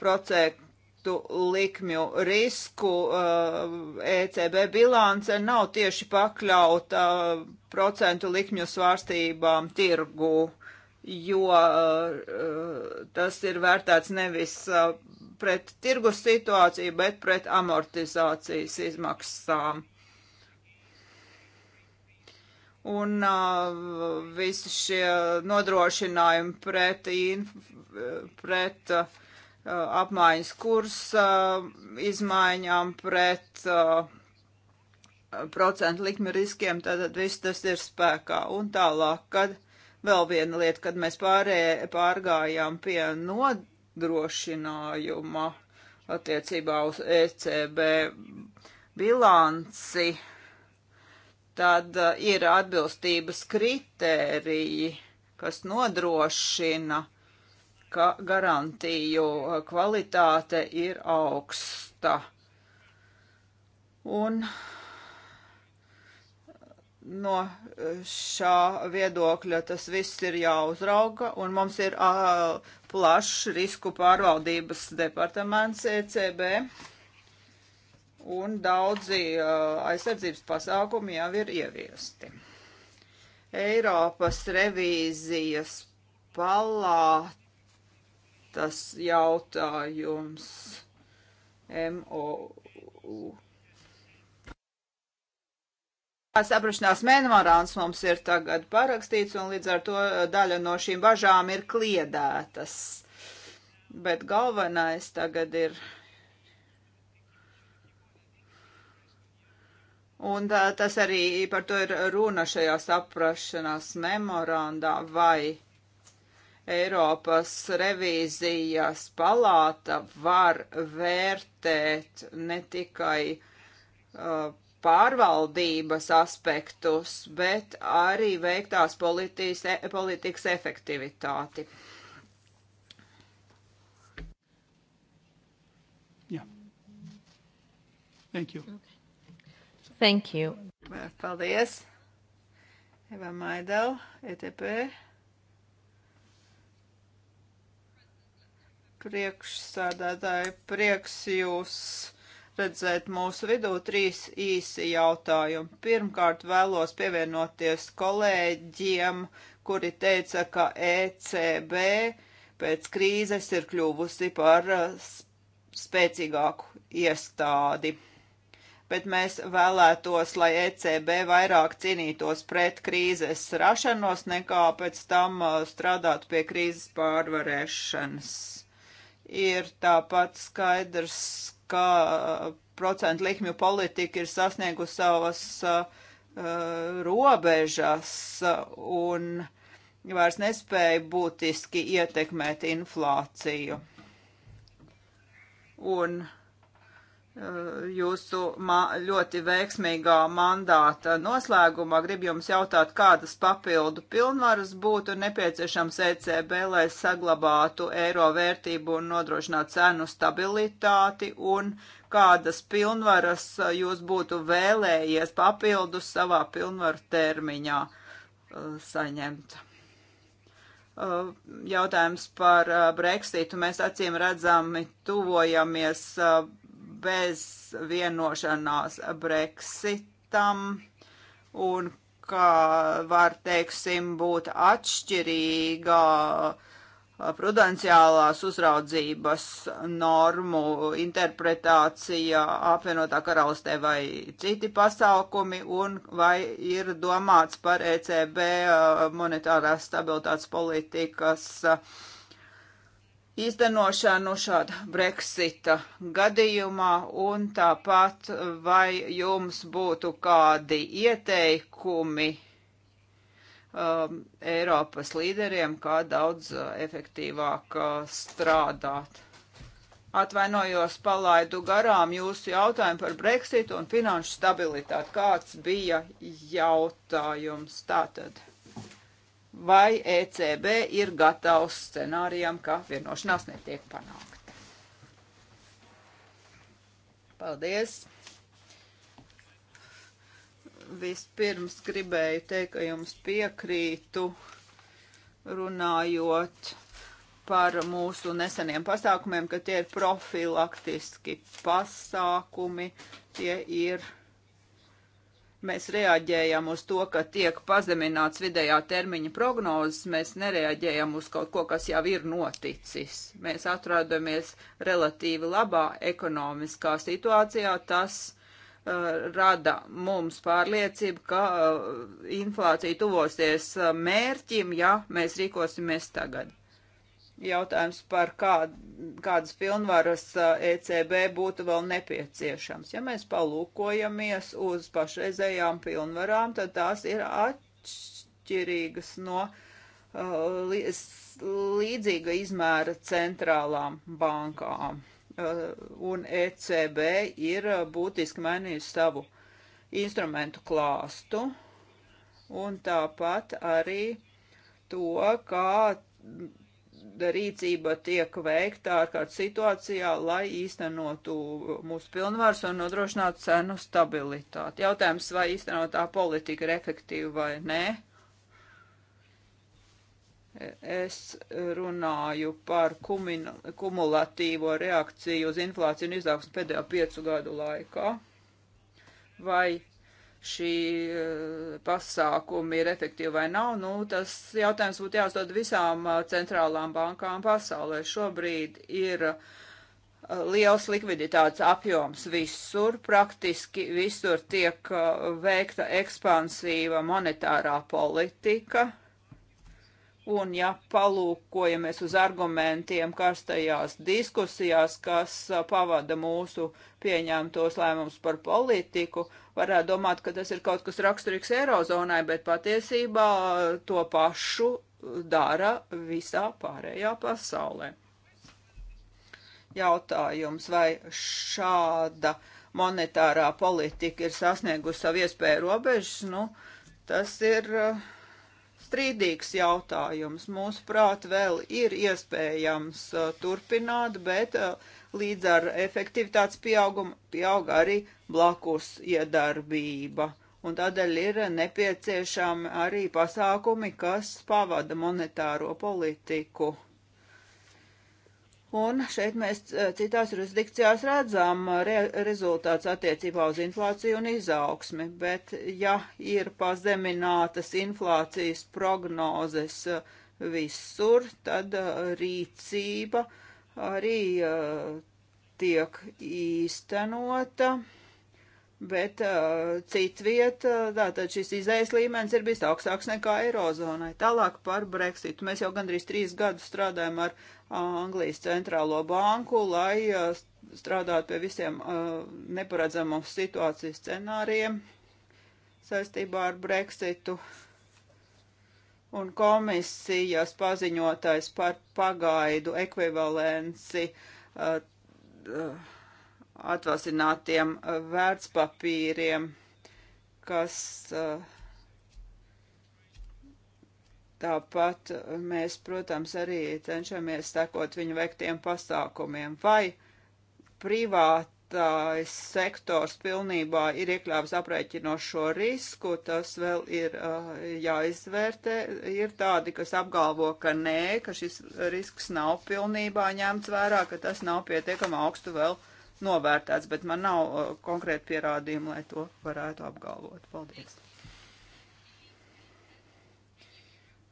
Speaker 2: procēku kredītu likmju risku uh, ECB bilance nav tieši pakļauta uh, procentu likmju svārstībām tirgū jo uh, uh, tas ir vērtēts nevis uh, pret tirgus situāciju, bet pret amortizācijas izmaksām. Un uh, visi šie nodrošinājumi pret, inf, pret uh, Uh, apmaiņas kursa uh, izmaiņām pret uh, procentu likmi riskiem, tātad viss tas ir spēkā. Un tālāk, kad vēl viena lieta, kad mēs pārē, pārgājām pie nodrošinājuma attiecībā uz ECB bilanci, tad ir atbilstības kritēriji, kas nodrošina ka garantiju eh, kvalitāte ir augsta. Un eh, no eh, šā viedokļa tas viss ir jāuzrauga, un mums ir uh, plašs risku pārvaldības departaments ECB, un daudzi uh, aizsardzības pasākumi jau ir ieviesti. Eiropas revīzijas palāta tas jautājums MOU. Saprašanās memorāns mums ir tagad parakstīts, un līdz ar to daļa no šīm bažām ir kliedētas. Bet galvenais tagad ir. Un tā, tas arī par to ir runa šajā saprašanās memorandā, vai Eiropas revīzijas palāta var vērtēt ne tikai uh, pārvaldības aspektus, bet arī veiktās politijas, e, politikas efektivitāti. Yeah. Thank you. Okay. Thank you. Paldies. Eva Maidau, ETP. priekšsēdētāji, prieks jūs redzēt mūsu vidū trīs īsi jautājumi. Pirmkārt, vēlos pievienoties kolēģiem, kuri teica, ka ECB pēc krīzes ir kļuvusi par uh, spēcīgāku iestādi. Bet mēs vēlētos, lai ECB vairāk cīnītos pret krīzes rašanos, nekā pēc tam uh, strādātu pie krīzes pārvarēšanas ir tāpat skaidrs, ka uh, procentu likmju politika ir sasniegusi savas uh, uh robežas uh, un vairs nespēja būtiski ietekmēt inflāciju. Un uh, jūsu ļoti veiksmīgā mandāta noslēgumā gribu jums jautāt, kādas papildu pilnvaras būtu nepieciešams ECB, lai saglabātu eiro vērtību un nodrošinātu cenu stabilitāti, un kādas pilnvaras jūs būtu vēlējies papildus savā pilnvaru termiņā uh, saņemt. Uh, jautājums par uh, Brexitu. Mēs acīm redzami tuvojamies bez vienošanās Brexitam un ka var, teiksim, būt atšķirīga prudenciālās uzraudzības normu interpretācija apvienotā karalistē vai citi pasākumi, un vai ir domāts par ECB eh, monetārās stabilitātes politikas uh, īstenošanu šāda Brexita gadījumā un tāpat vai jums būtu kādi ieteikumi um, Eiropas līderiem, kā daudz uh, efektīvāk uh, strādāt. Atvainojos, palaidu garām jūsu jautājumu par Brexit un finanšu stabilitāti. Kāds bija jautājums tātad? vai ECB ir gatavs scenārijam, ka vienošanās netiek panākta. Paldies! Vispirms gribēju teikt, ka jums piekrītu runājot par mūsu neseniem pasākumiem, ka tie ir profilaktiski pasākumi, tie ir mēs reaģējam uz to, ka tiek pazemināts vidējā termiņa prognozes, mēs nereaģējam uz kaut ko, kas jau ir noticis. Mēs atrodamies relatīvi labā ekonomiskā situācijā, tas uh, rada mums pārliecību, ka uh, inflācija tuvosies uh, mērķim, ja mēs rīkosimies tagad jautājums par kād, kādas pilnvaras ECB eh, e būtu vēl nepieciešams. Ja mēs palūkojamies uz pašreizējām pilnvarām, tad tās ir atšķirīgas no uh, līdzīga izmēra centrālām bankām. Uh, un ECB ir būtiski mainījusi savu instrumentu klāstu un tāpat arī to, kā rīcība tiek veikta ārkārtas situācijā, lai īstenotu mūsu pilnvars un nodrošinātu cenu stabilitāti. Jautājums, vai īstenotā politika ir efektīva vai nē. Es runāju par kumulatīvo reakciju uz inflāciju un izaugsmu pēdējo piecu gadu laikā. Vai šī eh, pasākuma ir efektīva vai nav, nu, tas jautājums būtu jāuzdod visām eh, centrālām bankām pasaulē. Šobrīd ir eh, liels likviditātes apjoms visur, praktiski visur tiek veikta ekspansīva monetārā politika, Un ja palūkojamies uz argumentiem karstajās diskusijās, kas pavada mūsu pieņemtos lēmumus par politiku, varētu domāt, ka tas ir kaut kas raksturīgs Eirozonai, bet patiesībā to pašu dara visā pārējā pasaulē. Jautājums, vai šāda monetārā politika ir sasniegusi savu iespēju robežas, nu, tas ir. Uh, strīdīgs jautājums. Mūsuprāt, vēl ir iespējams uh, turpināt, bet uh, līdz ar efektivitātes pieaugumu pieaug arī blakus iedarbība. Un tādēļ ir nepieciešami arī pasākumi, kas pavada monetāro politiku Un šeit mēs eh, citās jurisdikcijās redzam eh, re rezultāts attiecībā uz inflāciju un izaugsmi, bet ja ir pazeminātas inflācijas prognozes eh, visur, tad rīcība arī tiek īstenota bet uh, citviet, uh, tātad šis izējas līmenis ir bijis augstāks nekā Eirozonai. Tālāk par Brexitu. Mēs jau gandrīz trīs gadus strādājam ar uh, Anglijas centrālo banku, lai uh, strādātu pie visiem uh, neparedzamām situācijas scenārijiem saistībā ar Brexitu. Un komisijas paziņotais par pagaidu ekvivalenci. Uh, uh, atvasinātiem eh, vērtspapīriem, kas eh, tāpat mēs, protams, arī cenšamies sekot viņu veiktiem pasākumiem. Vai privātais sektors pilnībā ir iekļāvis aprēķinošo risku, tas vēl ir eh, jāizvērtē. Ir tādi, kas apgalvo, ka nē, ka šis risks nav pilnībā ņemts vērā, ka tas nav pietiekami augstu vēl vērtēts novērtēts, bet man nav uh, konkrēti pierādījumi, lai to varētu apgalvot. Paldies!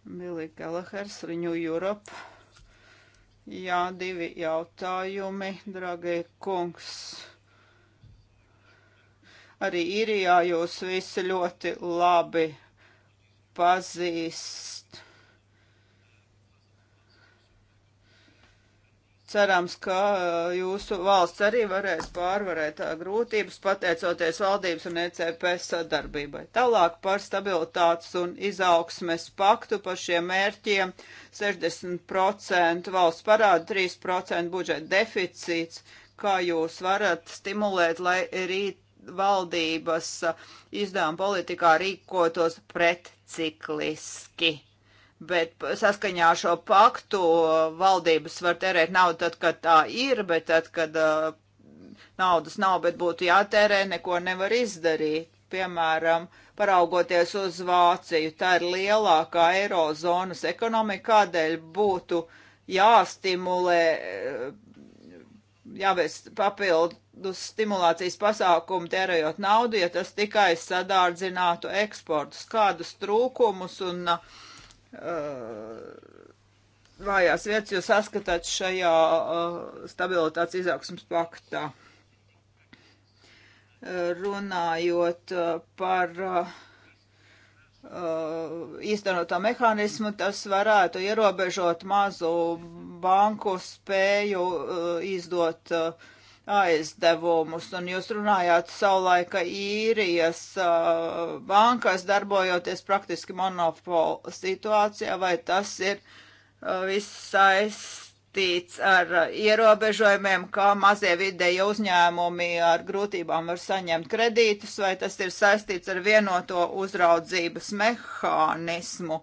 Speaker 2: Billy Kelleher's Renew Europe. Jā, divi jautājumi, dragie kungs. Arī īrijā jūs visi ļoti labi pazīst Cerams, ka uh, jūsu valsts arī varēs pārvarēt uh, grūtības, pateicoties valdības un ECP sadarbībai. Tālāk par stabilitātes un izaugsmes paktu par šiem mērķiem 60% valsts parāda, 3% budžeta deficīts. Kā jūs varat stimulēt, lai rīt valdības uh, izdevuma politikā rīkotos pretcikliski? Bet saskaņā ar šo paktu uh, valdības var tērēt naudu tad, kad tā ir, bet tad, kad uh, naudas nav, bet būtu jātērē, neko nevar izdarīt. Piemēram, paraugoties uz Vāciju, tā ir lielākā eirozonas ekonomika, kādēļ būtu jāstimulē, uh, jāveic papildus stimulācijas pasākumu tērējot naudu, ja tas tikai sadārdzinātu eksportus, kādus trūkumus un uh, vājās uh, vietas jūs saskatāt šajā uh, stabilitātes izaugsmas paktā. Uh, runājot par īstenotā mehānismu, tas varētu ierobežot mazu banku spēju izdot uh, aizdevumus. Un jūs runājāt savulaika īrijas uh, bankas darbojoties praktiski monopola situācijā, vai tas ir uh, viss saistīts ar uh, ierobežojumiem, kā mazie vidēji uzņēmumi ar grūtībām var saņemt kredītus, vai tas ir saistīts ar vienoto uzraudzības mehānismu.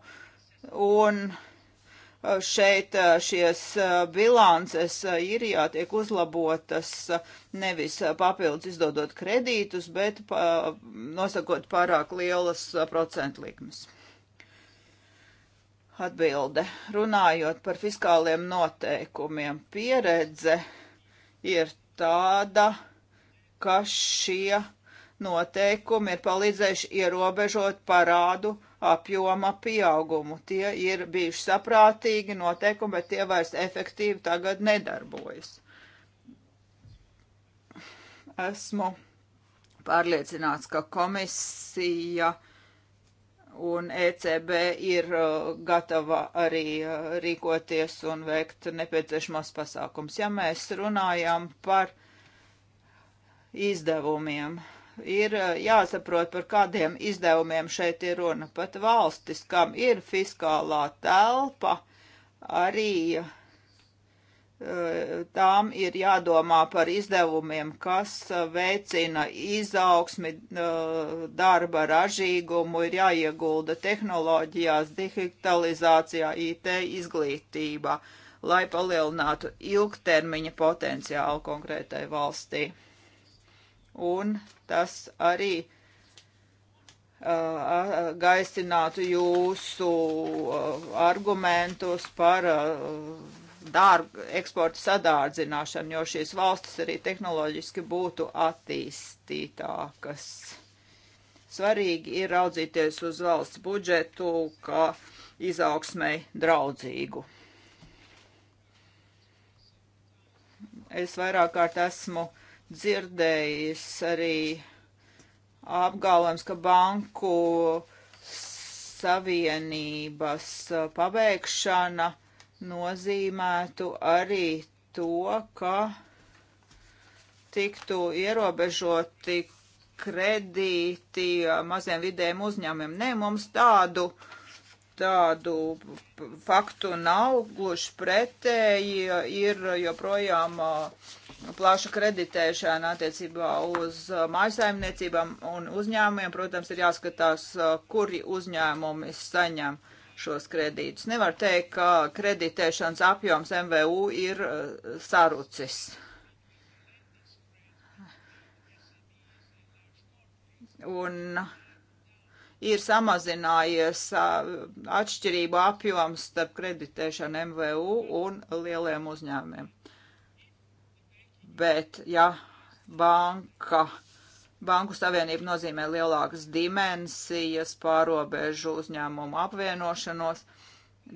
Speaker 2: Un uh, šeit eh, šies eh, bilances īrijā eh, tiek uzlabotas nevis papildus izdodot kredītus, bet pa, nosakot pārāk lielas procentu likmes. Atbilde. Runājot par fiskāliem noteikumiem, pieredze ir tāda, ka šie noteikumi ir palīdzējuši ierobežot parādu apjoma pieaugumu. Tie ir bijuši saprātīgi noteikumi, bet tie vairs efektīvi tagad nedarbojas. Esmu pārliecināts, ka komisija un ECB ir uh, gatava arī uh, rīkoties un veikt nepieciešamos pasākums. Ja mēs runājam par izdevumiem, ir eh, jāsaprot, par kādiem izdevumiem šeit ir runa. Pat valstis, kam ir fiskālā telpa, arī eh, tām ir jādomā par izdevumiem, kas eh, veicina izaugsmi, darba ražīgumu, ir jāiegulda tehnoloģijās, digitalizācijā, IT izglītībā, lai palielinātu ilgtermiņa potenciālu konkrētai valstī un tas arī uh, gaisinātu jūsu uh, argumentus par uh, dārgu eksporta sadārdzināšanu, jo šīs valstis arī tehnoloģiski būtu attīstītākas. Svarīgi ir raudzīties uz valsts budžetu kā izaugsmei draudzīgu. Es vairāk kārt esmu uh, dzirdējis arī apgalvojums, ka banku savienības uh, pabeigšana nozīmētu arī to, ka tiktu ierobežoti kredīti uh, maziem vidējiem uzņēmumiem. Nē, mums tādu uh, tādu faktu nav, gluži pretēji ir joprojām uh, plaša kreditēšana attiecībā uz uh, mājsaimniecībām un uzņēmumiem. Protams, ir jāskatās, uh, kuri uzņēmumi saņem šos kredītus. Nevar teikt, ka kreditēšanas apjoms MVU ir sarucis. Un uh, ir samazinājies atšķirību apjoms starp kreditēšanu MVU un lieliem uzņēmumiem. Bet, ja banka, banku savienība nozīmē lielākas dimensijas, pārobežu uzņēmumu apvienošanos,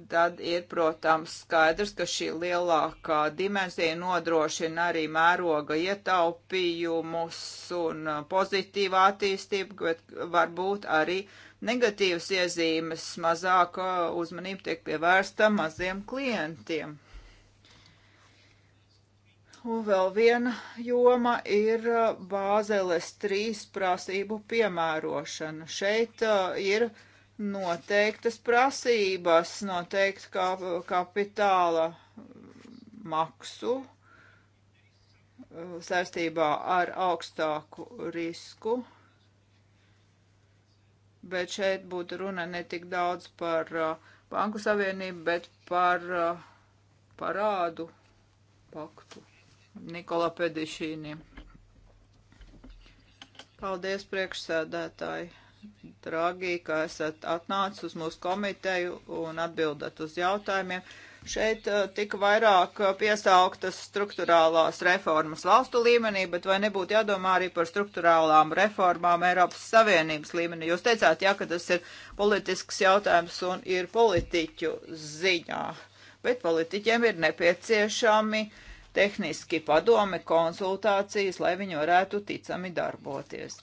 Speaker 2: tad ir, protams, skaidrs, ka šī lielākā dimensija nodrošina arī mēroga ietaupījumus un uh, pozitīvu attīstību, bet varbūt arī negatīvas iezīmes mazāka uzmanība tiek pievērsta maziem klientiem. Un vēl viena joma ir uh, Bāzeles 3 prasību piemērošana. Šeit uh, ir uh, noteiktas prasības, noteikti kap, kapitāla maksu uh, saistībā ar augstāku risku. Bet šeit būtu runa ne tik daudz par uh, banku savienību, bet par uh, parādu paktu Nikola Pedišīniem. Paldies priekšsēdētāji! Dragi, ka esat atnācis uz mūsu komiteju un atbildat uz jautājumiem. Šeit eh, tika vairāk eh, piesauktas struktūrālās reformas valstu līmenī, bet vai nebūtu jādomā arī par struktūrālām reformām Eiropas Savienības līmenī? Jūs teicāt, jā, ka tas ir politisks jautājums un ir politiķu ziņā, bet politiķiem ir nepieciešami tehniski padomi, konsultācijas, lai viņi varētu ticami darboties.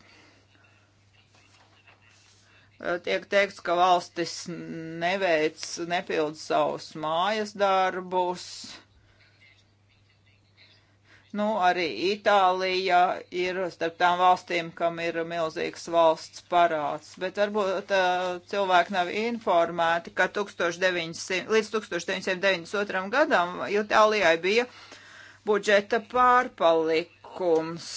Speaker 2: Eh, tiek teikts, ka valstis neveic, nepild savus mājas darbus. Nu, arī Itālija ir starp tām valstīm, kam ir milzīgs valsts parāds, bet varbūt uh, cilvēki nav informēti, ka 1900, līdz 1992. gadam Itālijai bija budžeta pārpalikums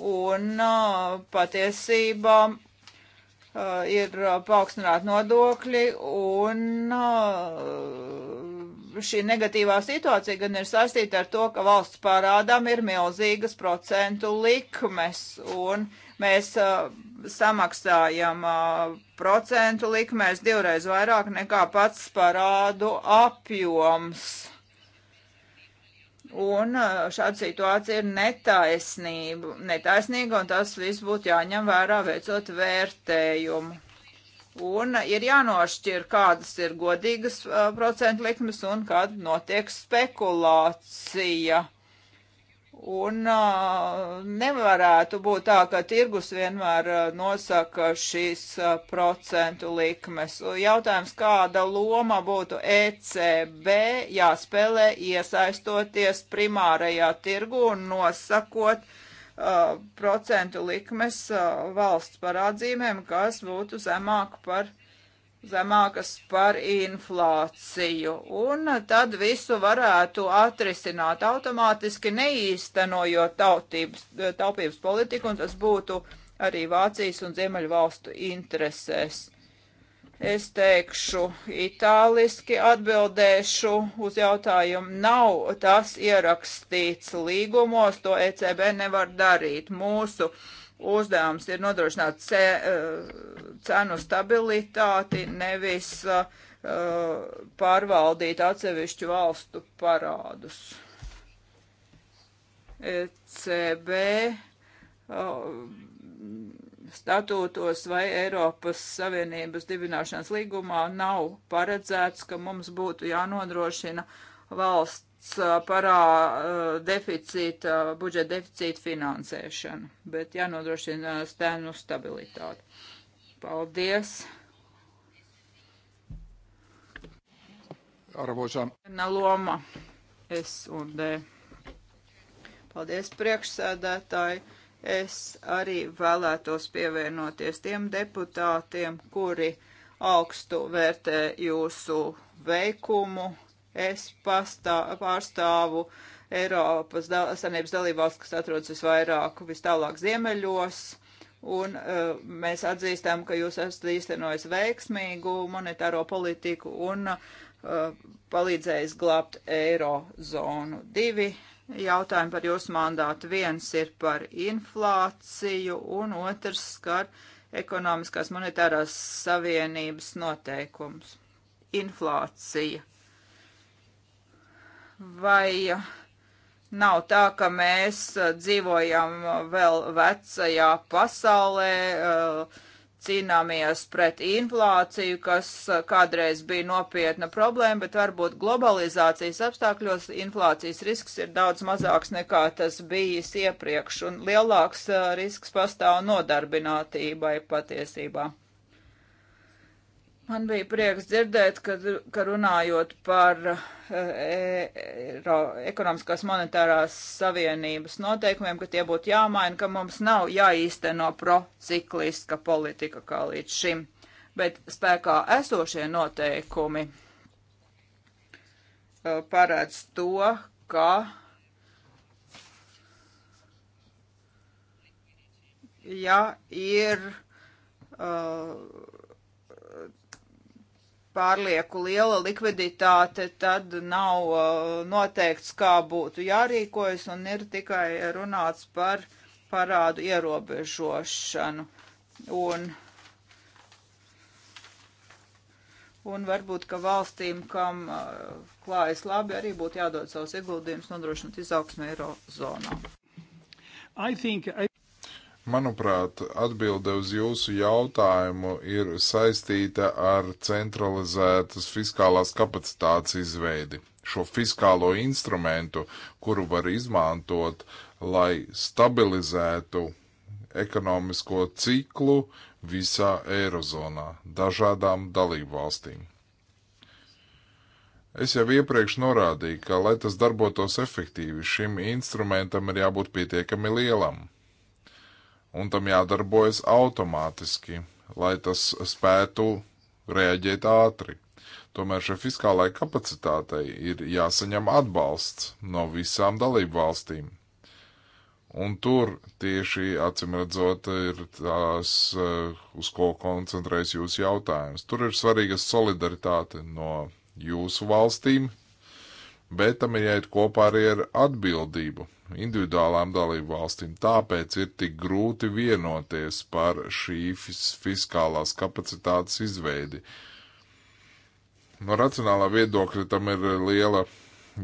Speaker 2: un uh, patiesībā uh, ir paaugstināti nodokļi un uh, šī negatīvā situācija gan ir saistīta ar to, ka valsts parādām ir milzīgas procentu likmes un mēs uh, samaksājam uh, procentu likmēs divreiz vairāk nekā pats parādu apjoms. Un šāda situācija ir netaisnība, netaisnīga, un tas viss būtu jāņem vērā veicot vērtējumu. Un ir jānošķir, kādas ir godīgas uh, procentu likmes un kāda notiek spekulācija. Un nevarētu būt tā, ka tirgus vienmēr nosaka šīs procentu likmes. Jautājums, kāda loma būtu ECB jāspēlē iesaistoties primārajā tirgu un nosakot uh, procentu likmes uh, valsts parādzīmēm, kas būtu zemāk par 0,5% zemākas par inflāciju. Un tad visu varētu atrisināt automātiski, neīstenojot tautības, taupības politiku, un tas būtu arī Vācijas un Ziemeļu valstu interesēs. Es teikšu, itāliski atbildēšu uz jautājumu. Nav tas ierakstīts līgumos, to ECB nevar darīt. Mūsu uh, uzdevums ir nodrošināt ce, eh, cenu stabilitāti, nevis uh, pārvaldīt atsevišķu valstu parādus. ECB uh, eh, statūtos vai Eiropas Savienības dibināšanas līgumā nav paredzēts, ka mums būtu jānodrošina valsts valsts parā deficīta, budžeta deficīta finansēšanu, bet jānodrošina stēnu stabilitāti. Paldies! Arvoisa. Loma, S un D. Paldies priekšsēdētāji. Es arī vēlētos pievienoties tiem deputātiem, kuri augstu vērtē jūsu veikumu Es pastā, pārstāvu Eiropas da, Sanības dalībvalsts, kas atrodas visvairāk, vis tālāk ziemeļos, un uh, mēs atzīstam, ka jūs esat īstenojis veiksmīgu monetāro politiku un uh, palīdzējis glābt eirozonu. Divi jautājumi par jūsu mandātu. Viens ir par inflāciju, un otrs skar ekonomiskās monetārās savienības noteikums. Inflācija vai nav tā, ka mēs uh, dzīvojam uh, vēl vecajā pasaulē, uh, cīnāmies pret inflāciju, kas kādreiz bija nopietna problēma, bet varbūt globalizācijas apstākļos inflācijas risks ir daudz mazāks nekā tas bijis iepriekš, un lielāks risks pastāv nodarbinātībai patiesībā. Man bija prieks dzirdēt, ka, ka runājot par eh, Eiro, ekonomiskās monetārās savienības noteikumiem, ka tie būtu jāmaina, ka mums nav jāīsteno procikliska politika kā līdz šim, bet spēkā esošie noteikumi eh, paredz to, ka ja ir uh, pārlieku liela likviditāte, tad nav uh, noteikts, kā būtu jārīkojas, un ir tikai runāts par parādu ierobežošanu. Un, un varbūt, ka valstīm, kam uh, klājas labi, arī būtu jādod savus ieguldījumus nodrošināt izaugsmu eirozonā.
Speaker 3: I think I... Manuprāt, atbilde uz jūsu jautājumu ir saistīta ar centralizētas fiskālās kapacitātes izveidi. Šo fiskālo instrumentu, kuru var izmantot, lai stabilizētu ekonomisko ciklu visā Eirozonā dažādām dalību valstīm. Es jau iepriekš norādīju, ka, lai tas darbotos efektīvi, šim instrumentam ir jābūt pietiekami lielam un tam jādarbojas automātiski, lai tas spētu reaģēt ātri. Tomēr šai fiskālajai kapacitātei ir jāsaņem atbalsts no visām dalību valstīm. Un tur tieši acimredzot ir tās, eh, uz ko koncentrēs jūsu jautājums. Tur ir svarīga solidaritāte no jūsu valstīm, bet tam ir jāiet kopā arī ar atbildību individuālām dalību valstīm. Tāpēc ir tik grūti vienoties par šī fiskālās kapacitātes izveidi. No racionālā viedokļa tam ir liela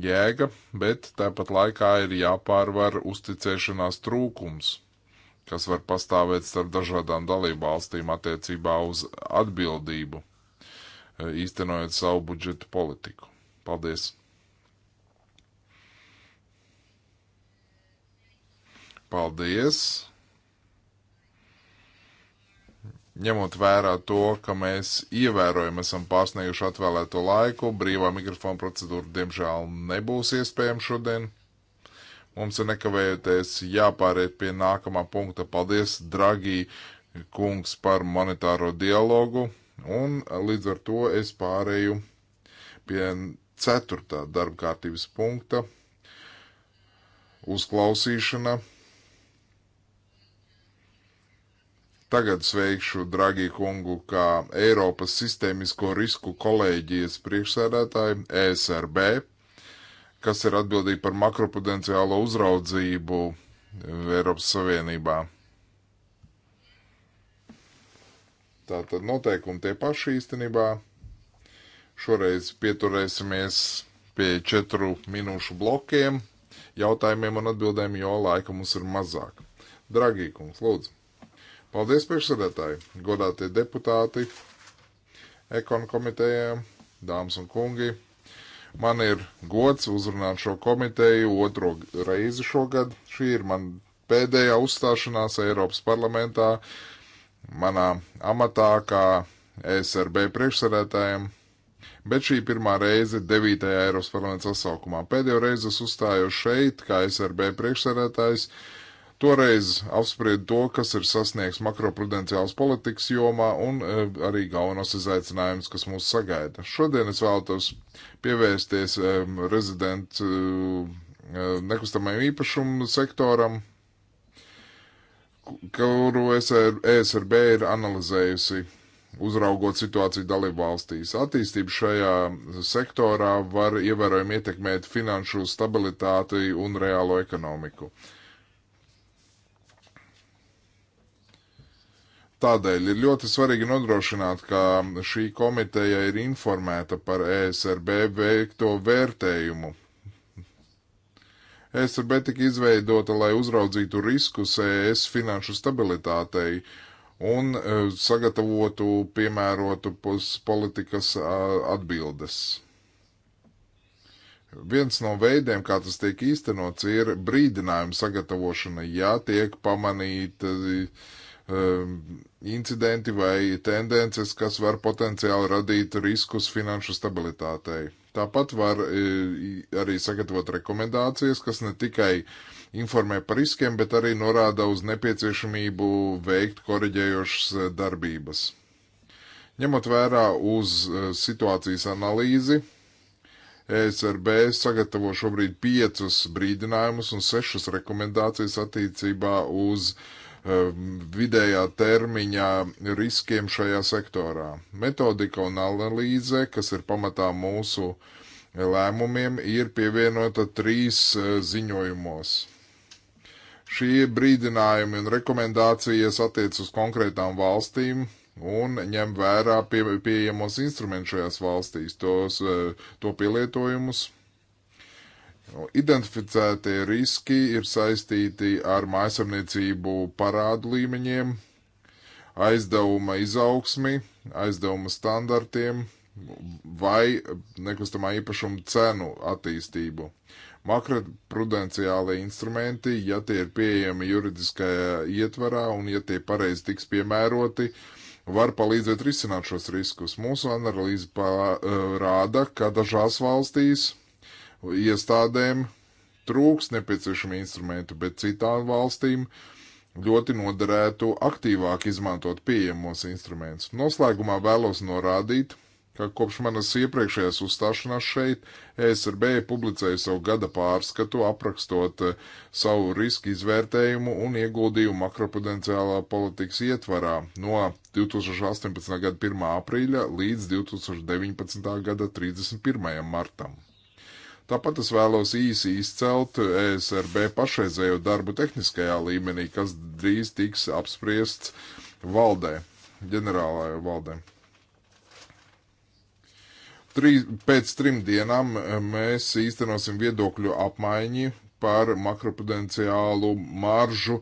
Speaker 3: jēga, bet tāpat laikā ir jāpārvar uzticēšanās trūkums, kas var pastāvēt starp dažādām dalību valstīm attiecībā uz atbildību, īstenojot savu budžetu politiku. Paldies! Paldies! Ņemot vērā to, ka mēs ievērojami esam pārsnieguši atvēlēto laiku, brīvā mikrofona procedūra diemžēl nebūs iespējama šodien. Mums ir nekavējoties jāpāriet pie nākamā punkta. Paldies, Dragī kungs, par monetāro dialogu. Un līdz ar to es pārēju pie ceturtā darba kārtības punkta - uzklausīšana Tagad sveikšu Dragī kungu kā Eiropas sistēmisko risku kolēģijas priekšsēdētāju ESRB, kas ir atbildīgi par makroprudenciālo uzraudzību Eiropas Savienībā. Tātad noteikumi tie paši īstenībā. Šoreiz pieturēsimies pie četru minūšu blokiem, jautājumiem un atbildēm, jo laika mums ir mazāk. Dragī kungs, lūdzu! Paldies priekšsēdētāji, godātie deputāti, ekon komitējiem, dāmas un kungi. Man ir gods uzrunāt šo komiteju otro reizi šogad. Šī ir man pēdējā uzstāšanās Eiropas parlamentā manā amatā kā e SRB priekšsēdētājiem, bet šī pirmā reize 9. Eiropas parlamenta sasaukumā. Pēdējo reizi es uzstājos šeit kā e SRB priekšsēdētājs Toreiz apspried to, kas ir sasniegts makroprudenciāls politikas jomā un e, arī galvenos izaicinājums, kas mūs sagaida. Šodien es vēlētos pievērsties e, rezidentu e, nekustamajam īpašumu sektoram, kuru ESRB ir analizējusi, uzraugot situāciju dalību valstīs. Attīstība šajā sektorā var ievērojami ietekmēt finanšu stabilitāti un reālo ekonomiku. Uh, Tādēļ ir ļoti svarīgi nodrošināt, ka šī komiteja ir informēta par ESRB veikto vērtējumu. ESRB tika izveidota, lai uzraudzītu riskus ES finanšu stabilitātei un e, sagatavotu piemērotu politikas atbildes. Viens no veidiem, kā tas tiek īstenots, ir brīdinājuma sagatavošana, ja tiek pamanīta uh, Um, incidenti vai tendences, kas var potenciāli radīt riskus finanšu stabilitātei. Tāpat var e, arī sagatavot rekomendācijas, kas ne tikai informē par riskiem, bet arī norāda uz nepieciešamību veikt koreģējošas e, darbības. Ņemot vērā uz e, situācijas analīzi, ESRB sagatavo šobrīd piecus brīdinājumus un sešas rekomendācijas attiecībā uz uh, Um, vidējā termiņā riskiem šajā sektorā. Metodika un analīze, kas ir pamatā mūsu lēmumiem, ir pievienota trīs uh, ziņojumos. Šie brīdinājumi un rekomendācijas attiec uz konkrētām valstīm, un ņem vērā pie, pieejamos instrumentus šajās valstīs, tos, uh, to pielietojumus Identificētie riski ir saistīti ar mājasemniecību parādu līmeņiem, aizdevuma izaugsmi, aizdevuma standartiem vai nekustamā īpašuma cenu attīstību. Makroprudenciālie instrumenti, ja tie ir pieejami juridiskajā ietvarā un ja tie pareizi tiks piemēroti, var palīdzēt risināt šos riskus. Mūsu analīze eh, rāda, ka dažās valstīs iestādēm trūks nepieciešami instrumenti, bet citām valstīm ļoti noderētu aktīvāk izmantot pieejamos instrumentus. Noslēgumā vēlos norādīt, ka kopš manas iepriekšējās uzstāšanās šeit ESRB publicēja savu gada pārskatu, aprakstot eh, savu risku izvērtējumu un ieguldījumu makropudenciālā politikas ietvarā no 2018. gada 1. aprīļa līdz 2019. gada 31. martam. Tāpat es vēlos īsi izcelt ESRB pašreizējo darbu tehniskajā līmenī, kas drīz tiks apspriests valdē, ģenerālajā valdē. Trī, pēc trim dienām eh, mēs īstenosim viedokļu apmaiņu par makroprudenciālu maržu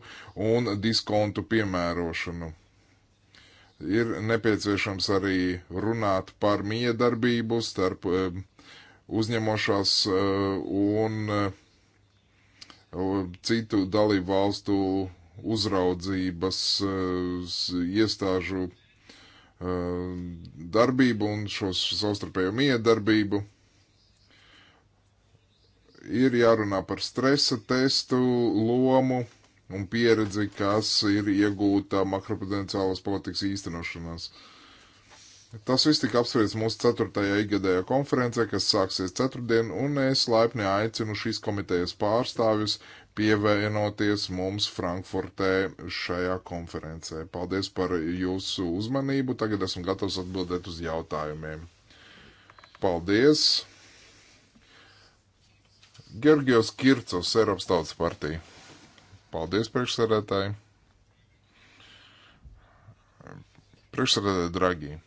Speaker 3: un diskontu piemērošanu. Ir nepieciešams arī runāt par miedarbību starp um, uzņemošās eh, un eh, citu dalību valstu uzraudzības eh, iestāžu darbību un šo savstarpējo miedarbību. Ir jārunā par stresa testu lomu un pieredzi, kas ir iegūta makroprudenciālas politikas īstenošanās. Uh, Tas viss tika apspriests mūsu 4. igadējā konferencē, kas sāksies ceturtdien, un es laipni aicinu šīs komitejas pārstāvjus pievienoties mums Frankfurtē šajā konferencē. Paldies par jūsu uzmanību. Tagad esmu gatavs atbildēt uz jautājumiem. Paldies! Georgijos Kircos, Eiropas Tautas partija. Paldies, priekšsēdētāji! Priekšsēdētāji, dragi!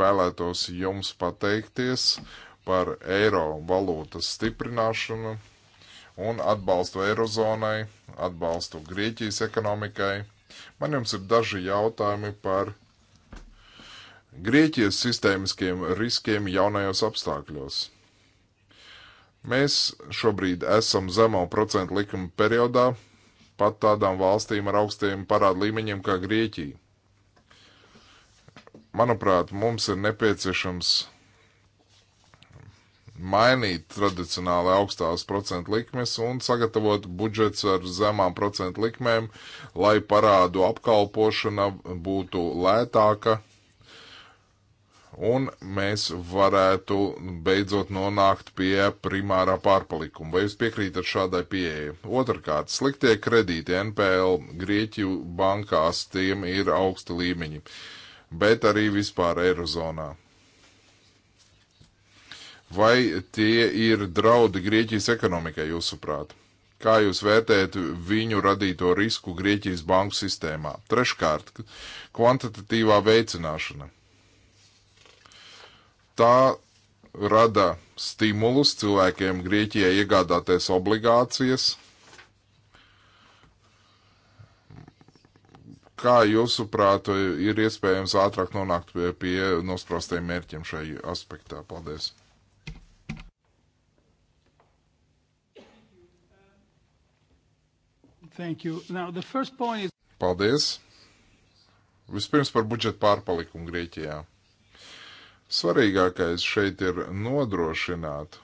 Speaker 3: vēlētos jums pateikties par eiro valūtas stiprināšanu un atbalstu Eirozonai, atbalstu Grieķijas ekonomikai. Man jums ir daži jautājumi par Grieķijas sistēmiskiem riskiem jaunajos apstākļos. Mēs šobrīd esam zemo procentu likuma periodā, pat tādām valstīm ar augstiem parādu līmeņiem kā Grieķija. Manuprāt, mums ir nepieciešams mainīt tradicionāli augstās procentu likmes un sagatavot budžets ar zemām procentu likmēm, lai parādu apkalpošana būtu lētāka un mēs varētu beidzot nonākt pie primārā pārpalikuma. Vai jūs piekrītat šādai pieeja? Otrkārt, sliktie kredīti NPL Grieķu bankās tiem ir augsti līmeņi. Uh, bet arī vispār Eirozonā. Vai tie ir draudi Grieķijas ekonomikai, jūsuprāt? Kā jūs vērtējat viņu radīto risku Grieķijas banku sistēmā? Treškārt, kvantitatīvā veicināšana. Tā rada stimulus cilvēkiem Grieķijai iegādāties obligācijas, Kā jūsuprāt, ir iespējams ātrāk nonākt pie, pie nosprostiem mērķiem šai aspektā? Paldies!
Speaker 2: Thank you. Now, the first
Speaker 3: point is... Paldies! Vispirms par budžeta pārpalikumu Grieķijā. Svarīgākais šeit ir nodrošināt,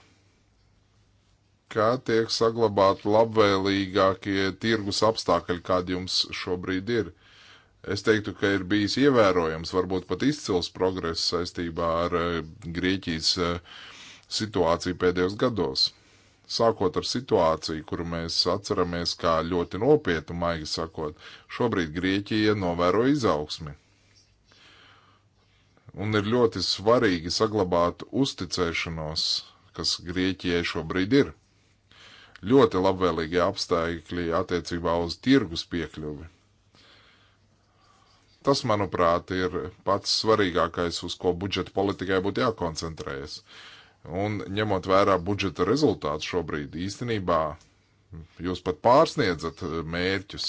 Speaker 3: kā tiek saglabāti labvēlīgākie tirgus apstākļi, kādi jums šobrīd ir. Es teiktu, ka ir bijis ievērojams, varbūt pat izcils progress saistībā ar eh, Grieķijas eh, situāciju pēdējos gados. Sākot ar situāciju, kuru mēs atceramies kā ļoti nopietnu, maigi sakot, šobrīd Grieķija novēro izaugsmi. Un ir ļoti svarīgi saglabāt uzticēšanos, kas Grieķijai šobrīd ir. Ļoti labvēlīgi apstākļi attiecībā uz tirgus piekļuvi Tas, manuprāt, ir pats svarīgākais, uz ko budžeta politikai būtu jākoncentrējas. Un ņemot vērā budžeta rezultātu šobrīd, īstenībā jūs pat pārsniedzat eh, mērķus.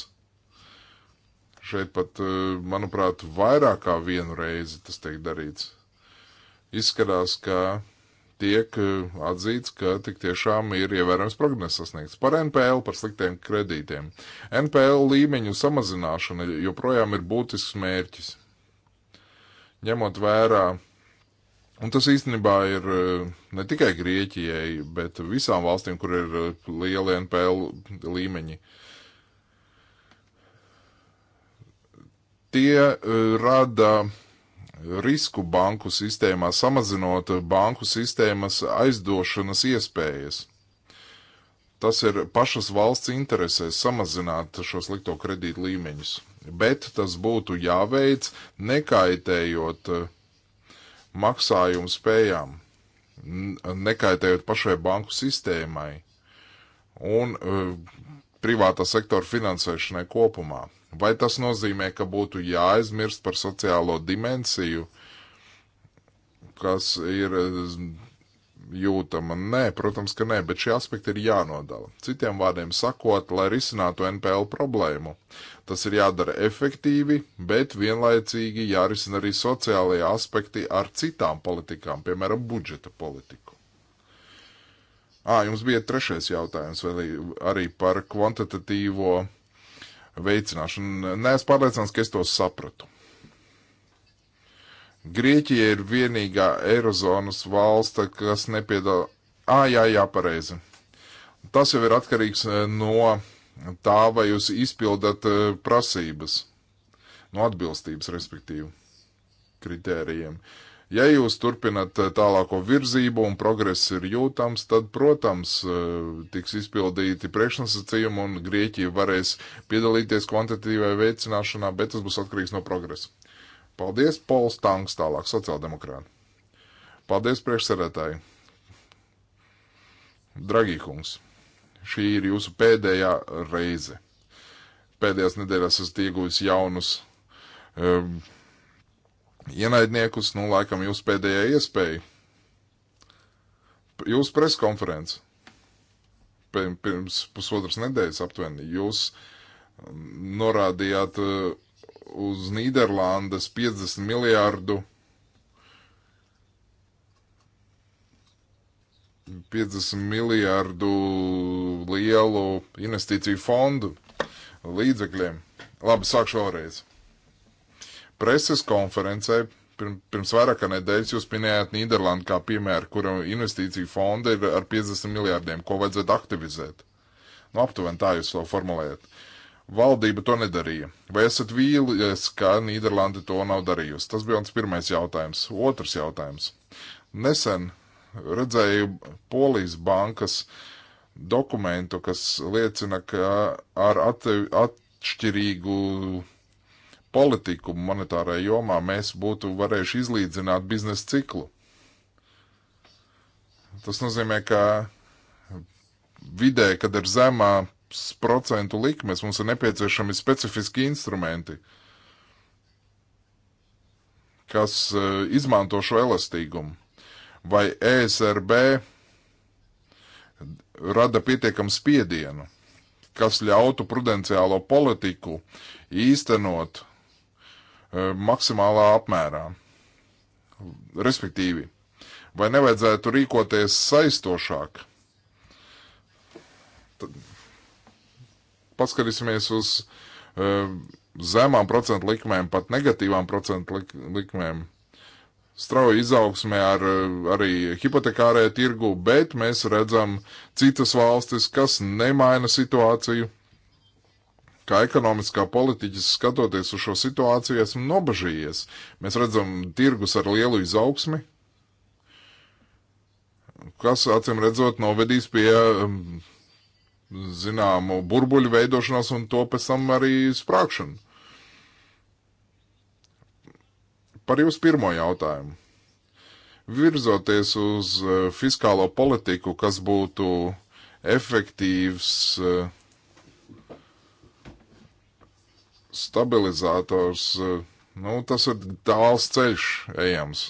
Speaker 3: Šeit pat, eh, manuprāt, vairāk kā vienu reizi tas tiek darīts. Izskatās, ka tiek eh, atzīts, ka tik tiešām ir ievērojams progress sasniegts. Par NPL, par sliktiem kredītiem. NPL līmeņu samazināšana joprojām ir būtisks mērķis. Ņemot vērā, un tas īstenībā ir eh, ne tikai Grieķijai, bet visām valstīm, kur ir eh, lieli NPL līmeņi. Tie uh, rada uh, risku banku sistēmā, samazinot banku sistēmas aizdošanas iespējas. Tas ir pašas valsts interesēs samazināt šo slikto kredītu līmeņus, bet tas būtu jāveic nekaitējot maksājumu spējām, nekaitējot pašai banku sistēmai un eh, privātā sektora finansēšanai kopumā. Vai tas nozīmē, ka būtu jāaizmirst par sociālo dimensiju, kas ir eh, jūtama? Nē, protams, ka nē, bet šie aspekti ir jānodala. Citiem vārdiem sakot, lai risinātu NPL problēmu, tas ir jādara efektīvi, bet vienlaicīgi jārisina arī sociālajie aspekti ar citām politikām, piemēram, budžeta politiku. Ā, jums bija trešais jautājums, vai arī par kvantitatīvo veicināšanu. Nē, es pārliecināts, ka es to sapratu. Grieķija ir vienīgā Eirozonas valsta, kas nepiedalās. Ah, jā, jā, pareizi. Tas jau ir atkarīgs eh, no tā, vai jūs izpildat eh, prasības, no atbilstības, respektīvi, kritērijiem. Uh, Ja jūs turpinat eh, tālāko virzību un progress ir jūtams, tad, protams, eh, tiks izpildīti priekšnosacījumi un Grieķija varēs piedalīties kvantitīvai veicināšanā, bet tas būs atkarīgs no progresa. Paldies, Pols Tanks, tālāk sociāldemokrāti. Paldies, priekšsarētāji. Dragīkungs, šī ir jūsu pēdējā reize. Pēdējās nedēļās esat ieguvis jaunus. Um, ienaidniekus, nu, laikam jūs pēdējā iespēja. Jūs preskonferences pirms pusotras nedēļas aptuveni, jūs mm, norādījāt eh, uz Nīderlandes 50 miljārdu 50 miljārdu lielu investīciju fondu līdzekļiem. Labi, sākšu vēlreiz. Preses konferencē pirms vairākā nedēļas jūs minējāt Nīderlandi kā piemēru, kura investīcija fonda ir ar 50 miljārdiem, ko vajadzētu aktivizēt. Nu, aptuveni tā jūs to formulējat. Valdība to nedarīja. Vai esat vīlies, ka Nīderlanda to nav darījusi? Tas bija mans pirmais jautājums. Otrs jautājums. Nesen redzēju Polijas bankas dokumentu, kas liecina, ka ar atšķirīgu at politiku monetārajā jomā, mēs būtu varējuši izlīdzināt biznesa ciklu. Tas nozīmē, ka vidē, kad ir zemā procentu likmes, mums ir nepieciešami specifiski instrumenti, kas e, izmanto šo elastīgumu. Vai ESRB rada pietiekam spiedienu, kas ļautu prudenciālo politiku īstenot Eh, maksimālā apmērā. Respektīvi, vai nevajadzētu rīkoties saistošāk? Tad paskatīsimies uz uh, zemām procentu likmēm, pat negatīvām procentu lik likmēm. Strauja izaugsmē ar, eh, arī hipotekārajā tirgu, bet mēs redzam citas valstis, kas nemaina situāciju kā ekonomiskā politiķis skatoties uz šo situāciju, esmu nobažījies. Mēs redzam tirgus ar lielu izaugsmi, kas acīm redzot novedīs pie um, zināmu burbuļu veidošanās un to pēc tam arī sprākšanu. Par jūsu pirmo jautājumu. Virzoties uz uh, fiskālo politiku, kas būtu efektīvs uh, stabilizators, eh, nu, tas ir tāls ceļš ejams.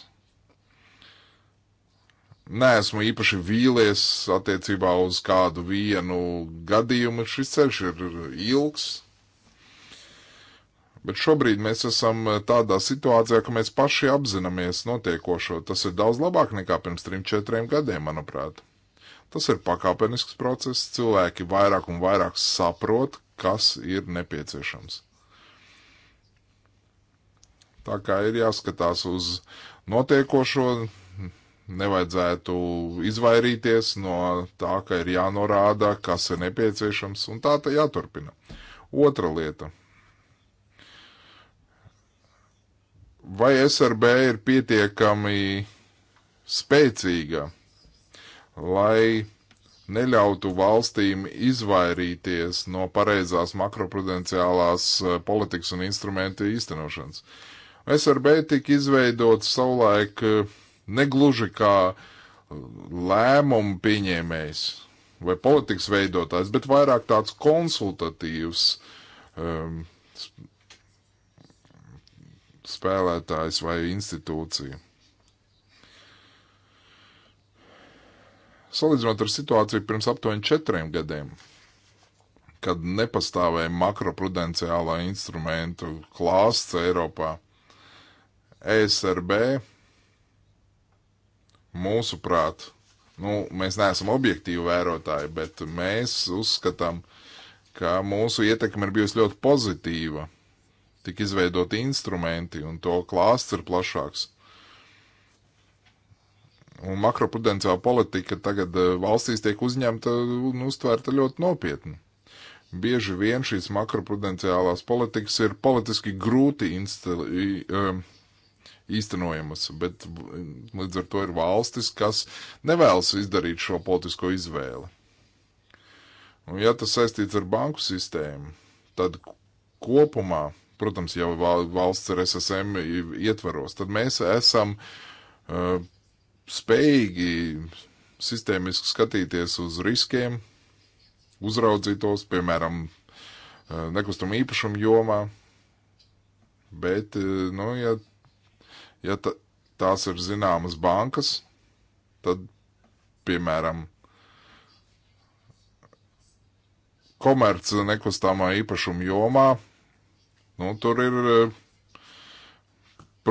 Speaker 3: Nē, esmu īpaši vīlies attiecībā uz kādu vienu gadījumu. Šis ceļš ir ilgs, Bet šobrīd mēs esam tādā situācijā, ka mēs paši apzināmies notiekošo. Tas ir daudz labāk nekā pirms trim, četriem gadiem, manuprāt. Tas ir pakāpenisks process, cilvēki vairāk un vairāk saprot, kas ir nepieciešams. Tā kā ir jāskatās uz notiekošo, nevajadzētu izvairīties no tā, ka ir jānorāda, kas ir nepieciešams, un tā tā jāturpina. Otra lieta. Vai SRB ir pietiekami spēcīga, lai neļautu valstīm izvairīties no pareizās makroprudenciālās eh, politikas un instrumentu īstenošanas? Uh, SRB tika izveidots savulaik eh, negluži kā eh, lēmumu pieņēmējs vai politikas veidotājs, bet vairāk tāds konsultatīvs um, spēlētājs vai institūcija. Salīdzinot ar situāciju pirms aptuveni četriem gadiem, kad nepastāvēja makroprudenciālā instrumentu klāsts Eiropā, ESRB, mūsuprāt, nu, mēs neesam objektīvi vērotāji, bet mēs uzskatām, ka mūsu ietekme ir bijusi ļoti pozitīva. Tik izveidoti instrumenti, un to klāsts ir plašāks. Un makroprudenciāla politika tagad eh, valstīs tiek uzņemta un uztvērta ļoti nopietni. Bieži vien šīs makroprudenciālās politikas ir politiski grūti instil, uh, īstenojamas, bet līdz ar to ir valstis, kas nevēlas izdarīt šo politisko izvēli. Un, ja tas saistīts ar banku sistēmu, tad kopumā, protams, jau valsts ar SSM ietvaros, tad mēs esam uh, spējīgi sistēmiski skatīties uz riskiem, uzraudzītos, piemēram, uh, nekustamā īpašuma jomā. Bet, uh, nu, ja Ja tās ir zināmas bankas, tad, piemēram, komerci nekustamā īpašuma jomā, nu, tur ir eh,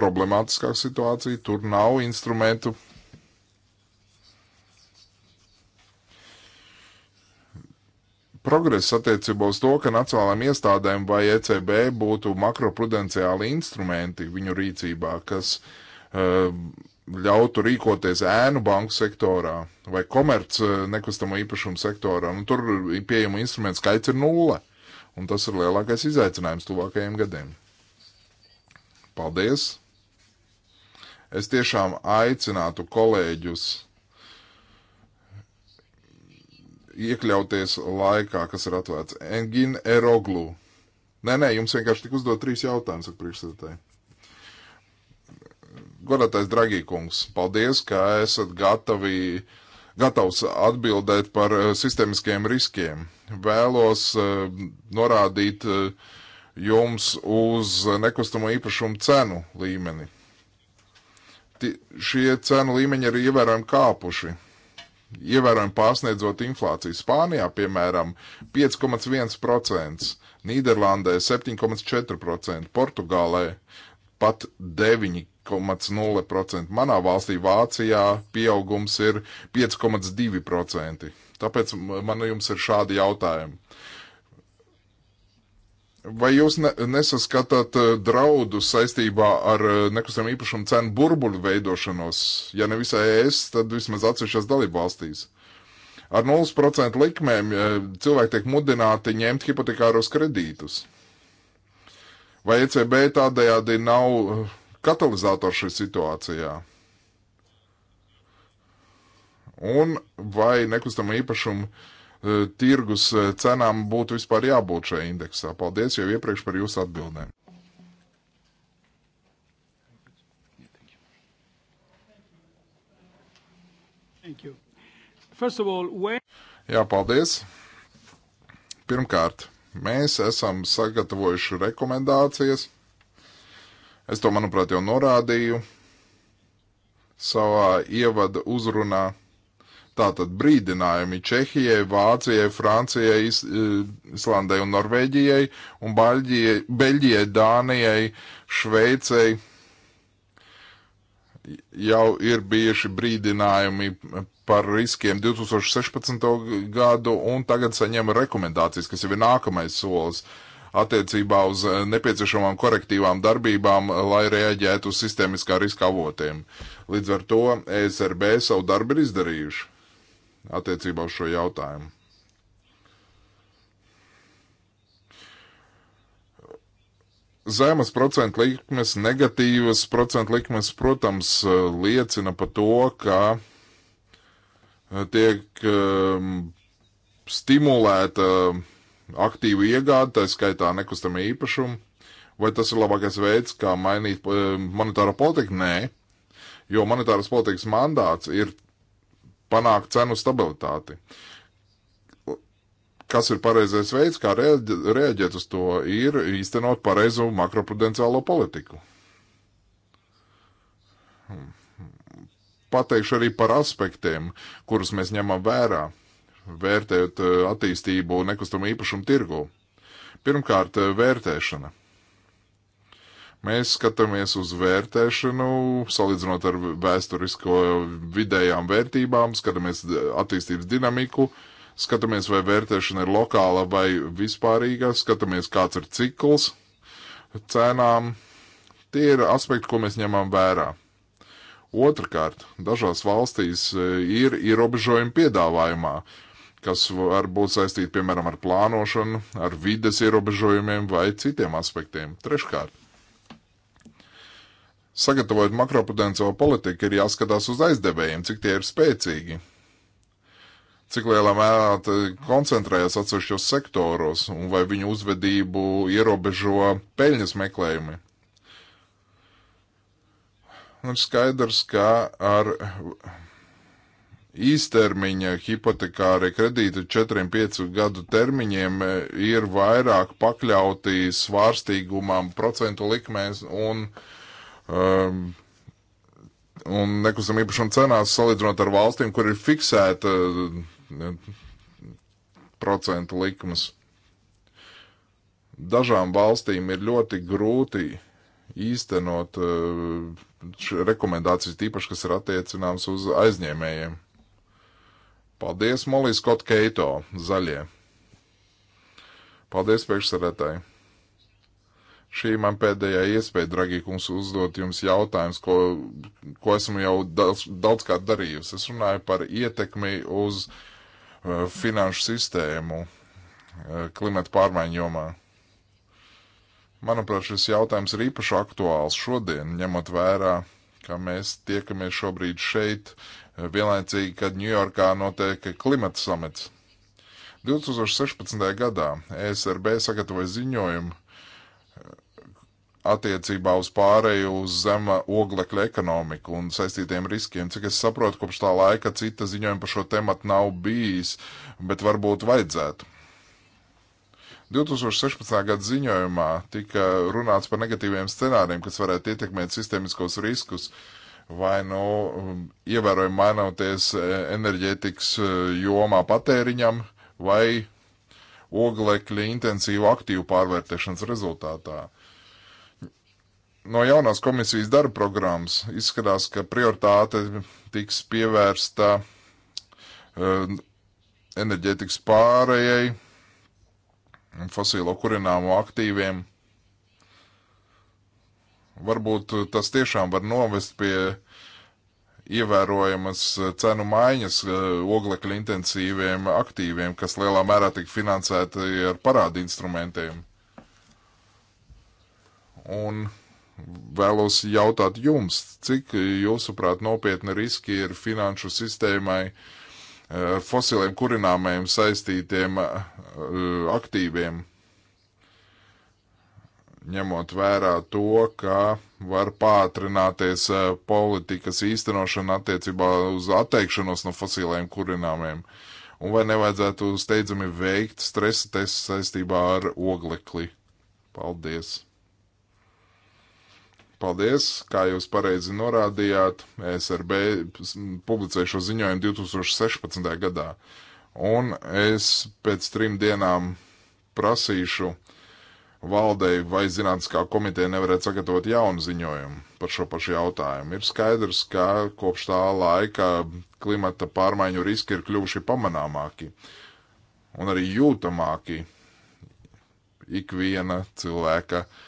Speaker 3: problemātiskāka situācija, tur nav instrumentu progress attiecībā uz to, ka nacionālām iestādēm vai ECB būtu makroprudenciāli instrumenti viņu rīcībā, kas uh, ļautu rīkoties ēnu banku sektorā vai komerc eh, nekustamo īpašumu sektorā. Nu, tur pieejamu instrumentu skaits ir nulle, un tas ir lielākais izaicinājums tuvākajiem gadiem. Paldies! Es tiešām aicinātu kolēģus iekļauties laikā, kas ir atvērts. Engin Eroglu. Nē, nē, jums vienkārši tik uzdot trīs jautājumus, saka priekšsēdētāji. Godātais Dragīkungs, paldies, ka esat gatavi, gatavs atbildēt par eh, sistemiskiem riskiem. Vēlos uh, norādīt uh, jums uz nekustamo īpašumu cenu līmeni. T šie cenu līmeņi ir ievērojami kāpuši ievērojami pārsniedzot inflāciju. Spānijā, piemēram, 5,1%, Nīderlandē 7,4%, Portugālē pat 9,0%. Manā valstī Vācijā pieaugums ir 5,2%. Tāpēc man jums ir šādi jautājumi. Vai jūs ne, nesaskatāt eh, draudu saistībā ar eh, nekustamā īpašuma cenu burbuļu veidošanos, ja ne visai ES, tad vismaz atsevišķās dalību valstīs? Ar 0% likmēm eh, cilvēki tiek mudināti ņemt hipotekāros kredītus. Vai ECB tādējādi nav katalizators šajā situācijā? Un vai nekustamā īpašuma uh, Eh, tirgus eh, cenām būtu vispār jābūt šajā indeksā. Paldies jau iepriekš par jūsu atbildēm.
Speaker 2: All, when...
Speaker 3: Jā, paldies. Pirmkārt, mēs esam sagatavojuši rekomendācijas. Es to, manuprāt, jau norādīju savā ievada uzrunā Tātad brīdinājumi Čehijai, Vācijai, Francijai, Is e, Islandai un Norvēģijai un Baļģijai, Beļģijai, Dānijai, Šveicei jau ir bijuši brīdinājumi par riskiem 2016. gadu un tagad saņem rekomendācijas, kas jau ir nākamais solis attiecībā uz nepieciešamām korektīvām darbībām, lai reaģētu uz sistēmiskā riska avotiem. Līdz ar to ESRB savu darbu ir izdarījuši attiecībā uz šo jautājumu. zemes procentu likmes, negatīvas procentu likmes, protams, liecina par to, ka eh, tiek um, stimulēta aktīvu iegādi, tā skaitā nekustamā īpašuma. Vai tas ir labākais veids, kā mainīt eh, monetāro politiku? Nē, jo monetāras politikas mandāts ir panākt cenu stabilitāti. Kas ir pareizais veids, kā rēģēt uz to, ir īstenot pareizo makroprudenciālo politiku. Hmm. Pateikšu arī par aspektiem, kurus mēs ņemam vērā, vērtējot eh, attīstību nekustamo īpašumu tirgu. Pirmkārt, eh, vērtēšana Mēs skatāmies uz vērtēšanu, salīdzinot ar vēsturisko vidējām vērtībām, skatāmies eh, attīstības dinamiku, skatāmies, vai vērtēšana ir lokāla vai vispārīga, skatāmies, kāds ir cikls cenām. Tie ir aspekti, ko mēs ņemam vērā. Otrakārt, dažās valstīs eh, ir ierobežojumi piedāvājumā, kas var būt saistīti, piemēram, ar plānošanu, ar vides ierobežojumiem vai citiem aspektiem. Treškārt, Sagatavojot makroprudenciālo politiku, ir jāskatās uz aizdevējiem, cik tie ir spēcīgi, cik lielā mērā koncentrējas atsevišķos sektoros un vai viņu uzvedību ierobežo peļņas meklējumi. Un skaidrs, ka ar īstermiņa hipotekārie kredīti 4-5 gadu termiņiem ir vairāk pakļauti svārstīgumam procentu likmēs un uh, Um, un nekustam īpašam cenās salīdzinot ar valstīm, kur ir fiksēta uh, procentu likmes. Dažām valstīm ir ļoti grūti īstenot uh, rekomendācijas tīpaši, kas ir attiecināms uz aizņēmējiem. Paldies, Molī Skot Keito, zaļie. Paldies, priekšsarētāji. Šī man pēdējā iespēja, dragīgi kungs, uzdot jums jautājumus, ko, ko esmu jau daudz, daudz kā darījusi. Es runāju par ietekmi uz uh, finanšu sistēmu uh, klimata pārmaiņu jomā. Manuprāt, šis jautājums ir īpaši aktuāls šodien, ņemot vērā, ka mēs tiekamies šobrīd šeit, uh, vienlaicīgi, kad Ņujorkā notiek klimata samets. 2016. gadā ESRB sagatavoja ziņojumu attiecībā uz pārēju uz zema oglekļa ekonomiku un saistītiem riskiem. Cik es saprotu, kopš tā laika cita ziņojuma par šo tematu nav bijis, bet varbūt vajadzētu. 2016. gada ziņojumā tika runāts par negatīviem scenāriem, kas varētu ietekmēt sistēmiskos riskus vai nu ievērojami mainoties e, enerģētikas e, jomā patēriņam vai oglekļa intensīvu aktīvu pārvērtēšanas rezultātā no jaunās komisijas darba programmas izskatās, ka prioritāte tiks pievērsta uh, enerģētikas pārējai un fosīlo kurināmo aktīviem. Varbūt eh, tas tiešām var novest pie ievērojamas eh, cenu maiņas oglekļa intensīviem aktīviem, kas lielā mērā tika finansēti ar parādu instrumentiem. Un vēlos jautāt jums, cik jūsuprāt nopietni riski ir finanšu sistēmai ar eh, fosiliem kurināmajiem saistītiem eh, aktīviem, ņemot vērā to, ka var pātrināties eh, politikas īstenošana attiecībā uz atteikšanos no fosiliem kurināmajiem. Un vai nevajadzētu steidzami veikt stresa tests saistībā ar oglekli? Paldies! Paldies, kā jūs pareizi norādījāt, e SRB publicēja šo ziņojumu 2016. gadā. Un es pēc trim dienām prasīšu valdei vai zinātniskā komiteja nevarētu sagatavot jaunu ziņojumu par šo pašu jautājumu. Ir skaidrs, ka kopš tā laika klimata pārmaiņu riski ir kļuvuši pamanāmāki un arī jūtamāki ikviena cilvēka uh,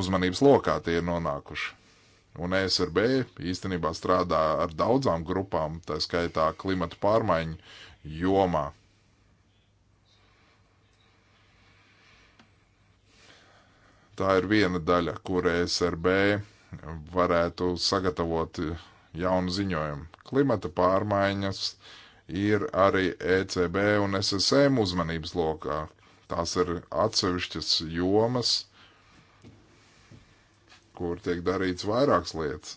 Speaker 3: uzmanības lokā tie ir nonākuši. Un ESRB īstenībā strādā ar daudzām grupām, tā skaitā klimata pārmaiņu jomā. Tā ir viena daļa, kur ESRB varētu sagatavot jaunu ziņojumu. Klimata pārmaiņas ir arī ECB un SSM uzmanības lokā. Tās ir atsevišķas jomas, kur tiek darīts vairākas lietas.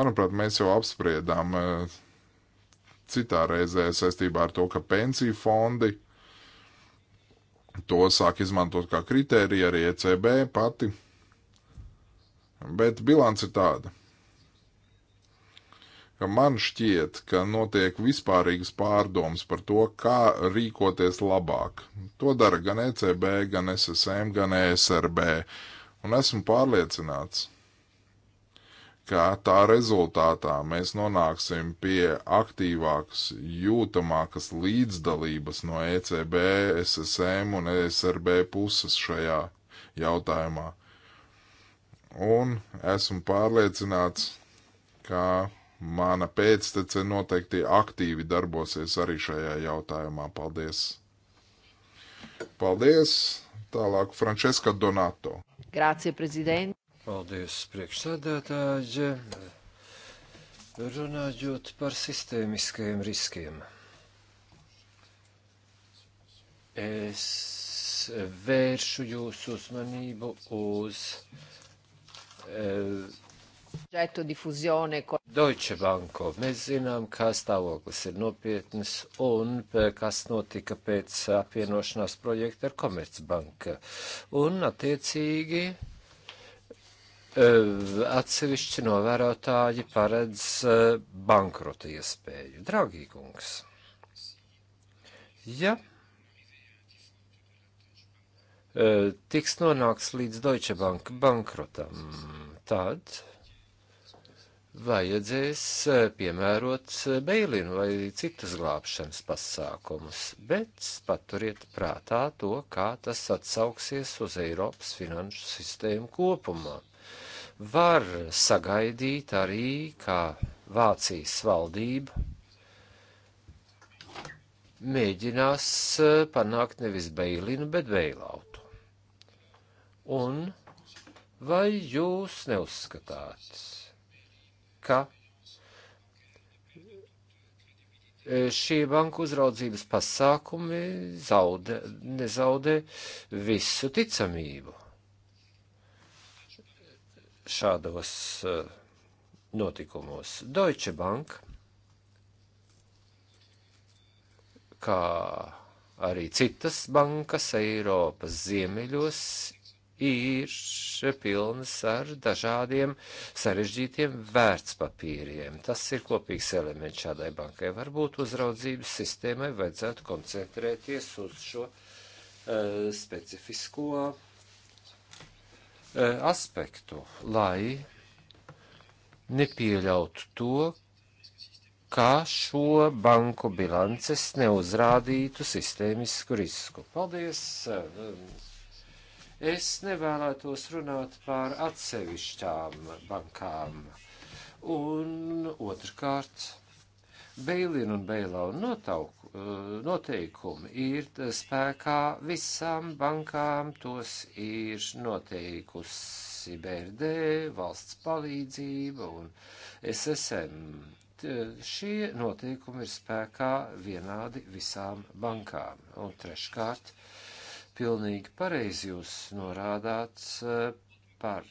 Speaker 3: Manuprāt, mēs jau apspriedām eh, citā reizē saistībā ar to, ka pensiju fondi to sāk izmantot kā kritēriju arī ECB pati. Bet bilance ir tāda, ka man šķiet, ka notiek vispārīgas pārdomas par to, kā rīkoties labāk. To dara gan ECB, gan SSM, gan ESRB. Uh, Un esmu pārliecināts, ka tā rezultātā mēs nonāksim pie aktīvākas, jūtamākas līdzdalības no ECB, SSM un ESRB puses šajā jautājumā. Un esmu pārliecināts, ka mana pēctece noteikti aktīvi darbosies arī šajā jautājumā. Paldies! Paldies! Tālāk Frančeska Donato.
Speaker 1: Grācija prezidenta. Paldies, priekšsēdētāji. Runājot par sistēmiskajiem riskiem. Es vēršu jūsu uzmanību uz. Uh, Deutsche Banko. Mēs zinām, ka stāvoklis ir nopietnis un kas notika pēc apvienošanās projekta ar Komercbanka. Un attiecīgi e, atsevišķi novērotāji paredz e, bankrota iespēju. Draugīgums. Ja e, tiks nonāks līdz Deutsche Bank bankrotam, tad vajadzēs eh, piemērot eh, beilinu vai citas glābšanas pasākumus, bet paturiet prātā to, kā tas atsauksies uz Eiropas finanšu sistēmu kopumā. Var sagaidīt arī, kā Vācijas valdība mēģinās eh, panākt nevis beilinu, bet beilautu. Un vai jūs neuzskatāt? ka šie banku uzraudzības pasākumi zaudē, nezaudē visu ticamību šādos e, notikumos. Deutsche Bank, kā arī citas bankas Eiropas ziemeļos, ir pilnas ar dažādiem sarežģītiem vērtspapīriem. Tas ir kopīgs elements šādai bankai. Varbūt uzraudzības sistēmai vajadzētu koncentrēties uz šo uh, specifisko uh, aspektu, lai nepieļautu to, kā šo banku bilances neuzrādītu sistēmisku risku. Paldies! Eh, Es nevēlētos runāt par atsevišķām bankām. Un otrkārt, Beilina un Beilau notauku, eh, noteikumi ir spēkā visām bankām, tos ir noteikusi BRD, valsts palīdzība un SSM. Šie noteikumi ir spēkā vienādi visām bankām. Un treškārt, uh, pilnīgi pareizi jūs norādāt eh, par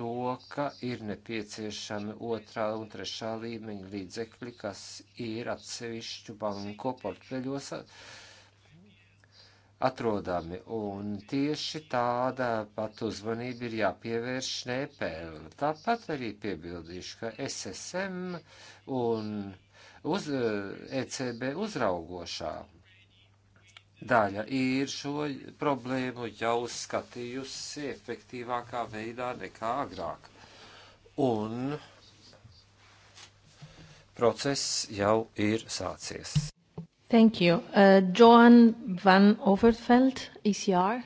Speaker 1: to, ka ir nepieciešami otrā un trešā līmeņa līdzekļi, kas ir atsevišķu banku portfeļos atrodami. Un tieši tāda pat uzmanība ir jāpievērš NPL. Tāpat arī piebildīšu, ka SSM un uz, ECB eh, e uzraugošā daļa ir šo problēmu jau skatījusi efektīvākā veidā nekā agrāk. Un process jau ir sācies.
Speaker 2: Thank you. Uh, Joan van Overveld, ECR.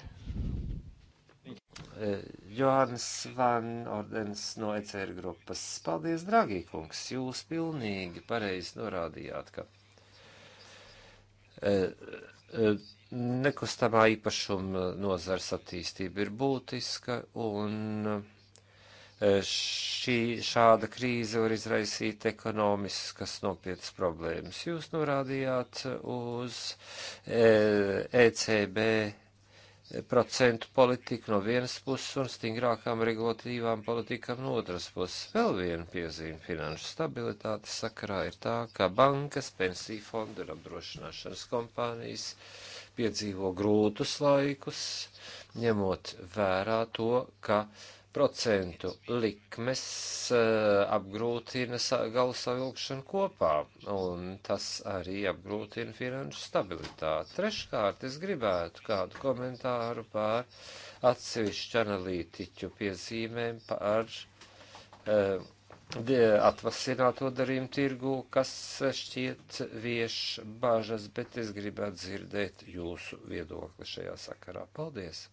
Speaker 1: Uh, Johannes van Ordens no ECR grupas. Paldies, dragī kungs, jūs pilnīgi pareizi norādījāt, ka uh, Nekustamā īpašuma nozars attīstība ir būtiska, un e, šī, šāda krīze var izraisīt ekonomiskas nopietnas problēmas. Jūs norādījāt uz ECB e procentu politiku no vienas puses un stingrākām regulatīvām politikām no otras puses. Vēl viena piezīme finanšu stabilitātes sakarā ir tā, ka bankas, pensiju fondu un apdrošināšanas kompānijas piedzīvo grūtus laikus, ņemot vērā to, ka uh, procentu likmes eh, apgrūtina galu savilkšanu kopā, un tas arī apgrūtina finanšu stabilitāti. Treškārt, es gribētu kādu komentāru par atsevišķu analītiķu piezīmēm par uh, atvasināto darījumu tirgu, kas šķiet vieš bažas, bet es gribētu dzirdēt jūsu viedokli šajā sakarā. Paldies!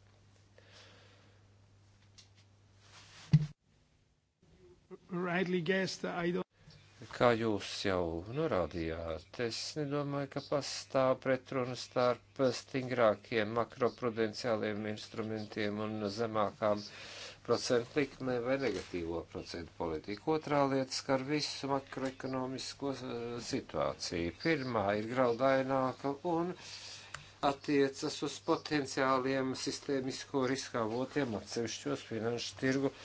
Speaker 1: rightly guessed, I don't kā jūs jau norādījāt, es nedomāju, ka pastāv pretruna starp stingrākiem makroprudenciāliem instrumentiem un zemākām procentu likmē vai negatīvo procentu politiku. Otrā lieta skar visu makroekonomisko eh, situāciju. Pirmā ir graudaināka un attiecas uz potenciāliem sistēmisko riskavotiem atsevišķos finanšu tirgu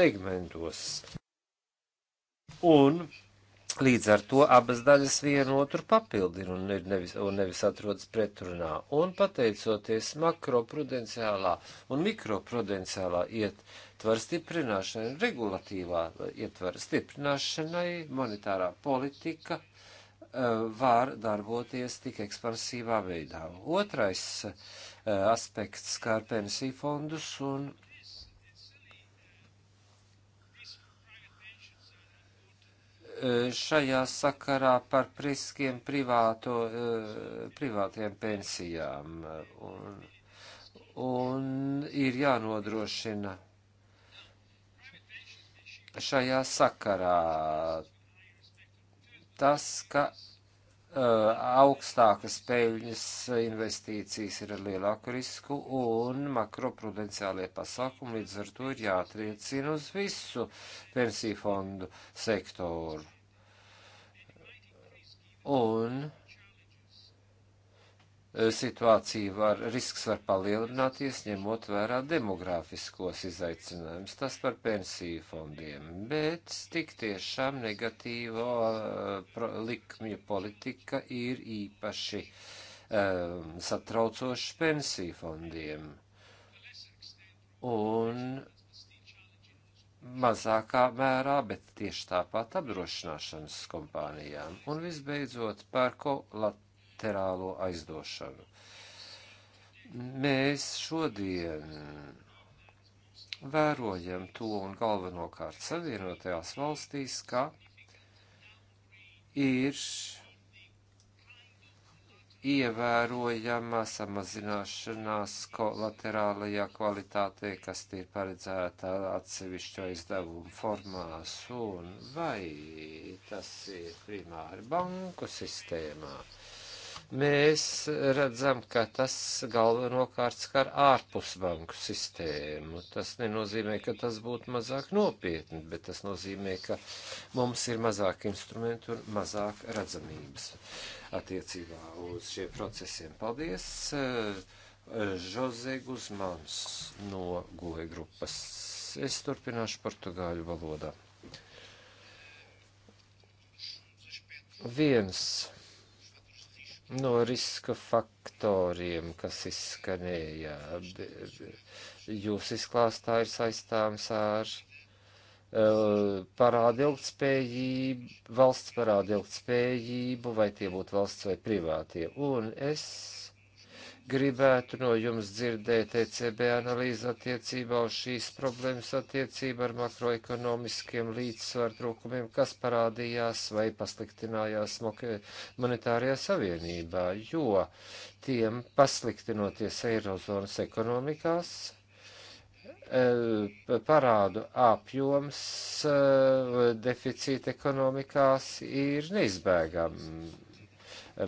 Speaker 1: segmentos un Līdz ar to abas daļas vienu otru papildina un nevis, un nevis atrodas pretrunā. Un pateicoties makroprudenciālā un mikroprudenciālā ietvara stiprināšanai, regulatīvā ietvara stiprināšanai, monetārā politika uh, var darboties tik ekspansīvā veidā. Otrais uh, aspekts skār pensiju fondus un Eh, šajā sakarā par priskiem privāto, eh, privātiem pensijām. Un, un ir jānodrošina šajā sakarā tas, ka Eh, augstākas peļņas investīcijas ir ar lielāku risku un makroprudenciālie pasākumi līdz ar to ir jāatriecina uz visu pensiju fondu sektoru. Un Eh, situācija var, risks var palielināties, ņemot vērā demografiskos izaicinājumus, tas par pensiju fondiem, bet tik tiešām negatīvo uh, likmju politika ir īpaši um, eh, satraucoši pensiju fondiem. Un mazākā mērā, bet tieši tāpat apdrošināšanas kompānijām. Un visbeidzot par kolat bilaterālo aizdošanu. Mēs šodien vērojam to un galvenokārt savienotajās valstīs, ka ir ievērojama samazināšanās kolaterālajā kvalitātē, kas ir paredzēta atsevišķo izdevumu formās, un vai tas ir primāri banku sistēmā. Uh, mēs redzam, ka tas galvenokārt skar ārpus banku sistēmu. Tas nenozīmē, ka tas būtu mazāk nopietni, bet tas nozīmē, ka mums ir mazāk instrumentu un mazāk redzamības attiecībā uz šiem procesiem. Paldies! Žoze Guzmans no Goja e grupas. Es turpināšu portugāļu valodā. Viens no riska faktoriem, kas izskanēja. Jūsu izklāstā ir saistāms ar e, parāda ilgtspējību, valsts parāda ilgtspējību, vai tie būtu valsts vai privātie. Un es gribētu no jums dzirdēt ECB analīzi attiecībā uz šīs problēmas attiecību ar makroekonomiskiem līdzsvaru trūkumiem, kas parādījās vai pasliktinājās monetārajā savienībā, jo tiem pasliktinoties eirozonas ekonomikās e, parādu apjoms e, deficīta ekonomikās ir neizbēgams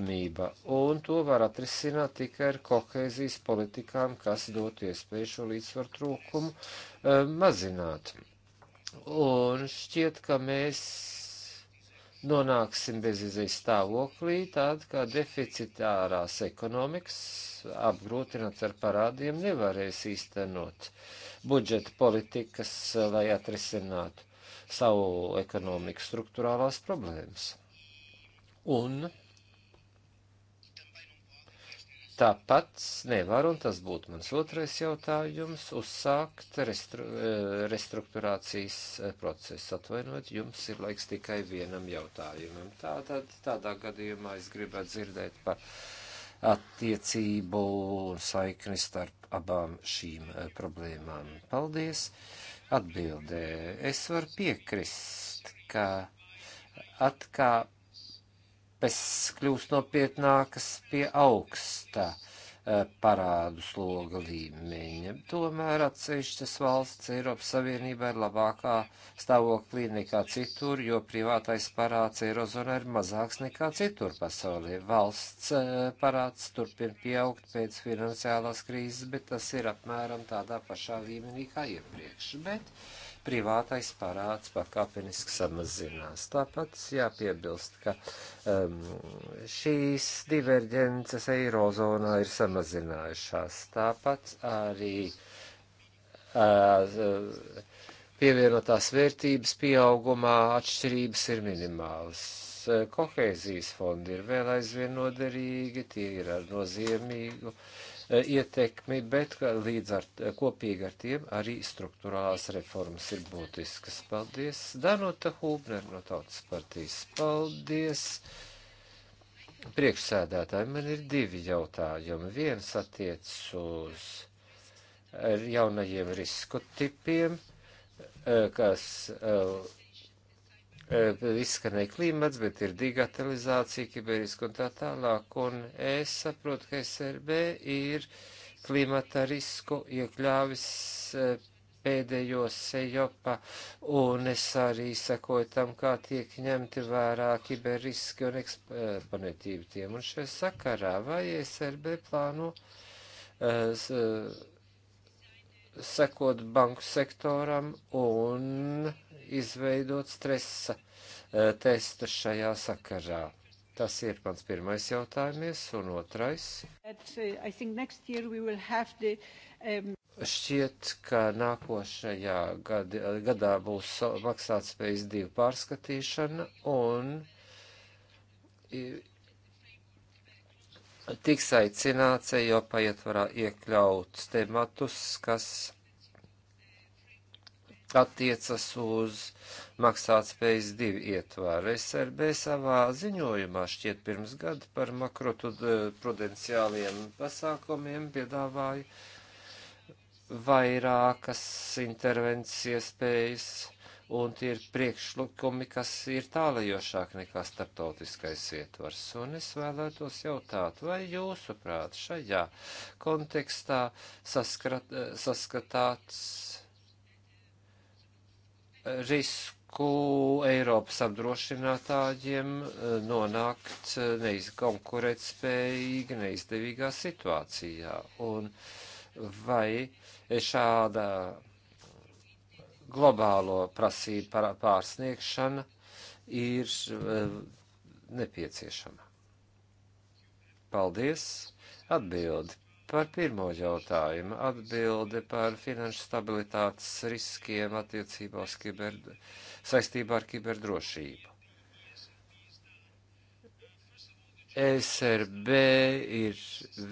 Speaker 1: mība, un to var atrisināt tikai ar kohēzijas politikām, kas dot iespēju šo līdzsvaru trūkumu um, mazināt. Un šķiet, ka mēs nonāksim bezizējas stāvoklī, tad, kā deficitārās ekonomikas apgrūtināts ar parādiem nevarēs īstenot budžeta politikas, eh, lai atrisinātu savu ekonomikas struktūrālās problēmas. Un tāpat nevar, un tas būtu mans otrais jautājums, uzsākt restru, e, restruktūrācijas e, procesu. Atvainojiet, jums ir laiks tikai vienam jautājumam. Tā, tā, tādā gadījumā es gribētu dzirdēt par attiecību un saikni starp abām šīm e, problēmām. Paldies! Atbildē. Es varu piekrist, ka atkāp Alpes kļūst nopietnākas pie augsta eh, parādu sloga līmeņa. Tomēr atsevišķas valsts Eiropas Savienībā ir labākā stāvoklī nekā citur, jo privātais parāds Eirozonā ir mazāks nekā citur pasaulē. Valsts eh, parāds turpina pieaugt pēc finansiālās krīzes, bet tas ir apmēram tādā pašā līmenī kā iepriekš. Bet privātais parāds pakāpeniski samazinās. Tāpat jāpiebilst, ka um, šīs diverģences eirozonā ir samazinājušās. Tāpat arī uh, pievienotās vērtības pieaugumā atšķirības ir minimālas kohēzijas fondi ir vēl aizvien noderīgi, tie ir ar nozīmīgu ietekmi, bet līdz ar kopīgi ar tiem arī struktūrālās reformas ir būtiskas. Paldies, Danuta Hūbner no Tautas partijas. Paldies! Priekšsēdētāji, man ir divi jautājumi. Viens attiec uz jaunajiem risku tipiem, eh, kas eh, Eh, izskanēja klimats, bet ir digitalizācija, kiberiska un tā tālāk. Un es saprotu, ka SRB ir klimata risku iekļāvis eh, pēdējo sejopa, un es arī sekoju tam, kā tiek ņemti vērā kiberriski un eksponetīvi tiem. Un šajā sakarā vai SRB plāno uh, sekot banku sektoram un izveidot stresa eh, testu šajā sakarā. Tas ir mans pirmais jautājums, un otrais.
Speaker 2: At, uh, the, um...
Speaker 1: Šķiet, ka nākošajā gadi, gadā būs maksātspējas divu pārskatīšana, un tiks aicināts Eiropa ietvarā iekļaut tematus, kas attiecas uz maksātspējas divi ietvaru. SRB savā ziņojumā šķiet pirms gada par makroprudenciāliem pasākumiem piedāvāja vairākas intervences iespējas un tie ir priekšlikumi, kas ir tālajošāk nekā starptautiskais ietvars. Un es vēlētos jautāt, vai jūsuprāt šajā kontekstā saskrat, saskatāts risku? laiku Eiropas apdrošinātājiem eh, nonākt eh, neiz konkurētspējīgi, neizdevīgā situācijā. Un vai šādā globālo prasību pārsniegšana ir eh, nepieciešama. Paldies! Atbildi par pirmo jautājumu. Atbildi par finanšu stabilitātes riskiem attiecībā uz kiber, saistībā ar kiberdrošību. SRB ir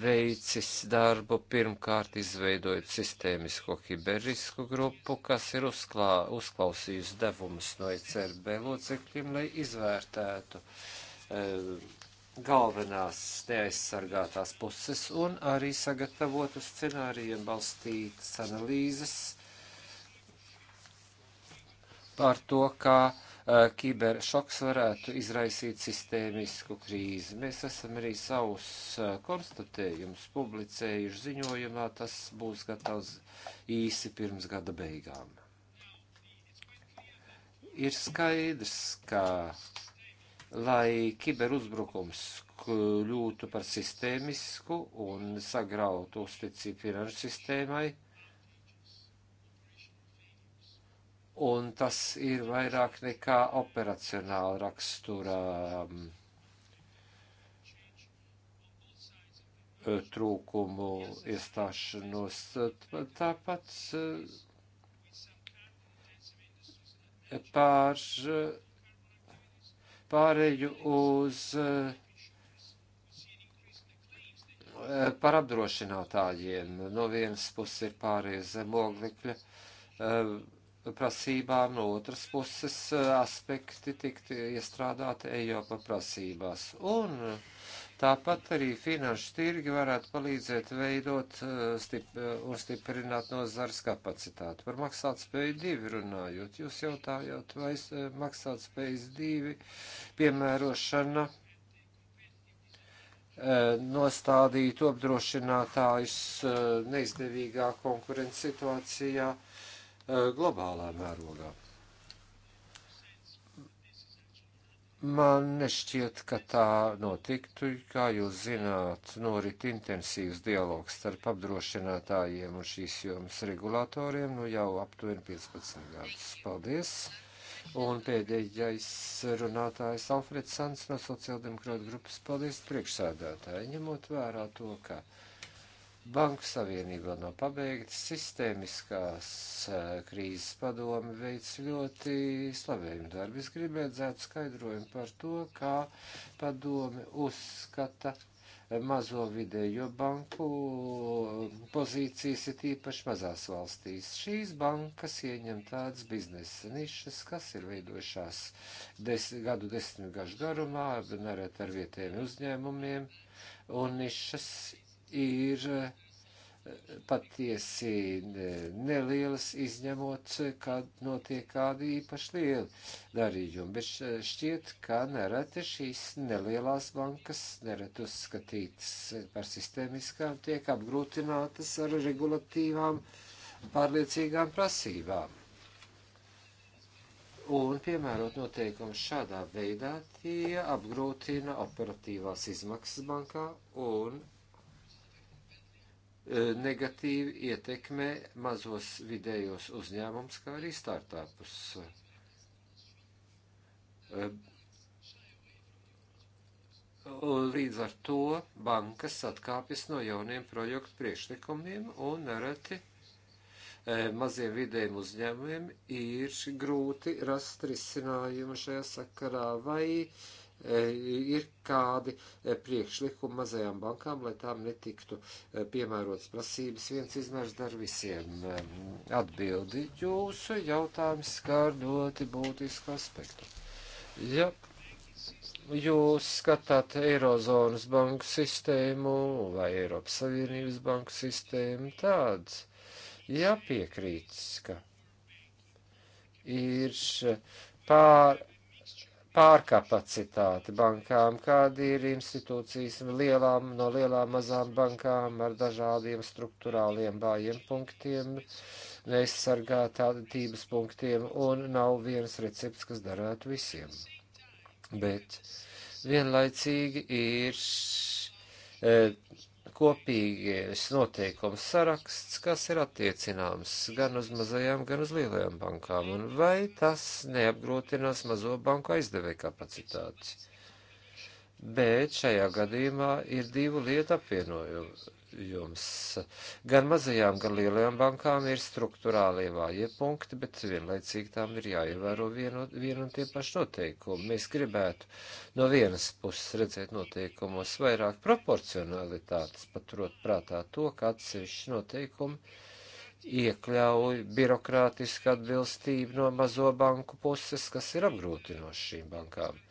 Speaker 1: veicis darbu pirmkārt izveidojot sistēmisko hiberrisku grupu, kas ir uzklā, uzklausījusi devumus no SRB locekļiem, lai izvērtētu e, galvenās neaizsargātās puses un arī sagatavotu scenārijiem balstītas analīzes par to, kā ka Eh, kiberšoks varētu izraisīt sistēmisku krīzi. Mēs esam arī savus eh, konstatējumus publicējuši ziņojumā, tas būs gatavs īsi pirms gada beigām. Ir skaidrs, ka lai kiberuzbrukums kļūtu par sistēmisku un sagrautu uzticību finanšu sistēmai, un tas ir vairāk nekā operacionāla rakstura um, trūkumu iestāšanos. Tāpat uh, pār pārēju uz uh, par apdrošinātājiem. No vienas puses ir pārējais zem oglekļa uh, prasībām, no otras puses eh, aspekti tikt iestrādāti Eiropa prasībās. Un eh, tāpat arī finanšu tirgi varētu palīdzēt veidot eh, stip, un stiprināt nozars kapacitāti. Par maksātspēju divi runājot, jūs jautājot, vai maksātspējas divi piemērošana nostādītu apdrošinātājus neizdevīgā konkurences situācijā. Uh, Eh, globālā mērogā. Man nešķiet, ka tā notiktu, kā jūs zināt, norit intensīvs dialogs starp apdrošinātājiem un šīs jomas regulātoriem, nu jau aptuveni 15 gadus. Paldies! Un pēdējais runātājs Alfreds Sans no sociāldemokrāta grupas. Paldies priekšsēdētāji, ņemot vērā to, ka. Banku savienība vēl nav pabeigta, sistēmiskās eh, krīzes padome veids ļoti slavējumu darbu. Es gribētu dzēt skaidrojumu par to, kā padome uzskata eh, mazo vidējo banku eh, pozīcijas ir īpaši mazās valstīs. Šīs bankas ieņem tādas biznesa nišas, kas ir veidojušās des, gadu desmitgažu garumā, nerēt ar vietējiem uzņēmumiem, un nišas ir patiesi nelielas, izņemot, kad notiek kādi īpaši lieli darījumi. Bet šķiet, ka nereti šīs nelielās bankas, nereti uzskatītas par sistēmiskām, tiek apgrūtinātas ar regulatīvām pārliecīgām prasībām. Un, piemērot noteikumus šādā veidā, tie apgrūtina operatīvās izmaksas bankā un Eh, negatīvi ietekmē mazos vidējos uzņēmums, kā arī startupus. Eh, līdz ar to bankas atkāpjas no jauniem projektu priekšlikumiem un nereti eh, maziem vidējiem uzņēmumiem ir grūti rast risinājumu šajā sakarā vai uh, E, ir kādi e, priekšlikumi mazajām bankām, lai tām netiktu e, piemērotas prasības. Viens izmērs dar visiem atbildi. Jūsu jautājums skar ļoti būtisku aspektu. Ja jūs skatāt Eirozonas banku sistēmu vai Eiropas Savienības banku sistēmu, tāds jāpiekrīts, ka ir pār pārkapacitāti bankām, kāda ir institūcijas lielām, no lielām mazām bankām ar dažādiem struktūrāliem bājiem punktiem, neaizsargātības punktiem, un nav viens recepts, kas darētu visiem. Bet vienlaicīgi ir. E, kopīgais noteikums saraksts, kas ir attiecināms gan uz mazajām, gan uz lielajām bankām, un vai tas neapgrūtinās mazo banku aizdevēju kapacitāti. Bet šajā gadījumā ir divu lietu apvienojumi jums. Gan mazajām, gan lielajām bankām ir struktūrālie vājie punkti, bet vienlaicīgi tām ir jāievēro vienu, vienu un tie paši noteikumi. Mēs gribētu no vienas puses redzēt noteikumos vairāk proporcionalitātes, paturot prātā to, ka atsevišķi noteikumi iekļauj birokrātisku atbilstību no mazo banku puses, kas ir apgrūtinoši šīm bankām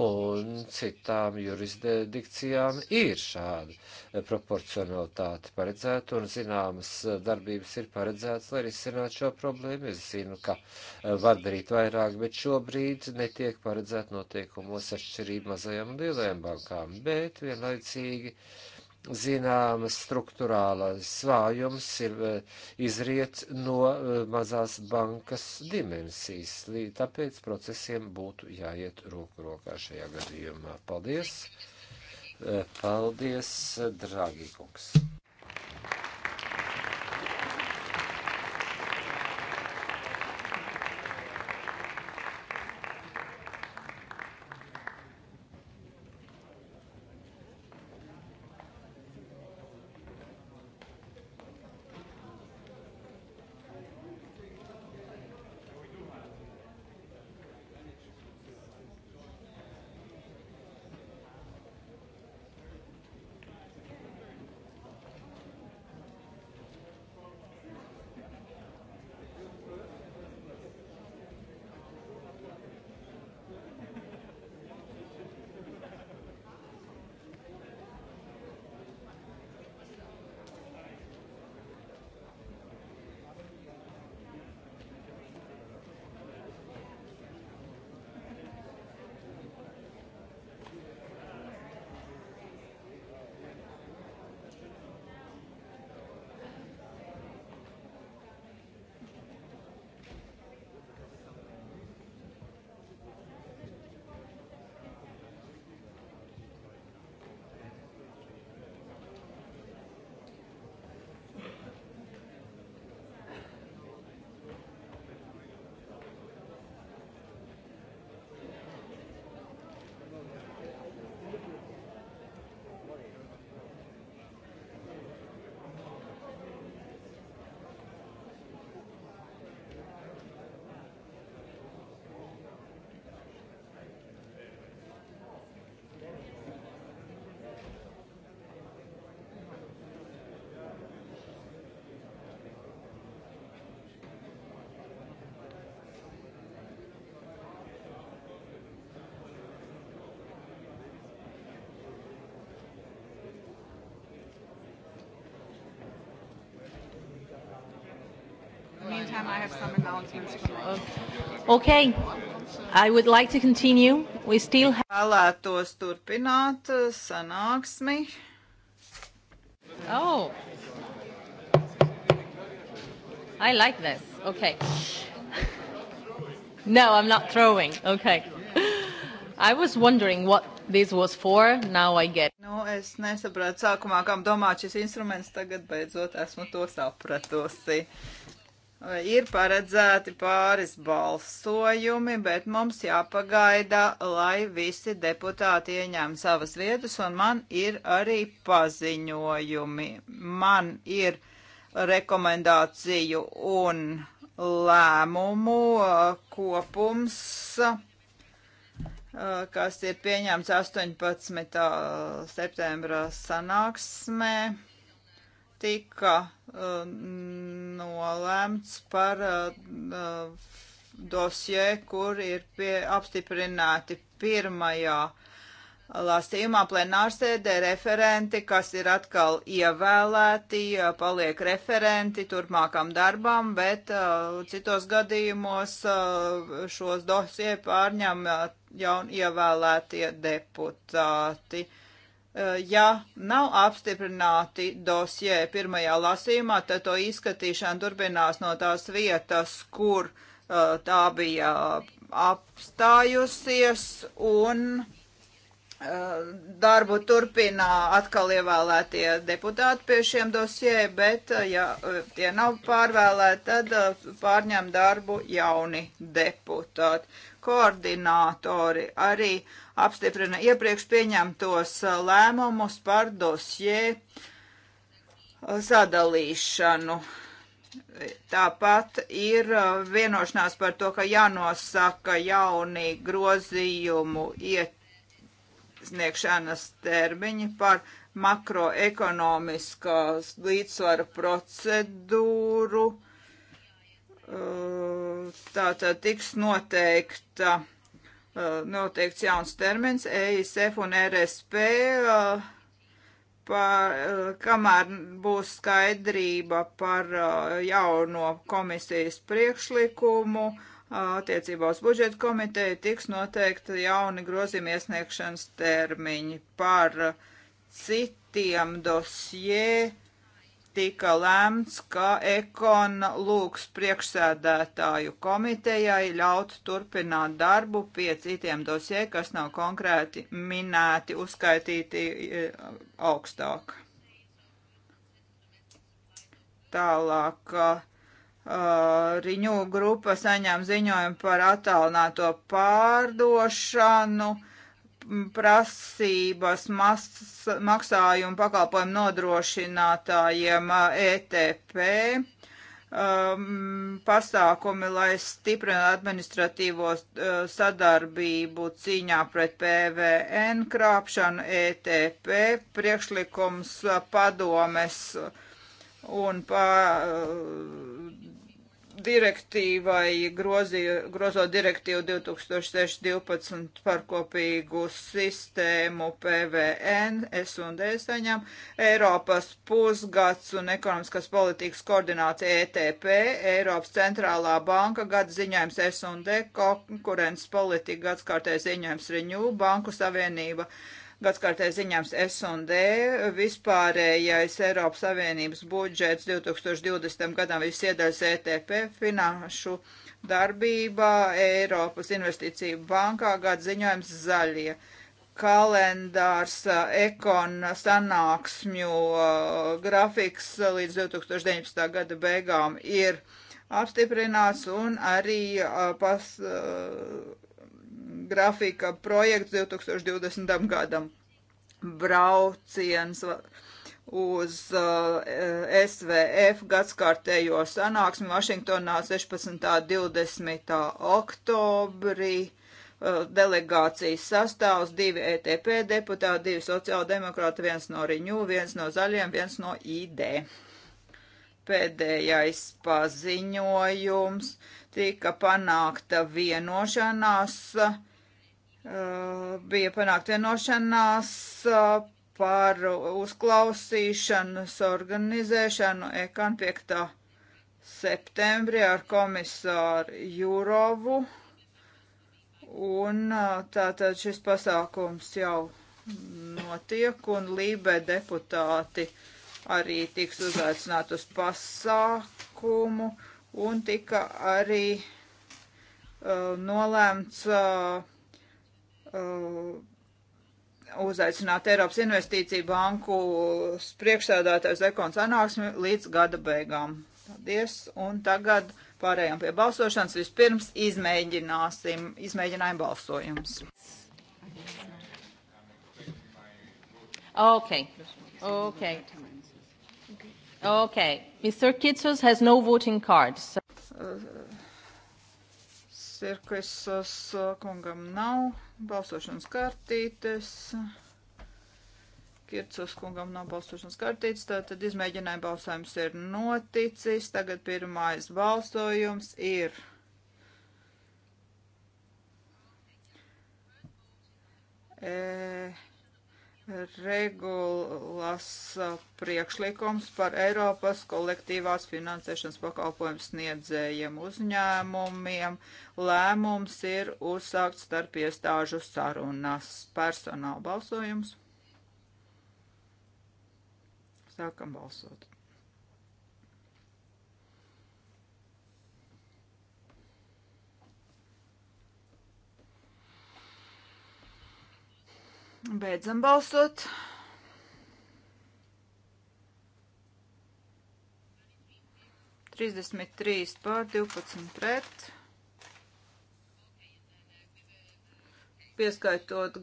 Speaker 1: un citām jurisdikcijām ir šāda proporcionalitāte paredzēta, un zināmas darbības ir paredzētas, lai risinātu šo problēmu. Es zinu, ka eh, var darīt vairāk, bet šobrīd netiek paredzēta noteikumos atšķirība mazajām un lielajām bankām, bet vienlaicīgi uh, zināmas struktūrālās svājums ir eh, izriet no eh, mazās bankas dimensijas. Tāpēc procesiem būtu jāiet roku rokā šajā gadījumā. Paldies! Eh, paldies, dragi kungs!
Speaker 3: time, I have some announcements to make. Okay.
Speaker 1: I would like to continue. We still have...
Speaker 2: Vēlētos turpināt uh, sanāksmi. Oh. I like this. Okay. No, I'm not throwing. Okay. I was wondering what this was for. Now I get. Nu, es nesapratu sākumā, kam domāt šis instruments, tagad beidzot esmu to sapratusi. Uh, ir paredzēti pāris balsojumi, bet mums jāpagaida, lai visi deputāti ieņem savas vietas, un man ir arī paziņojumi. Man ir rekomendāciju un lēmumu uh, kopums, uh, kas ir pieņemts 18. septembra sanāksmē tika uh, nolēmts par uh, uh dosjē, kur ir pie, apstiprināti pirmajā lasījumā plenārsēdē referenti, kas ir atkal ievēlēti, uh, paliek referenti turpmākam darbam, bet uh, citos gadījumos uh, šos dosjē pārņem uh, jaun ievēlētie deputāti. Uh, Eh, ja nav apstiprināti dosjē pirmajā lasījumā, tad to izskatīšana turpinās no tās vietas, kur uh, tā bija apstājusies, un uh, darbu turpinā atkal ievēlētie deputāti pie šiem dosjē, bet, uh, ja tie nav pārvēlēti, tad pārņem darbu jauni deputāti. Koordinātori arī uh, apstiprina iepriekš pieņemtos uh, lēmumus par dosie uh, sadalīšanu. Tāpat ir uh, vienošanās par to, ka jānosaka jauni grozījumu iesniegšanas termiņi par makroekonomiskās līdzsvara procedūru. Tātad tiks noteikta Eh, noteikts jauns termins EISF un RSP, eh, pa, eh, kamēr būs skaidrība par jauno komisijas priekšlikumu attiecībā uz budžeta komiteju tiks noteikti jauni grozījuma iesniegšanas termiņi par citiem dosjē tika lēmts, ka Ekon lūgs priekšsēdētāju komitejai ļaut turpināt darbu pie citiem dosie, kas nav konkrēti minēti, uzskaitīti e, augstāk. Tālāk. Uh, riņu grupa saņem ziņojumu par attālināto pārdošanu. Uh, prasības mas, maksājumu pakalpojumu nodrošinātājiem ETP um, pasākumi, lai stiprinātu administratīvo uh, sadarbību cīņā pret PVN krāpšanu ETP, priekšlikums uh, padomes un pa, uh, direktīvai grozīja, grozo direktīvu 2012 par kopīgu sistēmu PVN, es un dēsaņam, Eiropas pusgads un ekonomiskas politikas koordinācija ETP, Eiropas centrālā banka gada ziņojums S un D, konkurences politika gadskārtē ziņojums Renew, Banku Savienība. Uh, Gadskārtais ziņāms S&D vispārējais Eiropas Savienības budžets 2020. gadam viss iedaļas ETP finanšu darbībā Eiropas investīciju bankā gada ziņojums zaļie kalendārs, ekona sanāksmju uh, grafiks līdz 2019. gada beigām ir apstiprināts un arī uh, pas, uh, grafika projekts 2020. gadam brauciens uz eh, SVF gadskārtējo sanāksmi Vašingtonā 16. 20. oktobrī eh, delegācijas sastāvs, divi ETP deputāti, divi sociāldemokrāti, viens no Riņū, viens no Zaļiem, viens no ID. Pēdējais paziņojums. Uh, tika panākta vienošanās, uh, bija panākta vienošanās uh, par uzklausīšanas organizēšanu ekan 5. septembrī ar komisāru Jurovu. Un uh, tātad šis pasākums jau notiek, un Lībe deputāti arī tiks uzaicināti uz pasākumu. Uh, un tika arī uh, nolēmts uh, uh, uzaicināt Eiropas investīciju banku priekšsēdētājs Ekons sanāksmi līdz gada beigām. Paldies, un tagad pārējām pie balsošanas. Vispirms izmēģināsim, izmēģinājumu balsojums. Okay. Okay. Okay. Mr. Kitsos has no voting card. So... Sirkvisas uh, kungam nav balsošanas kartītes. Kircus kungam nav balsošanas kartītes, tātad izmēģinājuma balsojums ir noticis. Tagad pirmais balsojums ir. E, regulas uh, priekšlikums par Eiropas kolektīvās finansēšanas pakalpojumu sniedzējiem uzņēmumiem. Lēmums ir uzsākt starp iestāžu sarunas. Personāla balsojums. Sākam balsot. Beidzam balsot. Trīsdesmit trīs pār divpadsmit pret. Pieskaitot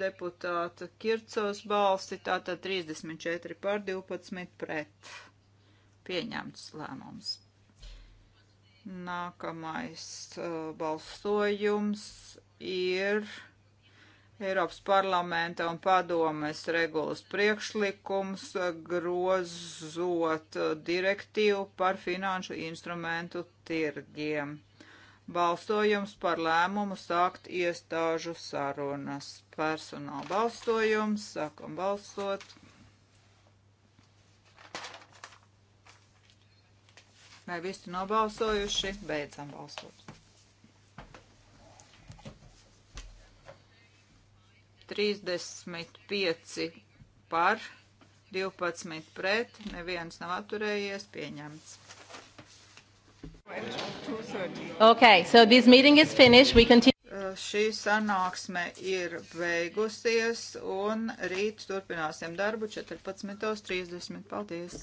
Speaker 2: deputāta Kircovs balsi, tātad 34 pār 12 pret. Pieņemts lēmums. Nākamais uh, balsojums ir Eiropas parlamenta un padomes regulas priekšlikums eh, grozot eh, direktīvu par finanšu instrumentu tirgiem. Balsojums par lēmumu sākt iestāžu sarunas. Personāla balsojums. Sākam balsot. Vai visi nobalsojuši? Beidzam balsot. 35 par, 12 pret, neviens nav atturējies, pieņemts. Okay, so this meeting is finished. We continue. Uh, šī sanāksme ir beigusies un rīt turpināsim darbu 14.30. Paldies!